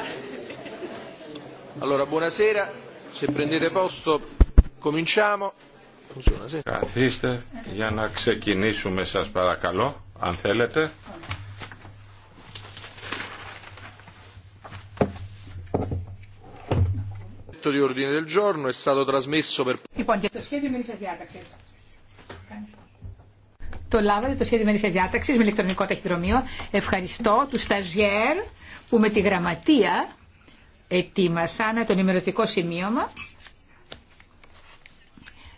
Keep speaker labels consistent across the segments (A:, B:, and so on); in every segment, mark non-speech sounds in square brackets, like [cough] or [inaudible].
A: [laughs] Allora, buonasera, se prendete posto cominciamo.
B: Καθίστε για να ξεκινήσουμε σας παρακαλώ, αν θέλετε.
A: Το ordine del giorno è stato trasmesso per...
C: Λοιπόν, για το σχέδιο μήνυσας διάταξης το λάβατε το σχέδιο διάταξης με ηλεκτρονικό ταχυδρομείο. Ευχαριστώ του σταζιέρ που με τη γραμματεία ετοίμασαν το ενημερωτικό σημείωμα.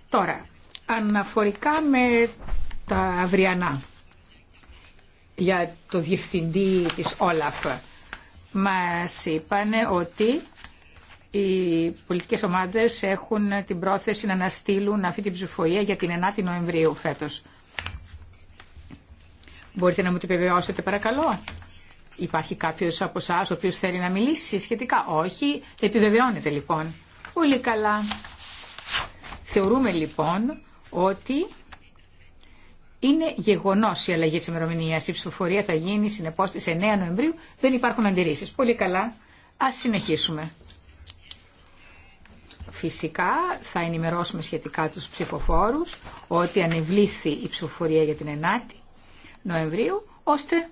C: Τώρα, αναφορικά με τα αυριανά για το διευθυντή της Όλαφ μας είπαν ότι οι πολιτικές ομάδες έχουν την πρόθεση να αναστείλουν αυτή την ψηφοφορία για την 9η Νοεμβρίου φέτος. Μπορείτε να μου το επιβεβαιώσετε παρακαλώ. Υπάρχει κάποιος από εσά ο οποίο θέλει να μιλήσει σχετικά. Όχι. Επιβεβαιώνεται λοιπόν. Πολύ καλά. Θεωρούμε λοιπόν ότι είναι γεγονό η αλλαγή τη ημερομηνία. Η ψηφοφορία θα γίνει συνεπώ στι 9 Νοεμβρίου. Δεν υπάρχουν αντιρρήσει. Πολύ καλά. Α συνεχίσουμε. Φυσικά θα ενημερώσουμε σχετικά τους ψηφοφόρους ότι ανεβλήθη η ψηφοφορία για την 9 Νοεμβρίου, ώστε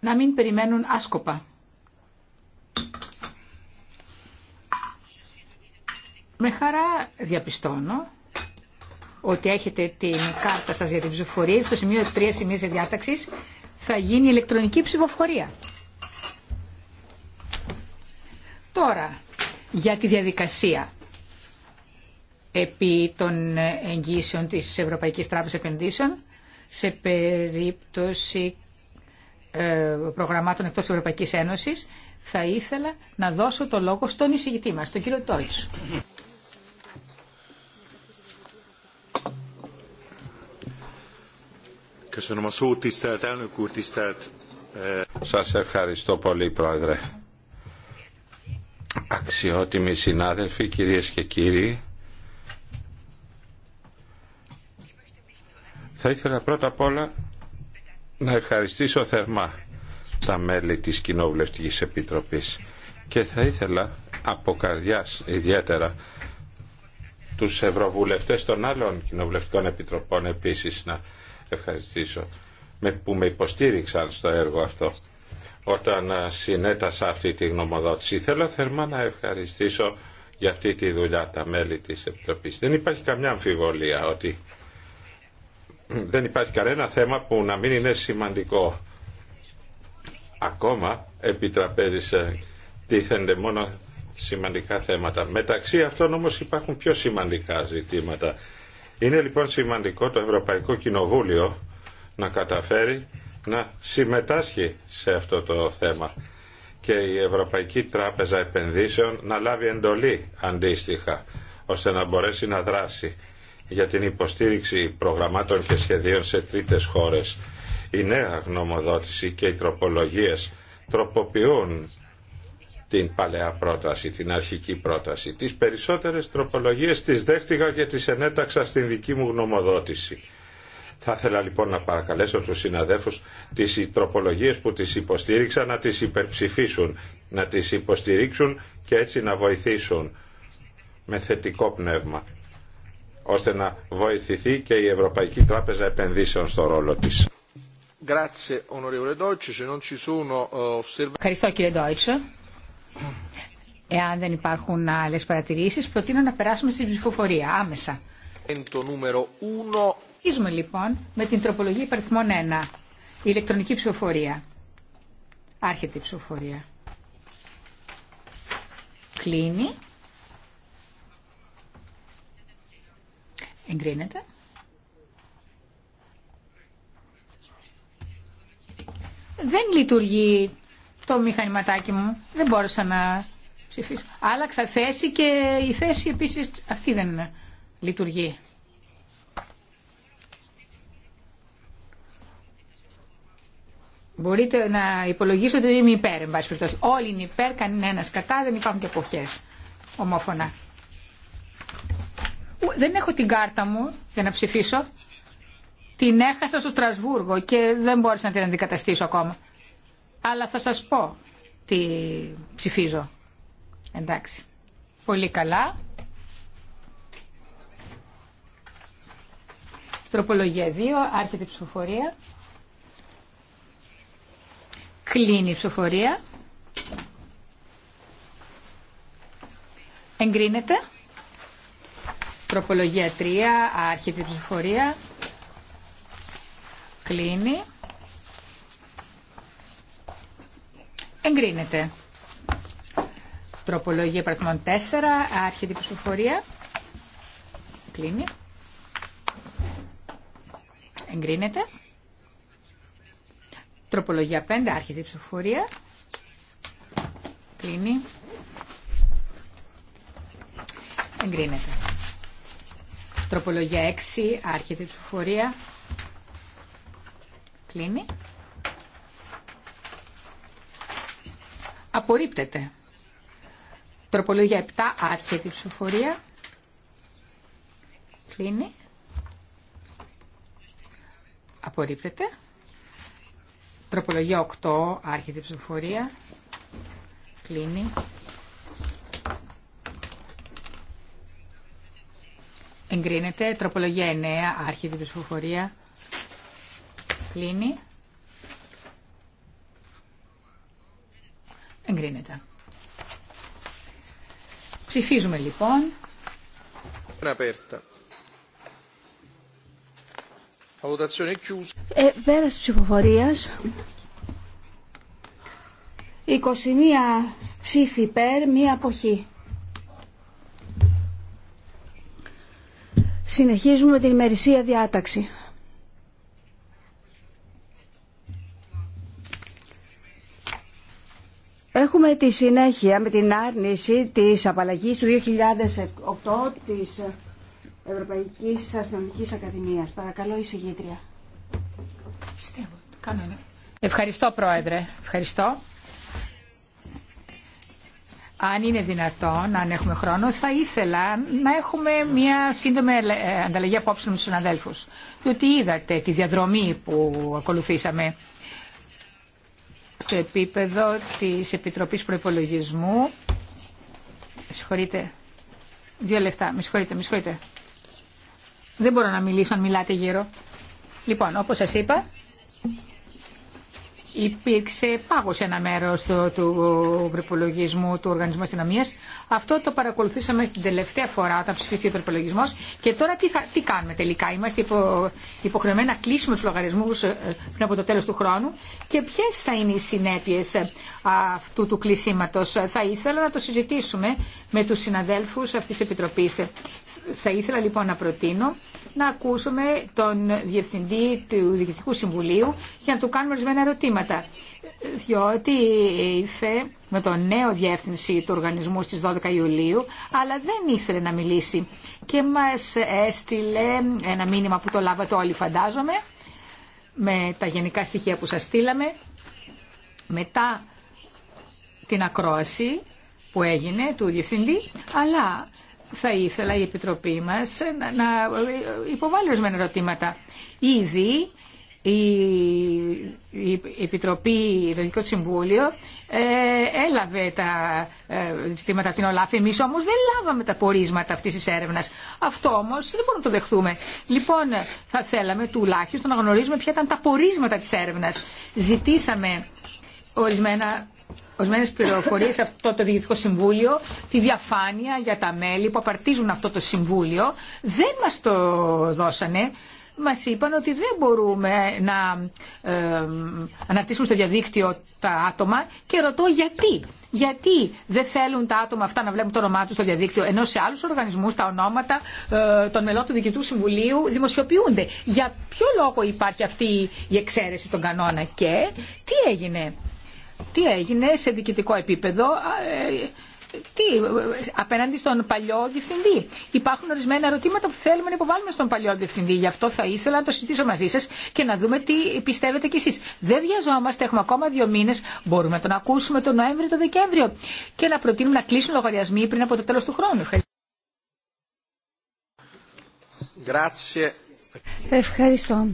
C: να μην περιμένουν άσκοπα. Με χαρά διαπιστώνω ότι έχετε την κάρτα σας για την ψηφοφορία. Στο σημείο 3 σημείες διάταξης θα γίνει ηλεκτρονική ψηφοφορία. Τώρα, για τη διαδικασία επί των εγγύσεων της Ευρωπαϊκής Τράπεζας Επενδύσεων σε περίπτωση ε, προγραμμάτων εκτός Ευρωπαϊκής Ένωσης θα ήθελα να δώσω το λόγο στον εισηγητή μας, τον κύριο Τόιτς.
B: Eh, Σας ευχαριστώ πολύ Πρόεδρε. Αξιότιμοι συνάδελφοι, κυρίες και κύριοι, Θα ήθελα πρώτα απ' όλα να ευχαριστήσω θερμά τα μέλη της Κοινοβουλευτικής Επιτροπής και θα ήθελα από καρδιάς ιδιαίτερα τους ευρωβουλευτές των άλλων κοινοβουλευτικών επιτροπών επίσης να ευχαριστήσω με που με υποστήριξαν στο έργο αυτό όταν συνέτασα αυτή τη γνωμοδότηση. Θέλω θερμά να ευχαριστήσω για αυτή τη δουλειά τα μέλη της Επιτροπής. Δεν υπάρχει καμιά αμφιβολία ότι δεν υπάρχει κανένα θέμα που να μην είναι σημαντικό. Ακόμα επιτραπέζει σε τίθενται μόνο σημαντικά θέματα. Μεταξύ αυτών όμως υπάρχουν πιο σημαντικά ζητήματα. Είναι λοιπόν σημαντικό το Ευρωπαϊκό Κοινοβούλιο να καταφέρει να συμμετάσχει σε αυτό το θέμα και η Ευρωπαϊκή Τράπεζα Επενδύσεων να λάβει εντολή αντίστοιχα ώστε να μπορέσει να δράσει για την υποστήριξη προγραμμάτων και σχεδίων σε τρίτες χώρες. Η νέα γνωμοδότηση και οι τροπολογίες τροποποιούν την παλαιά πρόταση, την αρχική πρόταση. Τις περισσότερες τροπολογίες τις δέχτηκα και τις ενέταξα στην δική μου γνωμοδότηση. Θα ήθελα λοιπόν να παρακαλέσω τους συναδέφους τις τροπολογίες που τις υποστήριξαν να τις υπερψηφίσουν, να τις υποστηρίξουν και έτσι να βοηθήσουν με θετικό πνεύμα ώστε να βοηθηθεί και η Ευρωπαϊκή Τράπεζα Επενδύσεων στο ρόλο της.
A: Eh,
C: Ευχαριστώ κύριε Ντόιτσο. Εάν δεν υπάρχουν άλλες παρατηρήσεις, προτείνω να περάσουμε στην ψηφοφορία άμεσα. Αρχίζουμε λοιπόν με την τροπολογία υπαριθμών 1, η ηλεκτρονική ψηφοφορία. Άρχεται η ψηφοφορία. Κλείνει. Εγκρίνεται. Δεν λειτουργεί το μηχανηματάκι μου. Δεν μπόρεσα να ψηφίσω. Άλλαξα θέση και η θέση επίσης αυτή δεν λειτουργεί. Μπορείτε να υπολογίσετε ότι είμαι υπέρ, εν πάση Όλοι είναι υπέρ, κανένα κατά, δεν υπάρχουν και εποχέ. Ομόφωνα δεν έχω την κάρτα μου για να ψηφίσω. Την έχασα στο Στρασβούργο και δεν μπόρεσα να την αντικαταστήσω ακόμα. Αλλά θα σας πω τι ψηφίζω. Εντάξει. Πολύ καλά. Τροπολογία 2, άρχεται η ψηφοφορία. Κλείνει η ψηφοφορία. Εγκρίνεται. Τροπολογία 3, άρχιτη πληροφορία ψηφοφορία. Κλείνει. Εγκρίνεται. Τροπολογία 4, άρχιτη πληροφορία ψηφοφορία. Κλείνει. Εγκρίνεται. Τροπολογία 5, άρχιτη ψηφοφορία. Κλείνει. Εγκρίνεται. Τροπολογία 6, άρχεται η ψηφοφορία. Κλείνει. Απορρίπτεται. Τροπολογία 7, άρχεται η ψηφοφορία. Κλείνει. Απορρίπτεται. Τροπολογία 8, άρχεται η ψηφοφορία. Κλείνει. Εγκρίνεται. Τροπολογία 9. άρχιδη ψηφοφορία. Κλείνει. Εγκρίνεται. Ψηφίζουμε λοιπόν. Ε, πέρας ψηφοφορίας
D: 21 ψήφοι υπέρ, μία αποχή. Συνεχίζουμε με την ημερησία διάταξη. Έχουμε τη συνέχεια με την άρνηση της απαλλαγής του 2008 της Ευρωπαϊκής Αστυνομικής
C: Ακαδημίας. Παρακαλώ, εισηγήτρια. Ευχαριστώ, Πρόεδρε. Ευχαριστώ αν είναι δυνατόν, αν έχουμε χρόνο, θα ήθελα να έχουμε μια σύντομη ε, ανταλλαγή απόψεων με τους συναδέλφους. Διότι είδατε τη διαδρομή που ακολουθήσαμε στο επίπεδο της Επιτροπής Προϋπολογισμού. Με συγχωρείτε. Δύο λεπτά, Με συγχωρείτε, με συγχωρείτε. Δεν μπορώ να μιλήσω αν μιλάτε γύρω. Λοιπόν, όπως σας είπα, υπήρξε πάγο σε ένα μέρος του προπολογισμού του Οργανισμού αστυνομία. Αυτό το παρακολουθήσαμε την τελευταία φορά όταν ψηφίστηκε ο προπολογισμό. Και τώρα τι, θα, τι κάνουμε τελικά. Είμαστε υπο, υποχρεωμένοι να κλείσουμε τους λογαριασμού ε, ε, πριν από το τέλος του χρόνου. Και ποιε θα είναι οι συνέπειε, ε, αυτού του κλεισίματος. Θα ήθελα να το συζητήσουμε με τους συναδέλφους αυτής της Επιτροπής. Θα ήθελα λοιπόν να προτείνω να ακούσουμε τον Διευθυντή του Διοικητικού Συμβουλίου για να του κάνουμε ορισμένα ερωτήματα. Διότι ήρθε με τον νέο διεύθυνση του οργανισμού στις 12 Ιουλίου, αλλά δεν ήθελε να μιλήσει και μας έστειλε ένα μήνυμα που το λάβατε όλοι φαντάζομαι, με τα γενικά στοιχεία που σας στείλαμε. Μετά την ακρόαση που έγινε του Διευθυντή, αλλά θα ήθελα η Επιτροπή μας να υποβάλει ορισμένα ερωτήματα. Ήδη η Επιτροπή, το Δικό Συμβούλιο ε, έλαβε τα ε, ζητήματα την ΟΛΑΦ. Εμεί όμω δεν λάβαμε τα πορίσματα αυτής της έρευνας. Αυτό όμως δεν μπορούμε να το δεχθούμε. Λοιπόν, θα θέλαμε τουλάχιστον να γνωρίζουμε ποια ήταν τα πορίσματα της έρευνας. Ζητήσαμε ορισμένα ορισμένε πληροφορίε σε αυτό το Διοικητικό Συμβούλιο, τη διαφάνεια για τα μέλη που απαρτίζουν αυτό το Συμβούλιο. Δεν μας το δώσανε. Μας είπαν ότι δεν μπορούμε να ε, αναρτήσουμε στο διαδίκτυο τα άτομα και ρωτώ γιατί. Γιατί δεν θέλουν τα άτομα αυτά να βλέπουν το όνομά του στο διαδίκτυο, ενώ σε άλλου οργανισμού τα ονόματα ε, των μελών του Διοικητού Συμβουλίου δημοσιοποιούνται. Για ποιο λόγο υπάρχει αυτή η εξαίρεση στον κανόνα και τι έγινε. Τι έγινε σε διοικητικό επίπεδο, ε, τι, απέναντι στον παλιό διευθυντή. Υπάρχουν ορισμένα ερωτήματα που θέλουμε να υποβάλουμε στον παλιό διευθυντή. Γι' αυτό θα ήθελα να το συζητήσω μαζί σα και να δούμε τι πιστεύετε κι εσεί. Δεν βιαζόμαστε, έχουμε ακόμα δύο μήνε. Μπορούμε να τον ακούσουμε τον Νοέμβριο, ή τον Δεκέμβριο και να προτείνουμε να κλείσουν λογαριασμοί πριν από το τέλο του χρόνου.
D: Ευχαριστώ.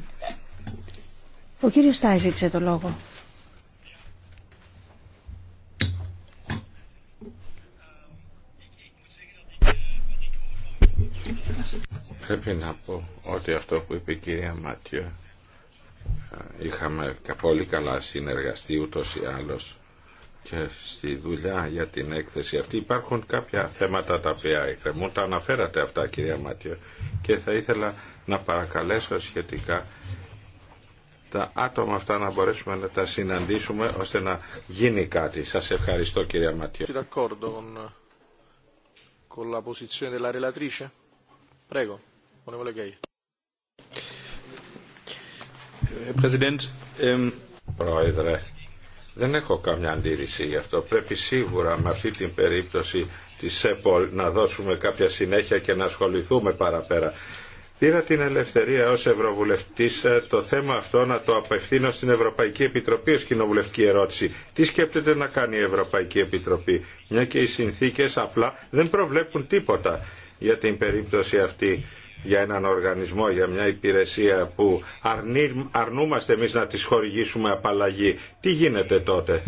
D: Ο κύριος Στάζη το λόγο.
B: πρέπει να πω ότι αυτό που είπε η κυρία Μάτιο είχαμε πολύ καλά συνεργαστεί ούτως ή άλλως και στη δουλειά για την έκθεση αυτή υπάρχουν κάποια θέματα τα οποία εκκρεμούν. Τα αναφέρατε αυτά κυρία Μάτιο και θα ήθελα να παρακαλέσω σχετικά τα άτομα αυτά να μπορέσουμε να τα συναντήσουμε ώστε να γίνει κάτι. Σας ευχαριστώ κυρία Ματιό. Είστε
A: d'accordo con, con la Prego. Ε,
B: Πρόεδρε, δεν έχω καμιά αντίρρηση γι' αυτό. Πρέπει σίγουρα με αυτή την περίπτωση της ΕΠΟΛ να δώσουμε κάποια συνέχεια και να ασχοληθούμε παραπέρα. Πήρα την ελευθερία ως Ευρωβουλευτής ε, το θέμα αυτό να το απευθύνω στην Ευρωπαϊκή Επιτροπή ως κοινοβουλευτική ερώτηση. Τι σκέπτεται να κάνει η Ευρωπαϊκή Επιτροπή, μια και οι συνθήκες απλά δεν προβλέπουν τίποτα για την περίπτωση αυτή για έναν οργανισμό, για μια υπηρεσία που αρνούμαστε εμείς να τις χορηγήσουμε απαλλαγή. Τι γίνεται τότε.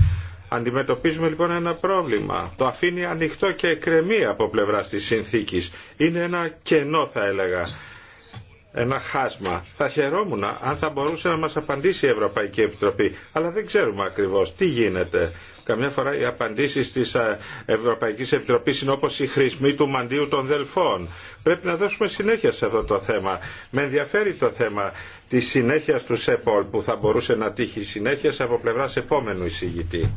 B: Αντιμετωπίζουμε λοιπόν ένα πρόβλημα. Το αφήνει ανοιχτό και εκκρεμεί από πλευρά της συνθήκης. Είναι ένα κενό θα έλεγα. Ένα χάσμα. Θα χαιρόμουν αν θα μπορούσε να μας απαντήσει η Ευρωπαϊκή Επιτροπή. Αλλά δεν ξέρουμε ακριβώς τι γίνεται. Καμιά φορά οι απαντήσεις της ε, Ευρωπαϊκής Επιτροπής είναι όπως οι χρησμοί του μαντίου των Δελφών. Πρέπει να δώσουμε συνέχεια σε αυτό το θέμα. Με ενδιαφέρει το θέμα της συνέχειας του ΣΕΠΟΛ που θα μπορούσε να τύχει συνέχεια από πλευράς επόμενου εισηγητή.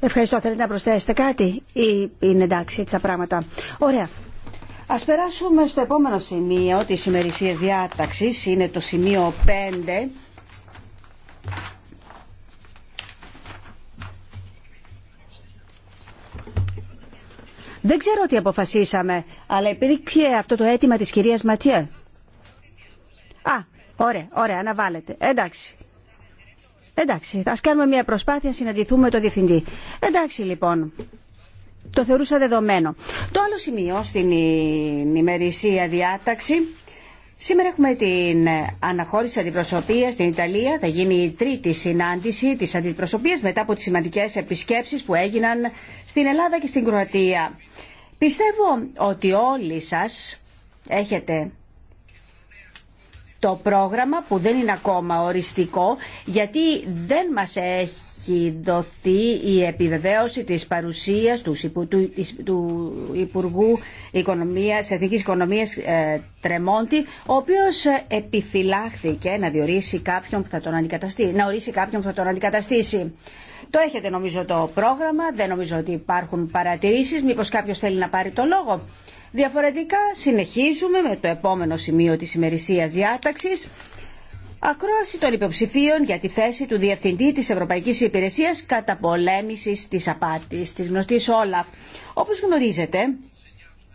D: Ευχαριστώ. Θέλετε να προσθέσετε κάτι ή είναι εντάξει έτσι τα πράγματα. Ωραία. Ας περάσουμε στο επόμενο σημείο της ημερησίας διάταξης, είναι το σημείο 5. Δεν ξέρω τι αποφασίσαμε, αλλά υπήρξε αυτό το αίτημα της κυρίας Ματιέ. Α, ωραία, ωραία, αναβάλλεται. Εντάξει. Εντάξει, ας κάνουμε μια προσπάθεια να συναντηθούμε με Διευθυντή. Εντάξει λοιπόν το θεωρούσα δεδομένο. Το άλλο σημείο στην ημερησία διάταξη Σήμερα έχουμε την ε, αναχώρηση αντιπροσωπεία στην Ιταλία. Θα γίνει η τρίτη συνάντηση τη αντιπροσωπεία μετά από τι σημαντικέ επισκέψει που έγιναν στην Ελλάδα και στην Κροατία. Πιστεύω ότι όλοι σα έχετε το πρόγραμμα που δεν είναι ακόμα οριστικό γιατί δεν μας έχει δοθεί η επιβεβαίωση της παρουσίας του, του, του Υπουργού Οικονομίας, Εθνικής Οικονομίας ε, Τρεμόντι ο οποίος επιφυλάχθηκε να διορίσει κάποιον που θα τον αντικαταστήσει, να ορίσει κάποιον που θα τον αντικαταστήσει. Το έχετε νομίζω το πρόγραμμα, δεν νομίζω ότι υπάρχουν παρατηρήσεις, μήπως κάποιος θέλει να πάρει το λόγο. Διαφορετικά συνεχίζουμε με το επόμενο σημείο της ημερησίας διάταξης. Ακρόαση των υποψηφίων για τη θέση του Διευθυντή της Ευρωπαϊκής Υπηρεσίας κατά πολέμησης της απάτης, της γνωστής Όλαφ. Όπως γνωρίζετε,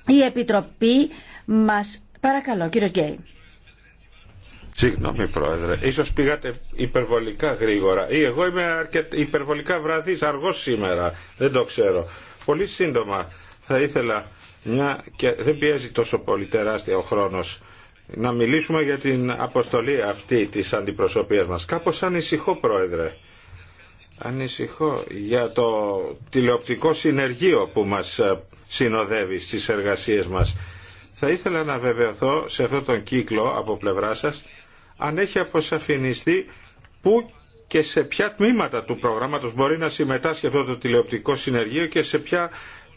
D: η Επιτροπή μας... Παρακαλώ, κύριο Γκέι.
B: Συγγνώμη πρόεδρε, ίσως πήγατε υπερβολικά γρήγορα ή εγώ είμαι υπερβολικά βραδύς, αργός σήμερα, δεν το ξέρω. Πολύ σύντομα θα ήθελα μια και δεν πιέζει τόσο πολύ τεράστια ο χρόνος να μιλήσουμε για την αποστολή αυτή της αντιπροσωπείας μας. Κάπως ανησυχώ πρόεδρε. Ανησυχώ για το τηλεοπτικό συνεργείο που μας ε, συνοδεύει στις εργασίες μας. Θα ήθελα να βεβαιωθώ σε αυτόν τον κύκλο από πλευρά σας αν έχει αποσαφινιστεί πού και σε ποια τμήματα του προγράμματος μπορεί να συμμετάσχει αυτό το τηλεοπτικό συνεργείο και σε ποια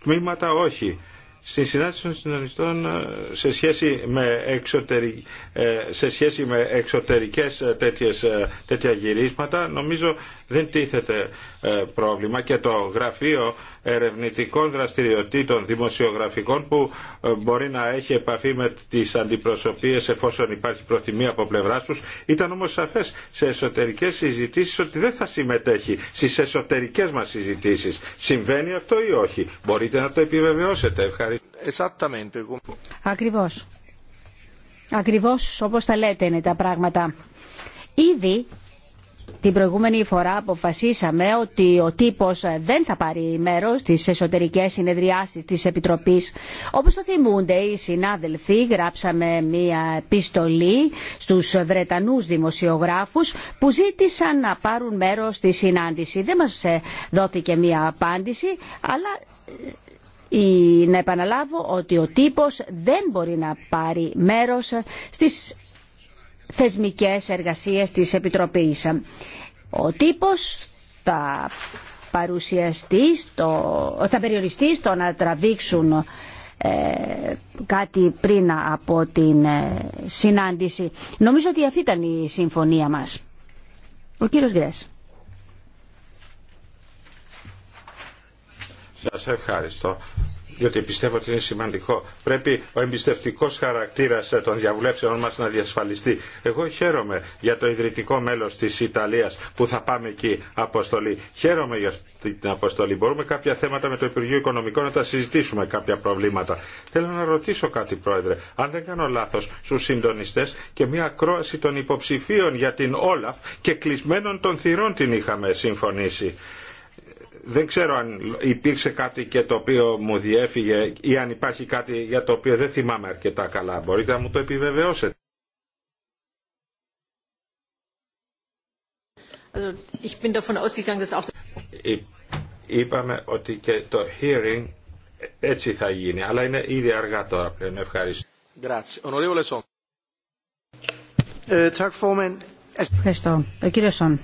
B: τμήματα όχι στη συνάντηση των συντονιστών ε, σε σχέση με, εξωτερι... Ε, σε σχέση με εξωτερικές ε, τέτοιες, τέτοια γυρίσματα νομίζω δεν τίθεται ε, πρόβλημα και το γραφείο ερευνητικών δραστηριοτήτων δημοσιογραφικών που ε, μπορεί να έχει επαφή με τις αντιπροσωπείες εφόσον υπάρχει προθυμία από πλευρά τους ήταν όμως σαφές σε εσωτερικές συζητήσεις ότι δεν θα συμμετέχει στις εσωτερικές μας συζητήσεις. Συμβαίνει αυτό ή όχι. Μπορείτε να το επιβεβαιώσετε. Ευχαριστώ.
D: Ακριβώς. Ακριβώς όπως τα λέτε είναι τα πράγματα. Ήδη την προηγούμενη φορά αποφασίσαμε ότι ο τύπος δεν θα πάρει μέρος στις εσωτερικές συνεδριάσεις της Επιτροπής. Όπως το θυμούνται οι συνάδελφοι, γράψαμε μία επιστολή στους Βρετανούς δημοσιογράφους που ζήτησαν να πάρουν μέρος στη συνάντηση. Δεν μας ε, δόθηκε μία απάντηση, αλλά ε, ε, να επαναλάβω ότι ο τύπος δεν μπορεί να πάρει μέρος στις θεσμικές εργασίες της Επιτροπής. Ο τύπος θα, παρουσιαστεί στο, θα περιοριστεί στο να τραβήξουν ε, κάτι πριν από την ε, συνάντηση. Νομίζω ότι αυτή ήταν η συμφωνία μας. Ο κύριος Γκρές.
B: Σας ευχαριστώ διότι πιστεύω ότι είναι σημαντικό. Πρέπει ο εμπιστευτικό χαρακτήρα ε, των διαβουλεύσεων μα να διασφαλιστεί. Εγώ χαίρομαι για το ιδρυτικό μέλο τη Ιταλία που θα πάμε εκεί αποστολή. Χαίρομαι για αυτή την αποστολή. Μπορούμε κάποια θέματα με το Υπουργείο Οικονομικών να τα συζητήσουμε, κάποια προβλήματα. Θέλω να ρωτήσω κάτι, Πρόεδρε. Αν δεν κάνω λάθο, στου συντονιστέ και μια ακρόαση των υποψηφίων για την Όλαφ και κλεισμένων των θυρών την είχαμε συμφωνήσει δεν ξέρω αν υπήρξε κάτι και το οποίο μου διέφυγε ή αν υπάρχει κάτι για το οποίο δεν θυμάμαι αρκετά καλά. Μπορείτε να μου το επιβεβαιώσετε. Είπαμε ότι και το hearing έτσι θα γίνει, αλλά είναι ήδη αργά τώρα πλέον. Ευχαριστώ.
D: Ε, ευχαριστώ. Ευχαριστώ, κύριε Σον.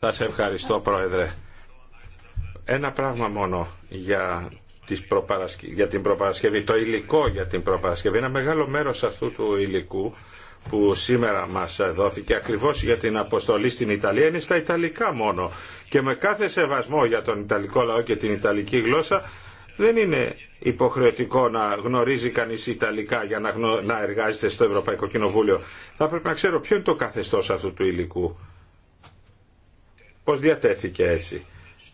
B: Σας ευχαριστώ, Πρόεδρε ένα πράγμα μόνο για για την προπαρασκευή, το υλικό για την προπαρασκευή. Ένα μεγάλο μέρος αυτού του υλικού που σήμερα μας δόθηκε ακριβώς για την αποστολή στην Ιταλία είναι στα Ιταλικά μόνο. Και με κάθε σεβασμό για τον Ιταλικό λαό και την Ιταλική γλώσσα δεν είναι υποχρεωτικό να γνωρίζει κανείς Ιταλικά για να, να εργάζεται στο Ευρωπαϊκό Κοινοβούλιο. Θα πρέπει να ξέρω ποιο είναι το καθεστώς αυτού του υλικού. Πώς διατέθηκε έτσι.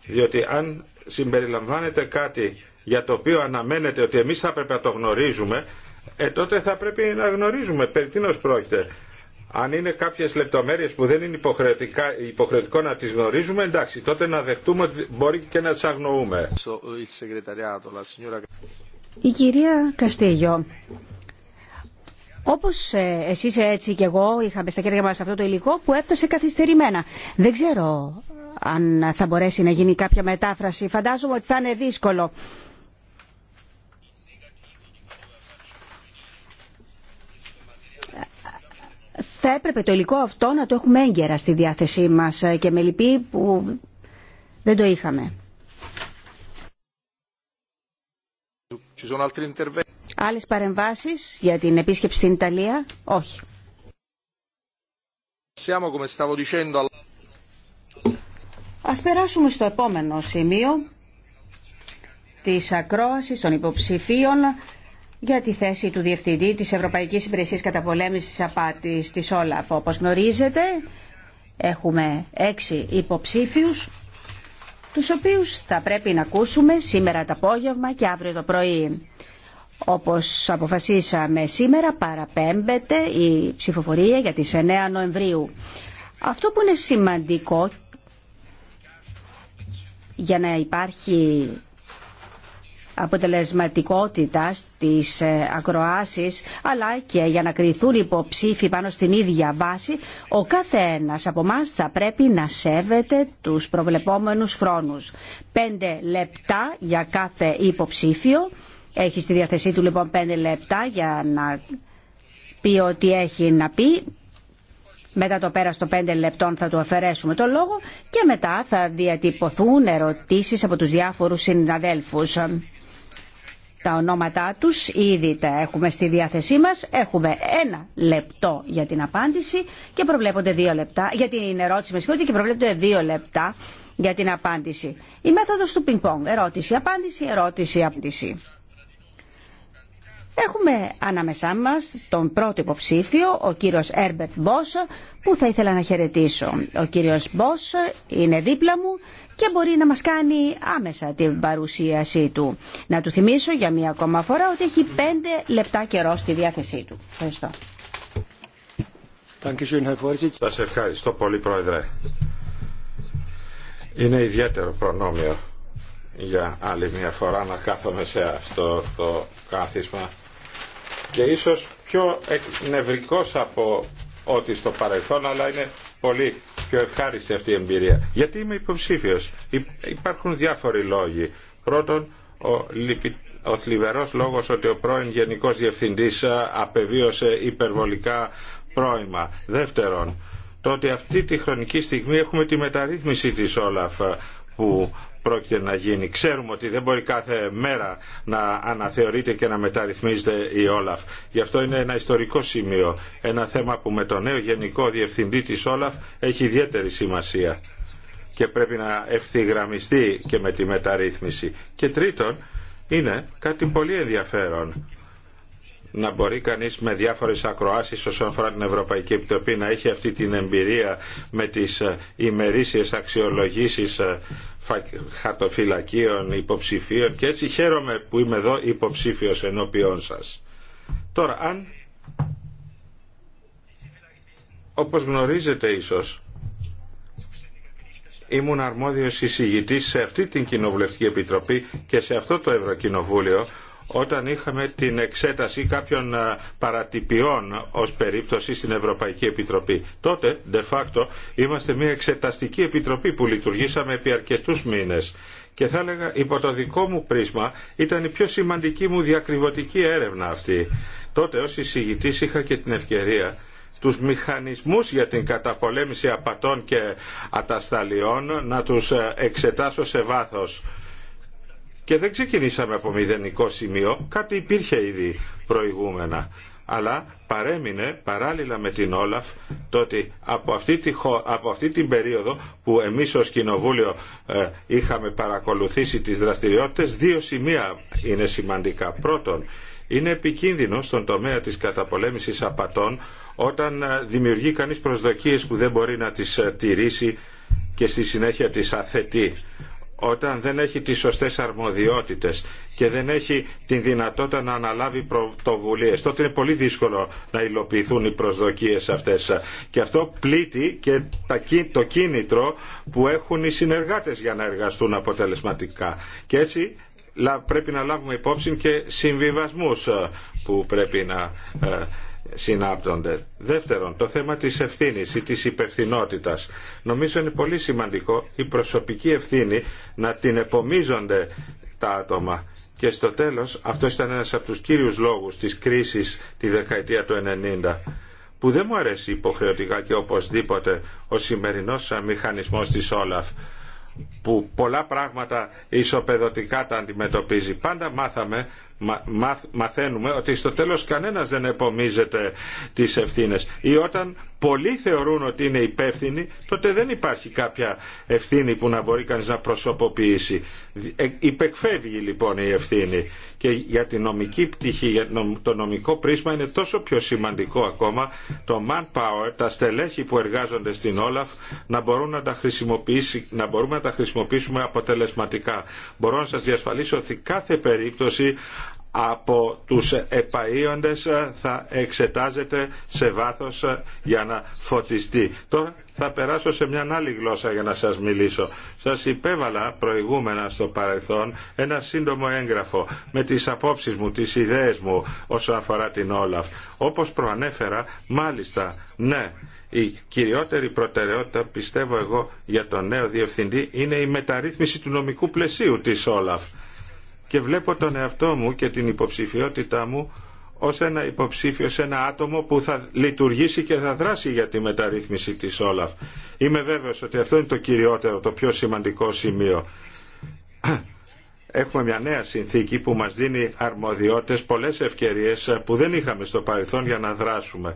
B: Διότι αν συμπεριλαμβάνεται κάτι για το οποίο αναμένεται ότι εμείς θα πρέπει να το γνωρίζουμε, ε, τότε θα πρέπει να γνωρίζουμε περί τίνος πρόκειται. Αν είναι κάποιε λεπτομέρειε που δεν είναι υποχρεωτικό να τι γνωρίζουμε, εντάξει, τότε να δεχτούμε ότι μπορεί και να τι αγνοούμε.
D: Η κυρία Καστίγιο, όπως ε, εσείς έτσι και εγώ είχαμε στα χέρια μας αυτό το υλικό που έφτασε καθυστερημένα. Δεν ξέρω αν θα μπορέσει να γίνει κάποια μετάφραση. Φαντάζομαι ότι θα είναι δύσκολο. Θα έπρεπε το υλικό αυτό να το έχουμε έγκαιρα στη διάθεσή μας και με λυπή που δεν το είχαμε. Άλλες
A: παρεμβάσεις
D: για την επίσκεψη στην Ιταλία. Όχι. Ας περάσουμε στο επόμενο σημείο της ακρόασης των υποψηφίων για τη θέση του Διευθυντή της Ευρωπαϊκής Υπηρεσίας Καταπολέμησης της Απάτης της Όλαφ. Όπως γνωρίζετε, έχουμε έξι υποψήφιους, τους οποίους θα πρέπει να ακούσουμε σήμερα το απόγευμα και αύριο το πρωί. Όπως αποφασίσαμε σήμερα, παραπέμπεται η ψηφοφορία για τις 9 Νοεμβρίου. Αυτό που είναι σημαντικό για να υπάρχει αποτελεσματικότητα στις ε, ακροάσεις αλλά και για να κριθούν υποψήφοι πάνω στην ίδια βάση ο κάθε ένας από μας θα πρέπει να σέβεται τους προβλεπόμενους χρόνους. Πέντε λεπτά για κάθε υποψήφιο. Έχει στη διαθεσή του λοιπόν πέντε λεπτά για να πει ό,τι έχει να πει μετά το πέρας των 5 λεπτών θα του αφαιρέσουμε το λόγο και μετά θα διατυπωθούν ερωτήσεις από τους διάφορους συναδέλφους. Τα ονόματά τους ήδη τα έχουμε στη διάθεσή μας. Έχουμε ένα λεπτό για την απάντηση και προβλέπονται δύο λεπτά, για την ερώτηση με και προβλέπονται δύο λεπτά για την απάντηση. Η μέθοδος του πινκ-πονγκ. Ερώτηση, απάντηση, ερώτηση, απάντηση. Έχουμε ανάμεσά μας τον πρώτο υποψήφιο, ο κύριος Έρμπερτ Μπόσο που θα ήθελα να χαιρετήσω. Ο κύριος Μπόσο είναι δίπλα μου και μπορεί να μας κάνει άμεσα την παρουσίασή του. Να του θυμίσω για μία ακόμα φορά ότι έχει πέντε λεπτά καιρό στη διάθεσή του. Ευχαριστώ.
B: Σας ευχαριστώ πολύ, Πρόεδρε. Είναι ιδιαίτερο προνόμιο για άλλη μια ακομα φορα οτι εχει πεντε λεπτα καιρο στη διαθεση του ευχαριστω σα ευχαριστω πολυ προεδρε ειναι ιδιαιτερο προνομιο για αλλη μια φορα να κάθομαι σε αυτό το κάθισμα και ίσως πιο νευρικός από ό,τι στο παρελθόν, αλλά είναι πολύ πιο ευχάριστη αυτή η εμπειρία. Γιατί είμαι υποψήφιος. Υπάρχουν διάφοροι λόγοι. Πρώτον, ο, ο θλιβερός λόγος ότι ο πρώην Γενικός Διευθυντής ε, απεβίωσε υπερβολικά πρόημα. Δεύτερον, το ότι αυτή τη χρονική στιγμή έχουμε τη μεταρρύθμιση της Όλαφ που πρόκειται να γίνει. Ξέρουμε ότι δεν μπορεί κάθε μέρα να αναθεωρείται και να μεταρρυθμίζεται η Όλαφ. Γι' αυτό είναι ένα ιστορικό σημείο, ένα θέμα που με τον νέο Γενικό Διευθυντή της Όλαφ έχει ιδιαίτερη σημασία και πρέπει να ευθυγραμμιστεί και με τη μεταρρύθμιση. Και τρίτον, είναι κάτι πολύ ενδιαφέρον να μπορεί κανείς με διάφορες ακροάσεις όσον αφορά την Ευρωπαϊκή Επιτροπή να έχει αυτή την εμπειρία με τις ε, ημερήσιες αξιολογήσεις ε, χαρτοφυλακίων, υποψηφίων και έτσι χαίρομαι που είμαι εδώ υποψήφιος ενώπιόν σας. Τώρα, αν όπως γνωρίζετε ίσως ήμουν αρμόδιος εισηγητής σε αυτή την Κοινοβουλευτική Επιτροπή και σε αυτό το Ευρωκοινοβούλιο όταν είχαμε την εξέταση κάποιων ε, παρατυπιών ως περίπτωση στην Ευρωπαϊκή Επιτροπή. Τότε, de facto, είμαστε μια εξεταστική επιτροπή που λειτουργήσαμε επί αρκετούς μήνες και θα έλεγα υπό το δικό μου πρίσμα ήταν η πιο σημαντική μου διακριβωτική έρευνα αυτή. Τότε ως εισηγητής είχα και την ευκαιρία τους μηχανισμούς για την καταπολέμηση απατών και ατασταλιών να τους ε, εξετάσω σε βάθος και δεν ξεκινήσαμε από μηδενικό σημείο, κάτι υπήρχε ήδη προηγούμενα. Αλλά παρέμεινε παράλληλα με την Όλαφ το ότι από αυτή, τη, από αυτή την περίοδο που εμείς ως Κοινοβούλιο ε, είχαμε παρακολουθήσει τις δραστηριότητες, δύο σημεία είναι σημαντικά. Πρώτον, είναι επικίνδυνο στον τομέα της καταπολέμησης απατών όταν ε, δημιουργεί κανείς προσδοκίες που δεν μπορεί να τις ε, τηρήσει και στη συνέχεια τις αθετεί όταν δεν έχει τις σωστές αρμοδιότητες και δεν έχει την δυνατότητα να αναλάβει πρωτοβουλίες. Τότε είναι πολύ δύσκολο να υλοποιηθούν οι προσδοκίες αυτές. Και αυτό πλήττει και το κίνητρο που έχουν οι συνεργάτες για να εργαστούν αποτελεσματικά. Και έτσι πρέπει να λάβουμε υπόψη και συμβιβασμούς ε, που πρέπει να ε, συνάπτονται. Δεύτερον, το θέμα της ευθύνης ή της υπευθυνότητας. Νομίζω είναι πολύ σημαντικό η προσωπική ευθύνη να την επομίζονται τα άτομα. Και στο τέλος, αυτό ήταν ένας από τους κύριους λόγους της κρίσης τη δεκαετία του 90 που δεν μου αρέσει υποχρεωτικά και οπωσδήποτε ο σημερινός μηχανισμός της Όλαφ που πολλά πράγματα ισοπεδωτικά τα αντιμετωπίζει. Πάντα μάθαμε μαθαίνουμε ότι στο τέλος κανένας δεν επομίζεται τις ευθύνες ή όταν πολλοί θεωρούν ότι είναι υπεύθυνοι τότε δεν υπάρχει κάποια ευθύνη που να μπορεί κανείς να προσωποποιήσει ε, υπεκφεύγει λοιπόν η ευθύνη και για την νομική πτυχή για το νομικό πρίσμα είναι τόσο πιο σημαντικό ακόμα το manpower τα στελέχη που εργάζονται στην Όλαφ να, μπορούν να, τα χρησιμοποιήσει, να μπορούμε να τα χρησιμοποιήσουμε αποτελεσματικά μπορώ να σας διασφαλίσω ότι κάθε περίπτωση από τους επαΐοντες ε, θα εξετάζεται σε βάθος ε, για να φωτιστεί. Τώρα θα περάσω σε μια άλλη γλώσσα για να σας μιλήσω. Σας υπέβαλα προηγούμενα στο παρελθόν ένα σύντομο έγγραφο με τις απόψεις μου, τις ιδέες μου όσον αφορά την Όλαφ. Όπως προανέφερα, μάλιστα, ναι, η κυριότερη προτεραιότητα πιστεύω εγώ για τον νέο διευθυντή είναι η μεταρρύθμιση του νομικού πλαισίου της Όλαφ και βλέπω τον εαυτό μου και την υποψηφιότητά μου ως ένα υποψήφιο σε ένα άτομο που θα λειτουργήσει και θα δράσει για τη μεταρρύθμιση της Όλαφ. Είμαι βέβαιος ότι αυτό είναι το κυριότερο, το πιο σημαντικό σημείο. Έχουμε μια νέα συνθήκη που μας δίνει αρμοδιότητες, πολλές ευκαιρίες που δεν είχαμε στο παρελθόν για να δράσουμε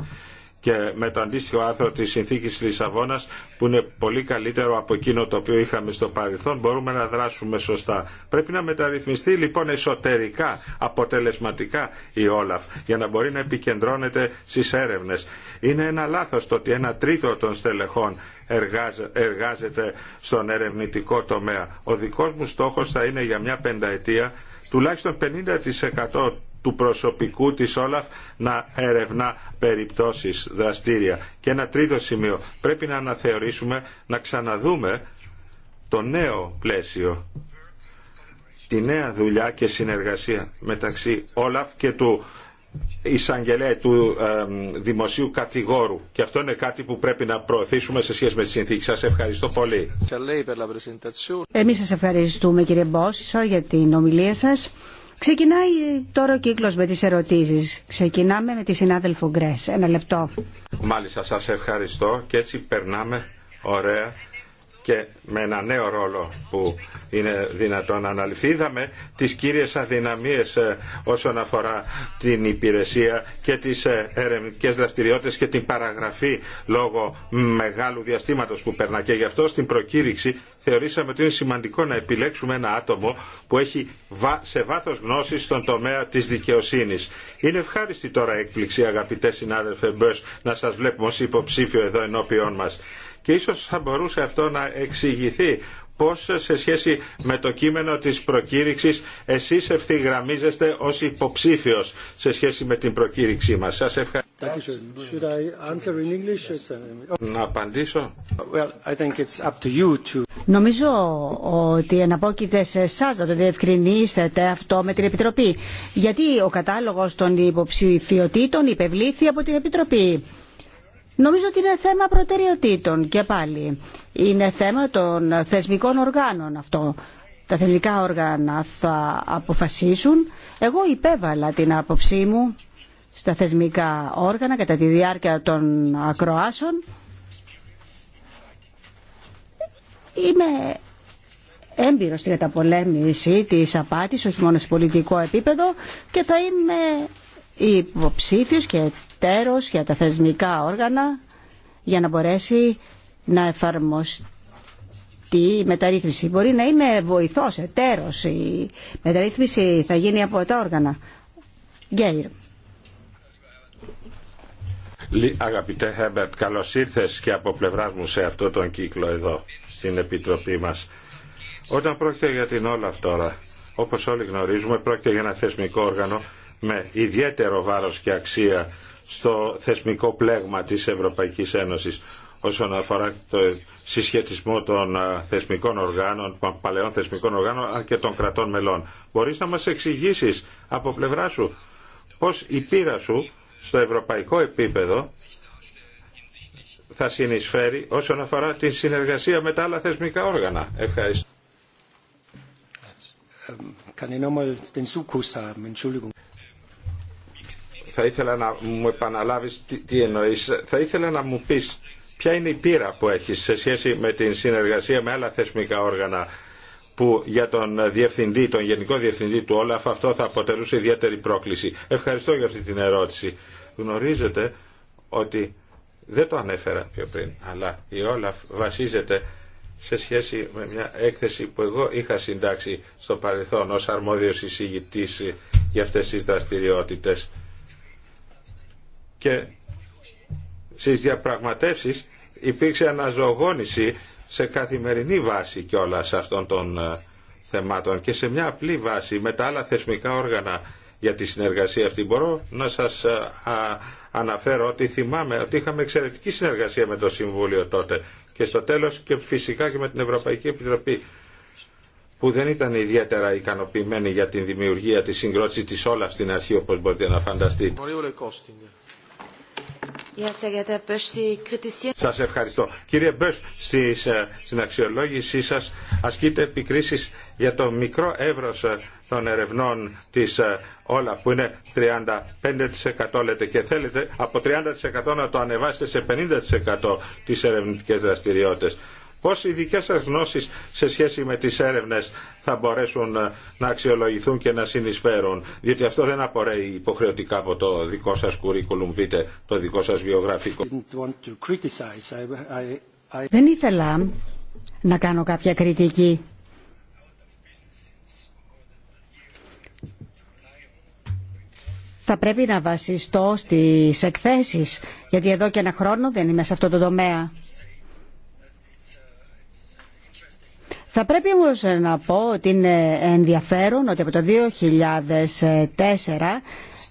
B: και με το αντίστοιχο άρθρο της συνθήκης Λισαβόνας που είναι πολύ καλύτερο από εκείνο το οποίο είχαμε στο παρελθόν μπορούμε να δράσουμε σωστά. Πρέπει να μεταρρυθμιστεί λοιπόν εσωτερικά, αποτελεσματικά η Όλαφ για να μπορεί να επικεντρώνεται στις έρευνες. Είναι ένα λάθος το ότι ένα τρίτο των στελεχών εργάζεται στον ερευνητικό τομέα. Ο δικός μου στόχος θα είναι για μια πενταετία τουλάχιστον 50% του προσωπικού της Όλαφ να ερευνά περιπτώσεις δραστήρια. Και ένα τρίτο σημείο. Πρέπει να αναθεωρήσουμε, να ξαναδούμε το νέο πλαίσιο τη νέα δουλειά και συνεργασία μεταξύ Όλαφ και του εισαγγελέα του δημοσίου κατηγόρου και αυτό είναι κάτι που πρέπει να προωθήσουμε σε σχέση με τη συνθήκη. Σας ευχαριστώ πολύ.
D: Εμείς σας ευχαριστούμε κύριε Μπόσισο για την ομιλία σας. Ξεκινάει τώρα ο κύκλος με τις ερωτήσεις. Ξεκινάμε με τη συνάδελφο Γκρέσ. Ένα λεπτό.
B: Μάλιστα, σας ευχαριστώ και έτσι περνάμε ωραία και με ένα νέο ρόλο που είναι δυνατόν να αναλυθεί. Είδαμε τις κύριες αδυναμίες ε, όσον αφορά την υπηρεσία και τις ε, ερευνητικές δραστηριότητες και την παραγραφή λόγω μεγάλου διαστήματος που περνά. Και γι' αυτό στην προκήρυξη θεωρήσαμε ότι είναι σημαντικό να επιλέξουμε ένα άτομο που έχει σε βάθος γνώση στον τομέα της δικαιοσύνης. Είναι ευχάριστη τώρα έκπληξη αγαπητέ συνάδελφε να σας βλέπουμε ως υποψήφιο εδώ ενώπιόν μας και ίσως θα μπορούσε αυτό να εξηγηθεί πώς σε σχέση με το κείμενο της προκήρυξης εσείς ευθυγραμμίζεστε ως υποψήφιος σε σχέση με την προκήρυξή μας. Σας ευχαριστώ. Uh, να απαντήσω. Well, I think it's up to you to...
D: Νομίζω ότι εναπόκειται σε εσά να το διευκρινίσετε αυτό με την Επιτροπή. Γιατί ο κατάλογος των υποψηφιωτήτων υπευλήθη από την Επιτροπή. Νομίζω ότι είναι θέμα προτεραιοτήτων και πάλι. Είναι θέμα των θεσμικών οργάνων αυτό. Τα θεσμικά όργανα θα αποφασίσουν. Εγώ υπέβαλα την άποψή μου στα θεσμικά όργανα κατά τη διάρκεια των ακροάσεων. Είμαι έμπειρος στην καταπολέμηση της απάτης, όχι μόνο σε πολιτικό επίπεδο, και θα είμαι υποψήφιος και τέρος για τα θεσμικά όργανα για να μπορέσει να εφαρμοστεί η μεταρρύθμιση. Μπορεί να είναι βοηθός, εταίρος. Η μεταρρύθμιση θα γίνει από τα όργανα. Γκέιρ.
B: Αγαπητέ Χέμπερτ, καλώς ήρθες και από πλευράς μου σε αυτό τον κύκλο εδώ, στην Επιτροπή μας. Όταν πρόκειται για την όλα τώρα, όπως όλοι γνωρίζουμε, πρόκειται για ένα θεσμικό όργανο με ιδιαίτερο βάρος και αξία στο θεσμικό πλέγμα της Ευρωπαϊκής Ένωσης όσον αφορά το συσχετισμό των θεσμικών οργάνων, των παλαιών θεσμικών οργάνων και των κρατών μελών. Μπορείς να μας εξηγήσεις από πλευρά σου πώς η πείρα σου στο ευρωπαϊκό επίπεδο θα συνεισφέρει όσον αφορά τη συνεργασία με τα άλλα θεσμικά όργανα. Ευχαριστώ θα ήθελα να μου επαναλάβεις τι, τι εννοείς. Θα ήθελα να μου πεις ποια είναι η πείρα που έχεις σε σχέση με την συνεργασία με άλλα θεσμικά όργανα που για τον διευθυντή, τον γενικό διευθυντή του Όλαφ αυτό θα αποτελούσε ιδιαίτερη πρόκληση. Ευχαριστώ για αυτή την ερώτηση. Γνωρίζετε ότι δεν το ανέφερα πιο πριν, αλλά η Όλαφ βασίζεται σε σχέση με μια έκθεση που εγώ είχα συντάξει στο παρελθόν ως αρμόδιος εισηγητής για αυτές τις δραστηριότητες και στις διαπραγματεύσεις υπήρξε αναζωογόνηση σε καθημερινή βάση κιόλα αυτών των ε, θεμάτων και σε μια απλή βάση με τα άλλα θεσμικά όργανα για τη συνεργασία αυτή. Μπορώ να σας ε, αναφέρω ότι θυμάμαι ότι είχαμε εξαιρετική συνεργασία με το Συμβούλιο τότε και στο τέλος και φυσικά και με την Ευρωπαϊκή Επιτροπή που δεν ήταν ιδιαίτερα ικανοποιημένη για την δημιουργία της συγκρότηση της όλα στην αρχή όπως μπορείτε να φανταστείτε. Σας ευχαριστώ. Κύριε Μπösch, ε, στην αξιολόγησή σας ασκείτε επικρίσεις για το μικρό εύρος ε, των ερευνών της ε, Όλαφ που είναι 35% λέτε και θέλετε από 30% να το ανεβάσετε σε 50% τις ερευνητικές δραστηριότητες. Πώς οι δικές σας γνώσεις σε σχέση με τις έρευνες θα μπορέσουν ε, να αξιολογηθούν και να συνεισφέρουν. Διότι αυτό δεν απορρέει υποχρεωτικά από το δικό σας κουρίκουλουμ βείτε το δικό σας βιογραφικό.
D: Δεν ήθελα να κάνω κάποια κριτική. θα πρέπει να βασιστώ στις εκθέσεις, γιατί εδώ και ένα χρόνο δεν είμαι σε αυτό το τομέα. Θα πρέπει όμως να πω ότι είναι ενδιαφέρον ότι από το 2004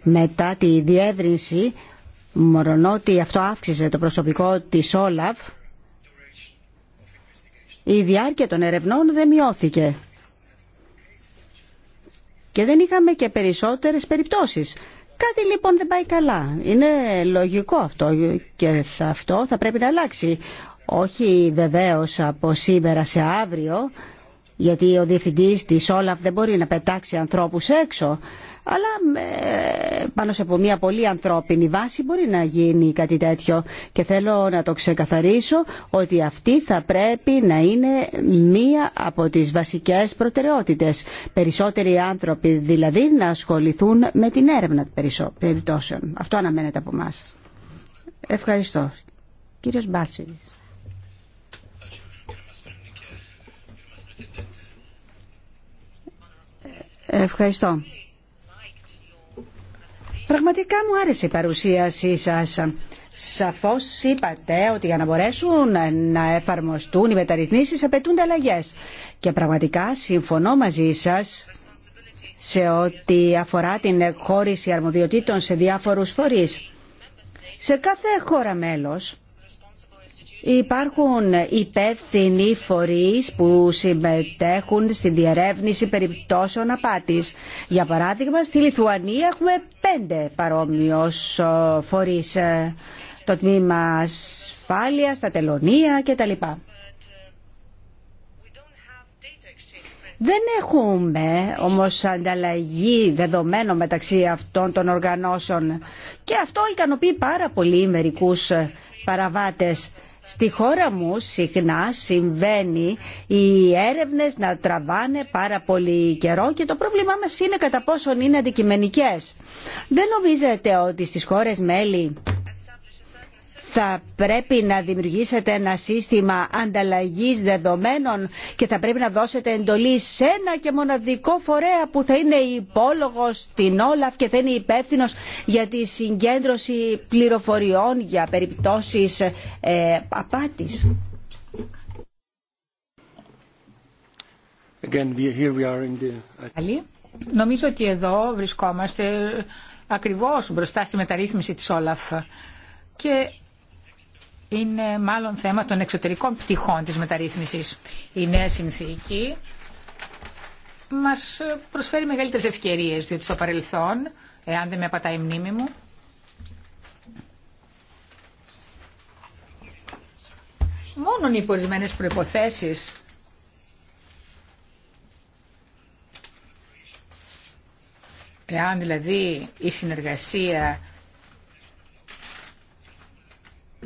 D: μετά τη διεύρυνση μορονότι αυτό αύξησε το προσωπικό της Όλαβ η διάρκεια των ερευνών δεν μειώθηκε και δεν είχαμε και περισσότερες περιπτώσεις. Κάτι λοιπόν δεν πάει καλά. Είναι λογικό αυτό και αυτό θα πρέπει να αλλάξει όχι βεβαίως από σήμερα σε αύριο, γιατί ο διευθυντής της Όλαφ δεν μπορεί να πετάξει ανθρώπους έξω, αλλά πάνω σε μια πολύ ανθρώπινη βάση μπορεί να γίνει κάτι τέτοιο. Και θέλω να το ξεκαθαρίσω ότι αυτή θα πρέπει να είναι μία από τις βασικές προτεραιότητες. Περισσότεροι άνθρωποι δηλαδή να ασχοληθούν με την έρευνα περιπτώσεων. Αυτό αναμένεται από εμά. Ευχαριστώ. Κύριος Μπάτσιλης. Ευχαριστώ. Πραγματικά μου άρεσε η παρουσίασή σας. Σαφώς είπατε ότι για να μπορέσουν να εφαρμοστούν οι μεταρρυθμίσεις απαιτούνται αλλαγές. Και πραγματικά συμφωνώ μαζί σας σε ό,τι αφορά την εκχώρηση αρμοδιοτήτων σε διάφορους φορείς. Σε κάθε χώρα μέλος Υπάρχουν υπεύθυνοι φορείς που συμμετέχουν στην διερεύνηση περιπτώσεων απάτης. Για παράδειγμα, στη Λιθουανία έχουμε πέντε παρόμοιους ε, φορείς. Ε, το τμήμα ασφάλεια, τα τελωνία κτλ. Δεν έχουμε όμως ανταλλαγή δεδομένων μεταξύ αυτών των οργανώσεων και αυτό ικανοποιεί πάρα πολύ μερικούς παραβάτες. Στη χώρα μου συχνά συμβαίνει οι έρευνες να τραβάνε πάρα πολύ καιρό και το πρόβλημά μας είναι κατά πόσον είναι αντικειμενικές. Δεν νομίζετε ότι στις χώρες μέλη θα πρέπει να δημιουργήσετε ένα σύστημα ανταλλαγής δεδομένων και θα πρέπει να δώσετε εντολή σε ένα και μοναδικό φορέα που θα είναι υπόλογος στην Όλαφ και θα είναι υπεύθυνο για τη συγκέντρωση πληροφοριών για περιπτώσεις
C: ε, απάτης. Νομίζω ότι εδώ βρισκόμαστε ακριβώς μπροστά στη μεταρρύθμιση της Όλαφ είναι μάλλον θέμα των εξωτερικών πτυχών της μεταρρύθμισης. Η νέα συνθήκη μας προσφέρει μεγαλύτερες ευκαιρίες, διότι στο παρελθόν, εάν δεν με απατάει η μνήμη μου, μόνον οι υπορισμένες προϋποθέσεις εάν δηλαδή η συνεργασία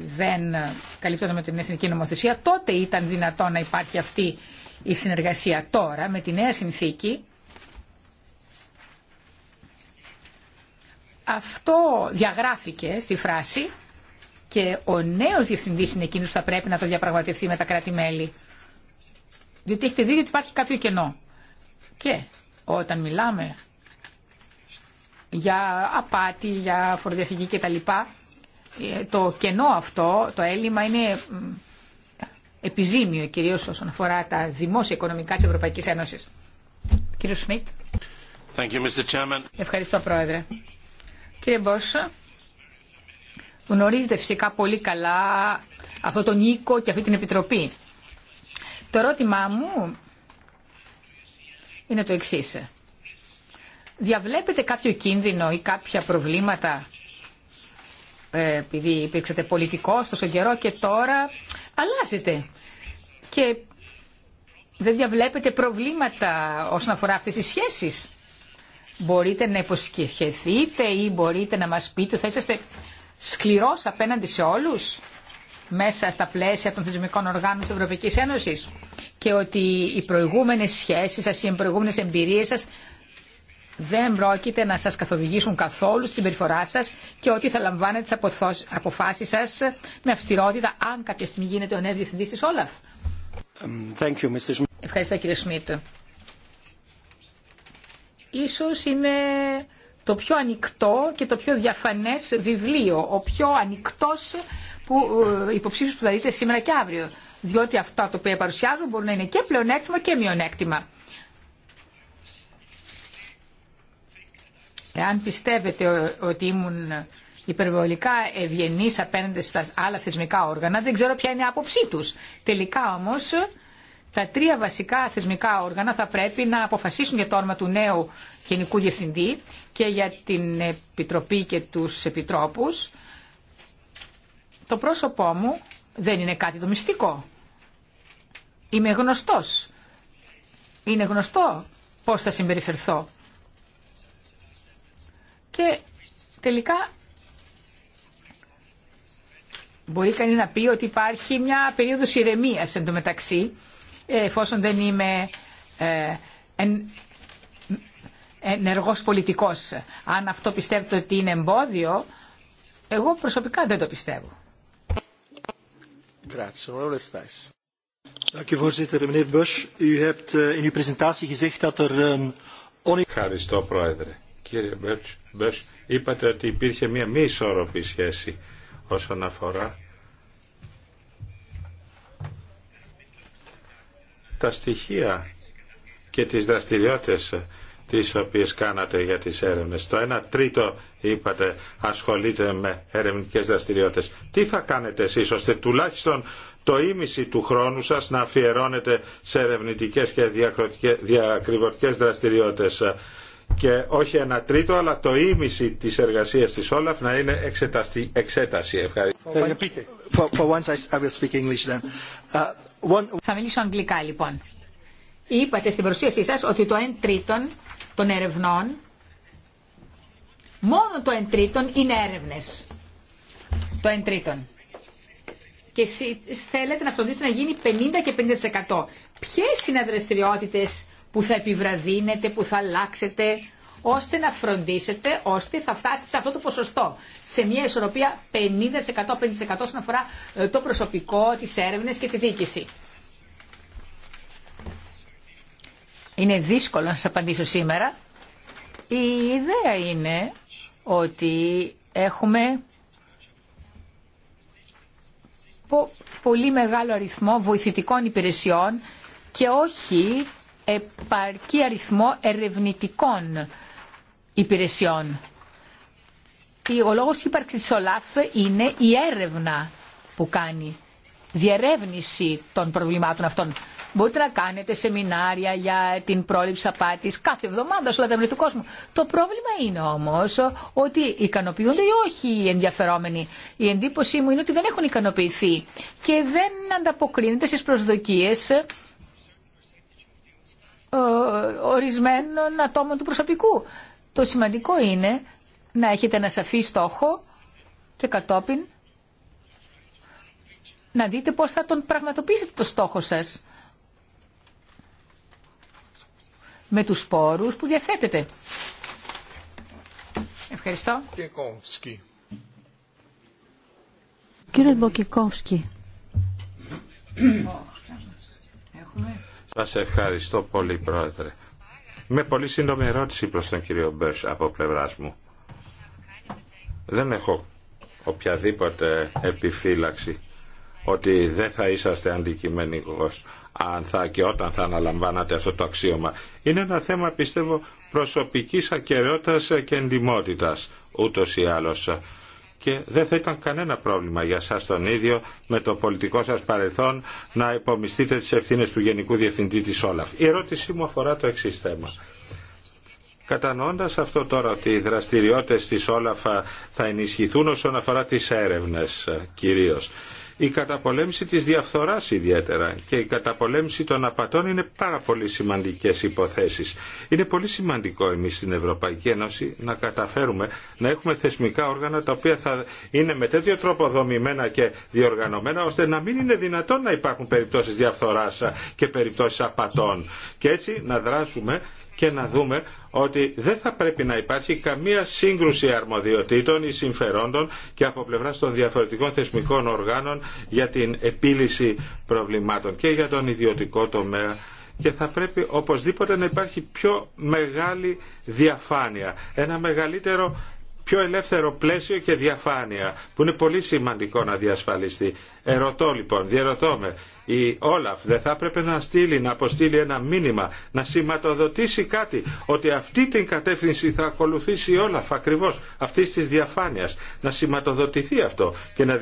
C: δεν καλύπτονται με την εθνική νομοθεσία, τότε ήταν δυνατό να υπάρχει αυτή η συνεργασία. Τώρα, με τη νέα συνθήκη, αυτό διαγράφηκε στη φράση και ο νέος διευθυντής είναι εκείνος που θα πρέπει να το διαπραγματευτεί με τα κράτη-μέλη. Διότι έχετε δει ότι υπάρχει κάποιο κενό. Και όταν μιλάμε για απάτη, για φοροδιαφυγή κτλ. Ε, το κενό αυτό, το έλλειμμα είναι επιζήμιο κυρίω όσον αφορά τα δημόσια οικονομικά τη Ευρωπαϊκή Ένωσης. Κύριο Σμιτ. Ευχαριστώ Πρόεδρε. Κύριε Μπόσ, γνωρίζετε φυσικά πολύ καλά αυτό τον Νίκο και αυτή την Επιτροπή. Το ερώτημά μου είναι το εξής. Διαβλέπετε κάποιο κίνδυνο ή κάποια προβλήματα ε, επειδή υπήρξατε πολιτικό τόσο καιρό και τώρα αλλάζετε. Και δεν διαβλέπετε προβλήματα όσον αφορά αυτές τις σχέσεις. Μπορείτε να υποσχεθείτε ή μπορείτε να μας πείτε ότι θα είσαστε σκληρός απέναντι σε όλους μέσα στα πλαίσια των θεσμικών οργάνων της Ευρωπαϊκής Ένωσης και ότι οι προηγούμενες σχέσεις σας, οι προηγούμενες εμπειρίες σας δεν πρόκειται να σας καθοδηγήσουν καθόλου στη συμπεριφορά σας και ότι θα λαμβάνετε τις αποφάσεις σας με αυστηρότητα αν κάποια στιγμή γίνεται ο νέος διευθυντής της Όλαφ. Thank Ευχαριστώ κύριε Σμίτ. Ίσως είναι το πιο ανοιχτό και το πιο διαφανές βιβλίο, ο πιο ανοιχτός που, ε, υποψήφιος που θα δείτε σήμερα και αύριο. Διότι αυτά τα οποία παρουσιάζουν μπορούν να είναι και πλεονέκτημα και μειονέκτημα. Εάν πιστεύετε ότι ήμουν υπερβολικά ευγενή απέναντι στα άλλα θεσμικά όργανα, δεν ξέρω ποια είναι η άποψή του. Τελικά όμω, τα τρία βασικά θεσμικά όργανα θα πρέπει να αποφασίσουν για το όνομα του νέου Γενικού Διευθυντή και για την Επιτροπή και τους Επιτρόπους. Το πρόσωπό μου δεν είναι κάτι το μυστικό. Είμαι γνωστός. Είναι γνωστό πώς θα συμπεριφερθώ. Και τελικά μπορεί κανεί να πει ότι υπάρχει μια περίοδος ηρεμίας εντωμεταξύ, εφόσον δεν είμαι ε, εν, ενεργός πολιτικός. Αν αυτό πιστεύετε ότι είναι εμπόδιο, εγώ προσωπικά δεν το πιστεύω.
A: Ευχαριστώ,
B: Πρόεδρε. Κύριε Μπέρς, είπατε ότι υπήρχε μια μη ισόρροπη σχέση όσον αφορά τα στοιχεία και τις δραστηριότητες τις οποίες κάνατε για τις έρευνες. Το 1 τρίτο είπατε ασχολείται με ερευνητικές δραστηριότητες. Τι θα κάνετε εσείς ώστε τουλάχιστον το ίμιση του χρόνου σας να αφιερώνετε σε ερευνητικές και διακριβωτικές δραστηριότητες και όχι ένα τρίτο αλλά το ίμιση τη εργασία τη Όλαφ να είναι εξεταστή, εξέταση. Ευχαριστώ.
C: Θα uh, μιλήσω αγγλικά λοιπόν. Είπατε στην παρουσίασή σα ότι το 1 τρίτο των ερευνών μόνο το 1 τρίτο είναι έρευνε. Το 1 τρίτο. Και θέλετε να φροντίσετε να γίνει 50 και 50%. Ποιε είναι οι δραστηριότητε που θα επιβραδύνετε, που θα αλλάξετε, ώστε να φροντίσετε, ώστε θα φτάσετε σε αυτό το ποσοστό. Σε μια ισορροπία 50%-50% όσον αφορά ε, το προσωπικό, τις έρευνες και τη διοίκηση. Είναι δύσκολο να σας απαντήσω σήμερα. Η ιδέα είναι ότι έχουμε πολύ μεγάλο αριθμό βοηθητικών υπηρεσιών και όχι επαρκή αριθμό ερευνητικών υπηρεσιών. Ο λόγος ύπαρξης της ΟΛΑΦ είναι η έρευνα που κάνει, διερεύνηση των προβλημάτων αυτών. Μπορείτε να κάνετε σεμινάρια για την πρόληψη απάτης κάθε εβδομάδα σε όλα του κόσμου. Το πρόβλημα είναι όμως ότι ικανοποιούνται ή όχι οι ενδιαφερόμενοι. Η εντύπωσή μου είναι ότι δεν έχουν ικανοποιηθεί και δεν ανταποκρίνεται στις προσδοκίες ε, ορισμένων ατόμων του προσωπικού. Το σημαντικό είναι να έχετε ένα σαφή στόχο και κατόπιν να δείτε πώς θα τον πραγματοποιήσετε το στόχο σας με τους σπόρους που διαθέτετε. Ευχαριστώ. Κύριε Μποκικόφσκι. Έχουμε
B: σας ευχαριστώ πολύ Πρόεδρε. Με πολύ σύντομη ερώτηση προς τον κύριο Μπέρς από πλευράς μου. Δεν έχω οποιαδήποτε επιφύλαξη ότι δεν θα είσαστε αντικειμενικός αν θα και όταν θα αναλαμβάνατε αυτό το αξίωμα. Είναι ένα θέμα πιστεύω προσωπικής ακεραιότητας και εντιμότητας ούτως ή άλλως και δεν θα ήταν κανένα πρόβλημα για σας τον ίδιο με το πολιτικό σας παρελθόν να υπομειστείτε τις ευθύνες του Γενικού Διευθυντή της Όλαφ. Η ερώτησή μου αφορά το εξή θέμα. Κατανοώντας αυτό τώρα ότι οι δραστηριότητες της Όλαφ θα ενισχυθούν όσον αφορά τις έρευνες ε, κυρίως η καταπολέμηση της διαφθοράς ιδιαίτερα και η καταπολέμηση των απατών είναι πάρα πολύ σημαντικές υποθέσεις. Είναι πολύ σημαντικό εμείς στην Ευρωπαϊκή Ένωση να καταφέρουμε να έχουμε θεσμικά όργανα τα οποία θα είναι με τέτοιο τρόπο δομημένα και διοργανωμένα ώστε να μην είναι δυνατόν να υπάρχουν περιπτώσεις διαφθοράς και περιπτώσεις απατών και έτσι να δράσουμε και να δούμε ότι δεν θα πρέπει να υπάρχει καμία σύγκρουση αρμοδιοτήτων ή συμφερόντων και από πλευρά των διαφορετικών θεσμικών οργάνων για την επίλυση προβλημάτων και για τον ιδιωτικό τομέα και θα πρέπει οπωσδήποτε να υπάρχει πιο μεγάλη διαφάνεια, ένα μεγαλύτερο πιο ελεύθερο πλαίσιο και διαφάνεια που είναι πολύ σημαντικό να διασφαλιστεί. Ερωτώ λοιπόν, διερωτώ με, η Όλαφ δεν θα έπρεπε να στείλει, να αποστείλει ένα μήνυμα, να σηματοδοτήσει κάτι, ότι αυτή την κατεύθυνση θα ακολουθήσει η Όλαφ ακριβώς, αυτή της διαφάνειας, να σηματοδοτηθεί αυτό και να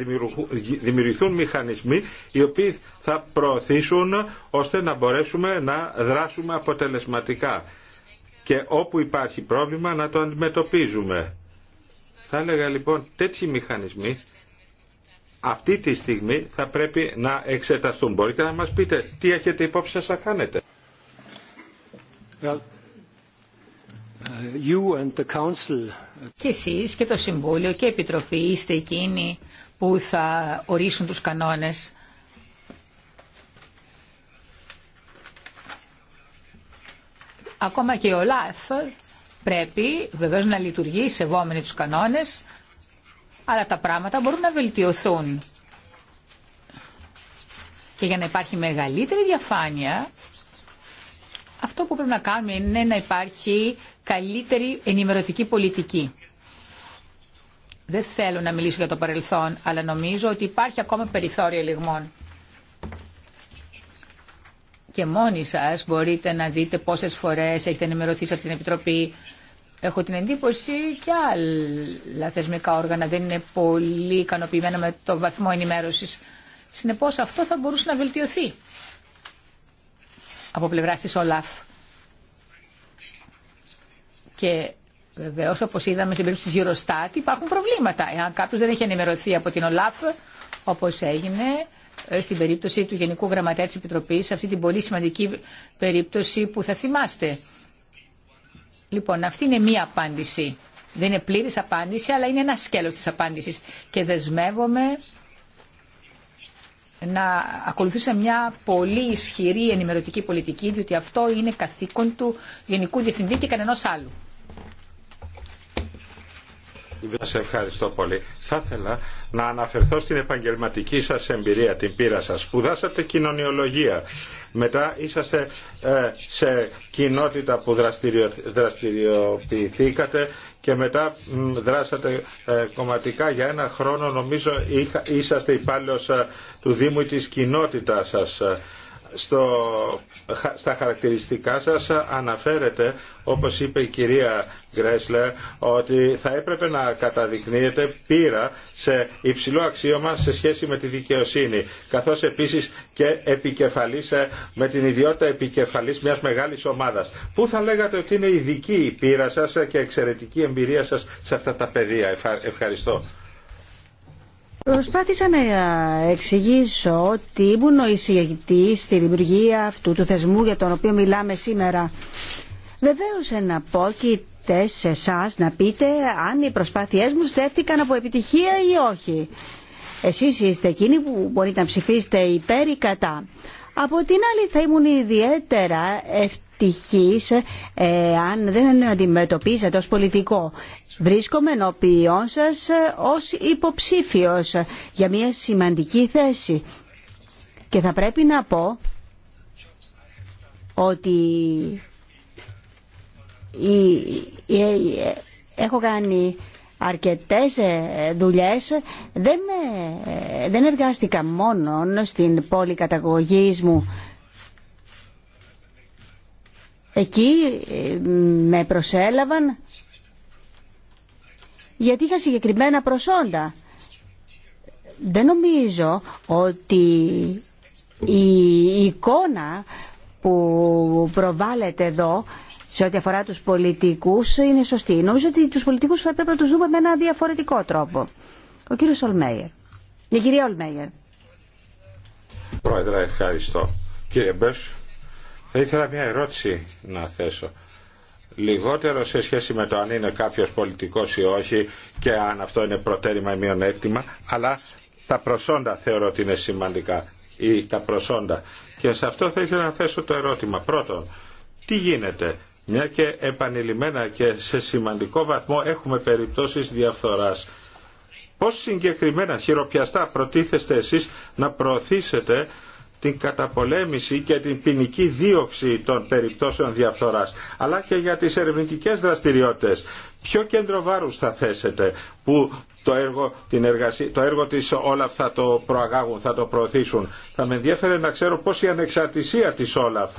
B: δημιουργηθούν μηχανισμοί οι οποίοι θα προωθήσουν ώστε να μπορέσουμε να δράσουμε αποτελεσματικά και όπου υπάρχει πρόβλημα να το αντιμετωπίζουμε θα έλεγα λοιπόν τέτοιοι μηχανισμοί αυτή τη στιγμή θα πρέπει να εξεταστούν. Μπορείτε να μας πείτε τι έχετε υπόψη σας να κάνετε.
C: Και εσείς και το Συμβούλιο και η Επιτροπή είστε εκείνοι που θα ορίσουν τους κανόνες. Ακόμα και ο ΛΑΕΦ πρέπει βεβαίως να λειτουργεί σεβόμενοι τους κανόνες, αλλά τα πράγματα μπορούν να βελτιωθούν. Και για να υπάρχει μεγαλύτερη διαφάνεια, αυτό που πρέπει να κάνουμε είναι να υπάρχει καλύτερη ενημερωτική πολιτική. Δεν θέλω να μιλήσω για το παρελθόν, αλλά νομίζω ότι υπάρχει ακόμα περιθώριο λιγμών και μόνοι σας μπορείτε να δείτε πόσες φορές έχετε ενημερωθεί από την Επιτροπή. Έχω την εντύπωση και άλλα θεσμικά όργανα δεν είναι πολύ ικανοποιημένα με το βαθμό ενημέρωσης. Συνεπώς αυτό θα μπορούσε να βελτιωθεί από πλευρά της ΟΛΑΦ. Και βεβαίω, όπω είδαμε στην περίπτωση τη Eurostat, υπάρχουν προβλήματα. Εάν κάποιο δεν έχει ενημερωθεί από την ΟΛΑΦ, όπω έγινε ε, στην περίπτωση του Γενικού Γραμματέα της Επιτροπής, σε αυτή την πολύ σημαντική περίπτωση που θα θυμάστε. Λοιπόν, αυτή είναι μία απάντηση. Δεν είναι πλήρης απάντηση, αλλά είναι ένα σκέλος της απάντησης. Και δεσμεύομαι να ακολουθούσε μια πολύ ισχυρή ενημερωτική πολιτική, διότι αυτό είναι καθήκον του Γενικού Διευθυντή και κανενός άλλου.
B: Σα ευχαριστώ πολύ. Θα ήθελα να αναφερθώ στην επαγγελματική σας εμπειρία, την πείρα σας. Σπουδάσατε κοινωνιολογία. Μετά είσαστε ε, σε κοινότητα που δραστηριοποιηθήκατε και μετά δράσατε ε, κομματικά για ένα χρόνο. Νομίζω είσαστε υπάλληλος ε, του Δήμου της κοινότητάς σας στα χαρακτηριστικά σας αναφέρετε, όπως είπε η κυρία Γκρέσλερ, ότι θα έπρεπε να καταδεικνύεται πείρα σε υψηλό αξίωμα σε σχέση με τη δικαιοσύνη, καθώς επίσης και επικεφαλής, ε, με την ιδιότητα επικεφαλής μιας μεγάλης ομάδας. Πού θα λέγατε ότι είναι ειδική η πείρα σας και εξαιρετική εμπειρία σας σε αυτά τα πεδία. Ευχαριστώ.
D: Προσπάθησα να εξηγήσω ότι ήμουν ο εισηγητής στη δημιουργία αυτού του θεσμού για τον οποίο μιλάμε σήμερα. Βεβαίω εναπόκειται σε εσά να πείτε αν οι προσπάθειές μου στέφτηκαν από επιτυχία ή όχι. Εσείς είστε εκείνοι που μπορείτε να ψηφίσετε υπέρ ή κατά. Από την άλλη θα ήμουν ιδιαίτερα τυχής ε, αν δεν αντιμετωπίζετε ως πολιτικό. Βρίσκομαι ενώπιον σας ε, ως υποψήφιος για μια σημαντική θέση. Και θα πρέπει να πω ότι έχω κάνει αρκετές ε, δουλειές. Δεν, δεν εργάστηκα μόνο στην πόλη καταγωγής μου Εκεί ε, με προσέλαβαν γιατί είχα συγκεκριμένα προσόντα. Δεν νομίζω ότι η εικόνα που προβάλλεται εδώ σε ό,τι αφορά τους πολιτικούς είναι σωστή. Νομίζω ότι τους πολιτικούς θα πρέπει να τους δούμε με ένα διαφορετικό τρόπο. Ο κύριος Ολμέιερ. Η κυρία Ολμέιερ.
B: Πρόεδρε, ευχαριστώ. Κύριε Μπέσου θα ήθελα μια ερώτηση να θέσω. Λιγότερο σε σχέση με το αν είναι κάποιος πολιτικός ή όχι και αν αυτό είναι προτέρημα ή μειονέκτημα, αλλά τα προσόντα θεωρώ ότι είναι σημαντικά ή τα προσόντα. Και σε αυτό θα ήθελα να θέσω το ερώτημα. Πρώτον, τι γίνεται, μια και επανειλημμένα και σε σημαντικό βαθμό έχουμε περιπτώσεις διαφθοράς. Πώς συγκεκριμένα, χειροπιαστά προτίθεστε εσείς να προωθήσετε την καταπολέμηση και την ποινική δίωξη των περιπτώσεων διαφθοράς, αλλά και για τις ερευνητικές δραστηριότητες. Ποιο κέντρο βάρους θα θέσετε που το έργο, την εργασία, το έργο της Όλαφ θα το προαγάγουν, θα το προωθήσουν. Θα με ενδιαφέρε να ξέρω πώς η ανεξαρτησία της Όλαφ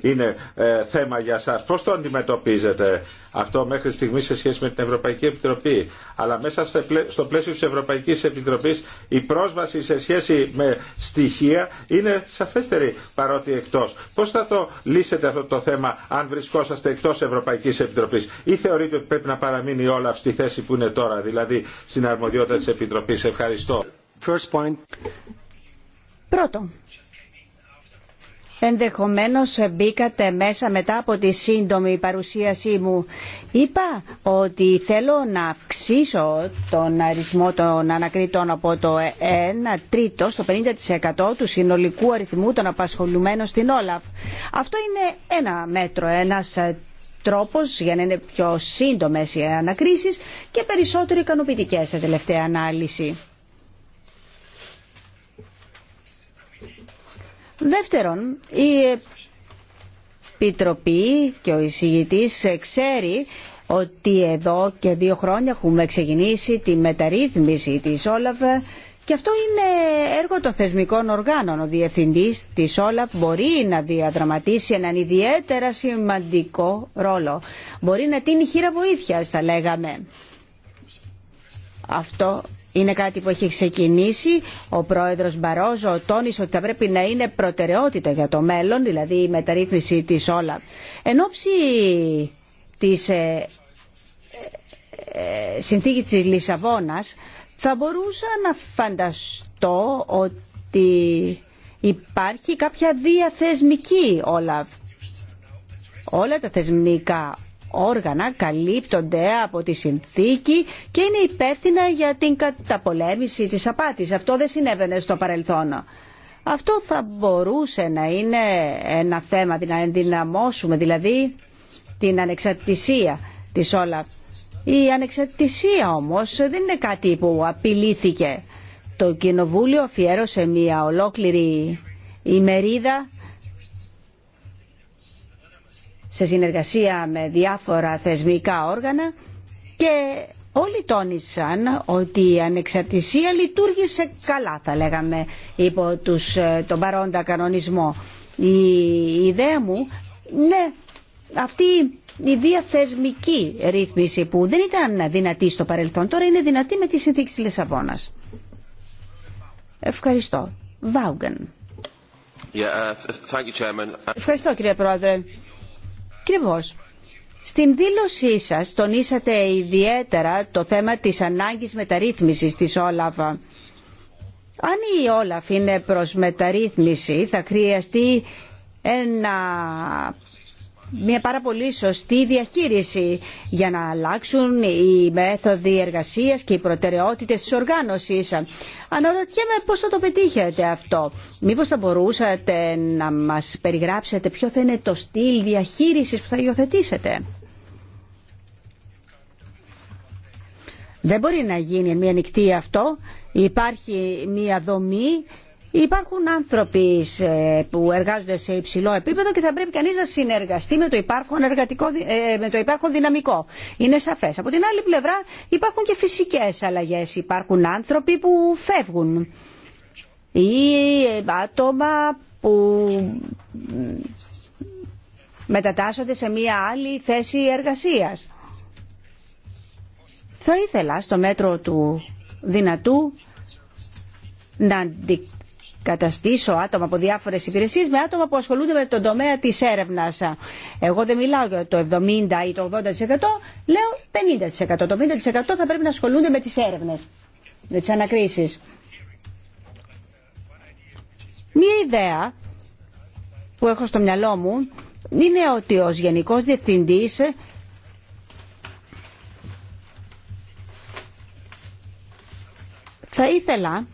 B: είναι ε, θέμα για σας. Πώς το αντιμετωπίζετε αυτό μέχρι στιγμή σε σχέση με την Ευρωπαϊκή Επιτροπή. Αλλά μέσα στο πλαίσιο της Ευρωπαϊκής Επιτροπής η πρόσβαση σε σχέση με στοιχεία είναι σαφέστερη παρότι εκτός. Πώς θα το λύσετε αυτό το θέμα αν βρισκόσαστε εκτός Ευρωπαϊκής Επιτροπής ή θεωρείτε ότι πρέπει να παραμείνει η Όλαφ στη θέση που είναι τώρα, δηλαδή στην αρμοδιότητα της Επιτροπής. Ευχαριστώ. Πρώτον,
D: Πρώτο. Ενδεχομένως μπήκατε μέσα μετά από τη σύντομη παρουσίασή μου. Είπα ότι θέλω να αυξήσω τον αριθμό των ανακριτών από το 1 τρίτο στο 50% του συνολικού αριθμού των απασχολουμένων στην Όλαφ. Αυτό είναι ένα μέτρο, ένας για να είναι πιο σύντομε οι ανακρίσει και περισσότερο ικανοποιητικέ σε τελευταία ανάλυση. Δεύτερον, η Επιτροπή και ο εισηγητής ξέρει ότι εδώ και δύο χρόνια έχουμε ξεκινήσει τη μεταρρύθμιση της Όλαβε. Και αυτό είναι έργο των θεσμικών οργάνων. Ο διευθυντής της Όλαπ μπορεί να διαδραματίσει έναν ιδιαίτερα σημαντικό ρόλο. Μπορεί να τίνει χείρα βοήθειας, θα λέγαμε. Αυτό είναι κάτι που έχει ξεκινήσει. Ο πρόεδρος Μπαρόζο τόνισε ότι θα πρέπει να είναι προτεραιότητα για το μέλλον, δηλαδή η μεταρρύθμιση της Όλαφ. Εν ώψη της ε, ε, ε της θα μπορούσα να φανταστώ ότι υπάρχει κάποια διαθεσμική όλα Όλα τα θεσμικά όργανα καλύπτονται από τη συνθήκη και είναι υπεύθυνα για την καταπολέμηση της απάτης. Αυτό δεν συνέβαινε στο παρελθόν. Αυτό θα μπορούσε να είναι ένα θέμα, να ενδυναμώσουμε δηλαδή την ανεξαρτησία της όλα. Η ανεξαρτησία όμως δεν είναι κάτι που απειλήθηκε. Το Κοινοβούλιο αφιέρωσε μια ολόκληρη ημερίδα σε συνεργασία με διάφορα θεσμικά όργανα και όλοι τόνισαν ότι η ανεξαρτησία λειτουργήσε καλά θα λέγαμε υπό τους, ε, τον παρόντα κανονισμό. Η ιδέα μου, ναι, αυτή η διαθεσμική ρύθμιση που δεν ήταν δυνατή στο παρελθόν τώρα είναι δυνατή με τη συνθήκη της Λισαβόνας. Ευχαριστώ. Βάουγκεν. Uh, Ευχαριστώ κύριε Πρόεδρε. Κύριε στην δήλωσή σας τονίσατε ιδιαίτερα το θέμα της ανάγκης μεταρρύθμισης της Όλαβα. Αν η Όλαφ είναι προς μεταρρύθμιση θα χρειαστεί ένα μια πάρα πολύ σωστή διαχείριση για να αλλάξουν οι μέθοδοι εργασίας και οι προτεραιότητες της οργάνωσης. Αναρωτιέμαι πώς θα το πετύχετε αυτό. Μήπως θα μπορούσατε να μας περιγράψετε ποιο θα είναι το στυλ διαχείρισης που θα υιοθετήσετε. Δεν μπορεί να γίνει μια νυχτή αυτό. Υπάρχει μια δομή Υπάρχουν άνθρωποι που εργάζονται σε υψηλό επίπεδο και θα πρέπει κανεί να συνεργαστεί με το υπάρχον, εργατικό, ε, με το υπάρχον δυναμικό. Είναι σαφές. Από την άλλη πλευρά υπάρχουν και φυσικές αλλαγέ. Υπάρχουν άνθρωποι που φεύγουν ή ε, άτομα που μετατάσσονται σε μία άλλη θέση εργασίας. Θα ήθελα στο μέτρο του δυνατού να καταστήσω άτομα από διάφορε υπηρεσίες με άτομα που ασχολούνται με τον τομέα της έρευνας. Εγώ δεν μιλάω για το 70% ή το 80%, λέω 50%. Το 50% θα πρέπει να ασχολούνται με τι έρευνε, με τι ανακρίσεις. Μία ιδέα που έχω στο μυαλό μου είναι ότι ο Γενικός Διευθυντής θα ήθελα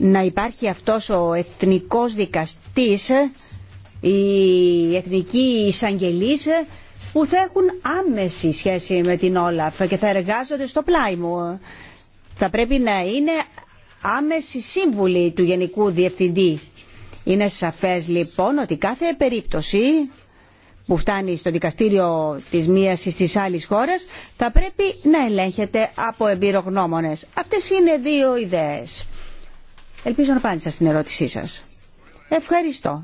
D: να υπάρχει αυτός ο εθνικός δικαστής, η εθνική εισαγγελείς που θα έχουν άμεση σχέση με την Όλαφ και θα εργάζονται στο πλάι μου. Θα πρέπει να είναι άμεση σύμβουλη του Γενικού Διευθυντή. Είναι σαφές λοιπόν ότι κάθε περίπτωση που φτάνει στο δικαστήριο της μίας ή της άλλης χώρας θα πρέπει να ελέγχεται από εμπειρογνώμονες. Αυτές είναι δύο ιδέες Ελπίζω να απάντησα στην ερώτησή σας. Ευχαριστώ.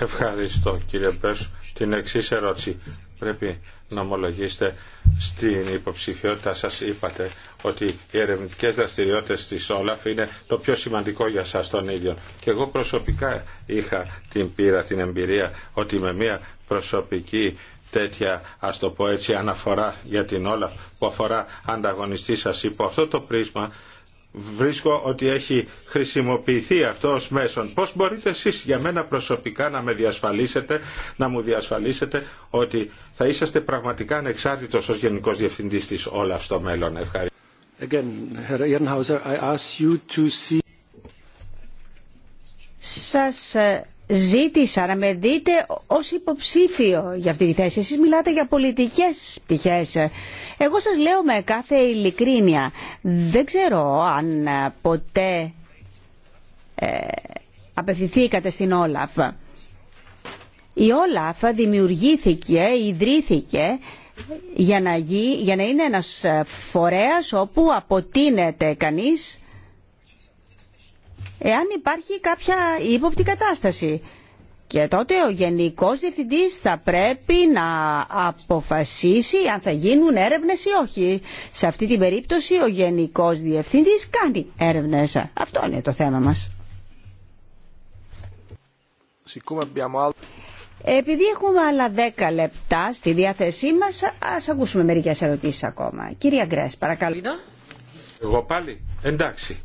B: Ευχαριστώ κύριε Πέρσου. Την εξή ερώτηση πρέπει να ομολογήσετε στην υποψηφιότητα σας είπατε ότι οι ερευνητικέ δραστηριότητες της Όλαφ είναι το πιο σημαντικό για σας τον ίδιο. Και εγώ προσωπικά είχα την πείρα, την εμπειρία ότι με μια προσωπική τέτοια, ας το πω έτσι, αναφορά για την Όλαφ που αφορά ανταγωνιστή σας υπό αυτό το πρίσμα βρίσκω ότι έχει χρησιμοποιηθεί αυτό ως μέσον. Πώς μπορείτε εσείς για μένα προσωπικά να με διασφαλίσετε, να μου διασφαλίσετε ότι θα είσαστε πραγματικά ανεξάρτητος ως Γενικός Διευθυντής της Όλαφ στο μέλλον. Ευχαριστώ. Again,
D: Herr Ehrenhauser,
A: I ask you to
D: ε, ζήτησα να με δείτε ως υποψήφιο για αυτή τη θέση. Εσείς μιλάτε για πολιτικές πτυχές. Εγώ σας λέω με κάθε ειλικρίνεια. Δεν ξέρω αν ποτέ ε, απευθυνθήκατε στην Όλαφ. Η Όλαφ δημιουργήθηκε, ιδρύθηκε για να, για να είναι ένας φορέας όπου αποτείνεται κανείς εάν υπάρχει κάποια ύποπτη κατάσταση. Και τότε ο Γενικός Διευθυντής θα πρέπει να αποφασίσει αν θα γίνουν έρευνες ή όχι. Σε αυτή την περίπτωση ο Γενικός Διευθυντής κάνει έρευνες. Αυτό είναι το θέμα μας. Επειδή έχουμε άλλα 10 λεπτά στη διάθεσή μας, ας ακούσουμε μερικές ερωτήσεις ακόμα. Κυρία Γκρέσ, παρακαλώ.
B: Εγώ πάλι, εντάξει.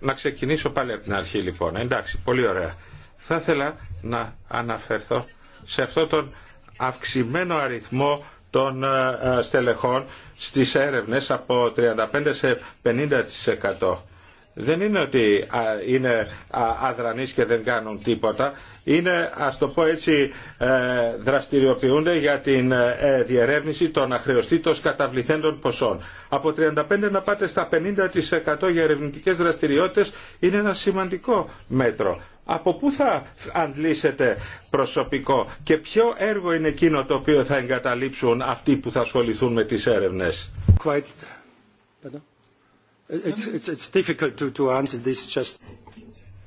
B: Να ξεκινήσω πάλι από την αρχή λοιπόν. Εντάξει, πολύ ωραία. Θα ήθελα να αναφερθώ σε αυτόν τον αυξημένο αριθμό των ε, ε, στελεχών στις έρευνες από 35% σε 50% δεν είναι ότι είναι αδρανείς και δεν κάνουν τίποτα. Είναι, ας το πω έτσι, ε, δραστηριοποιούνται για την ε, διερεύνηση των αχρεωστήτως καταβληθέντων ποσών. Από 35% να πάτε στα 50% για ερευνητικές δραστηριότητες είναι ένα σημαντικό μέτρο. Από πού θα αντλήσετε προσωπικό και ποιο έργο είναι εκείνο το οποίο θα εγκαταλείψουν αυτοί που θα ασχοληθούν με τις έρευνες. Quite.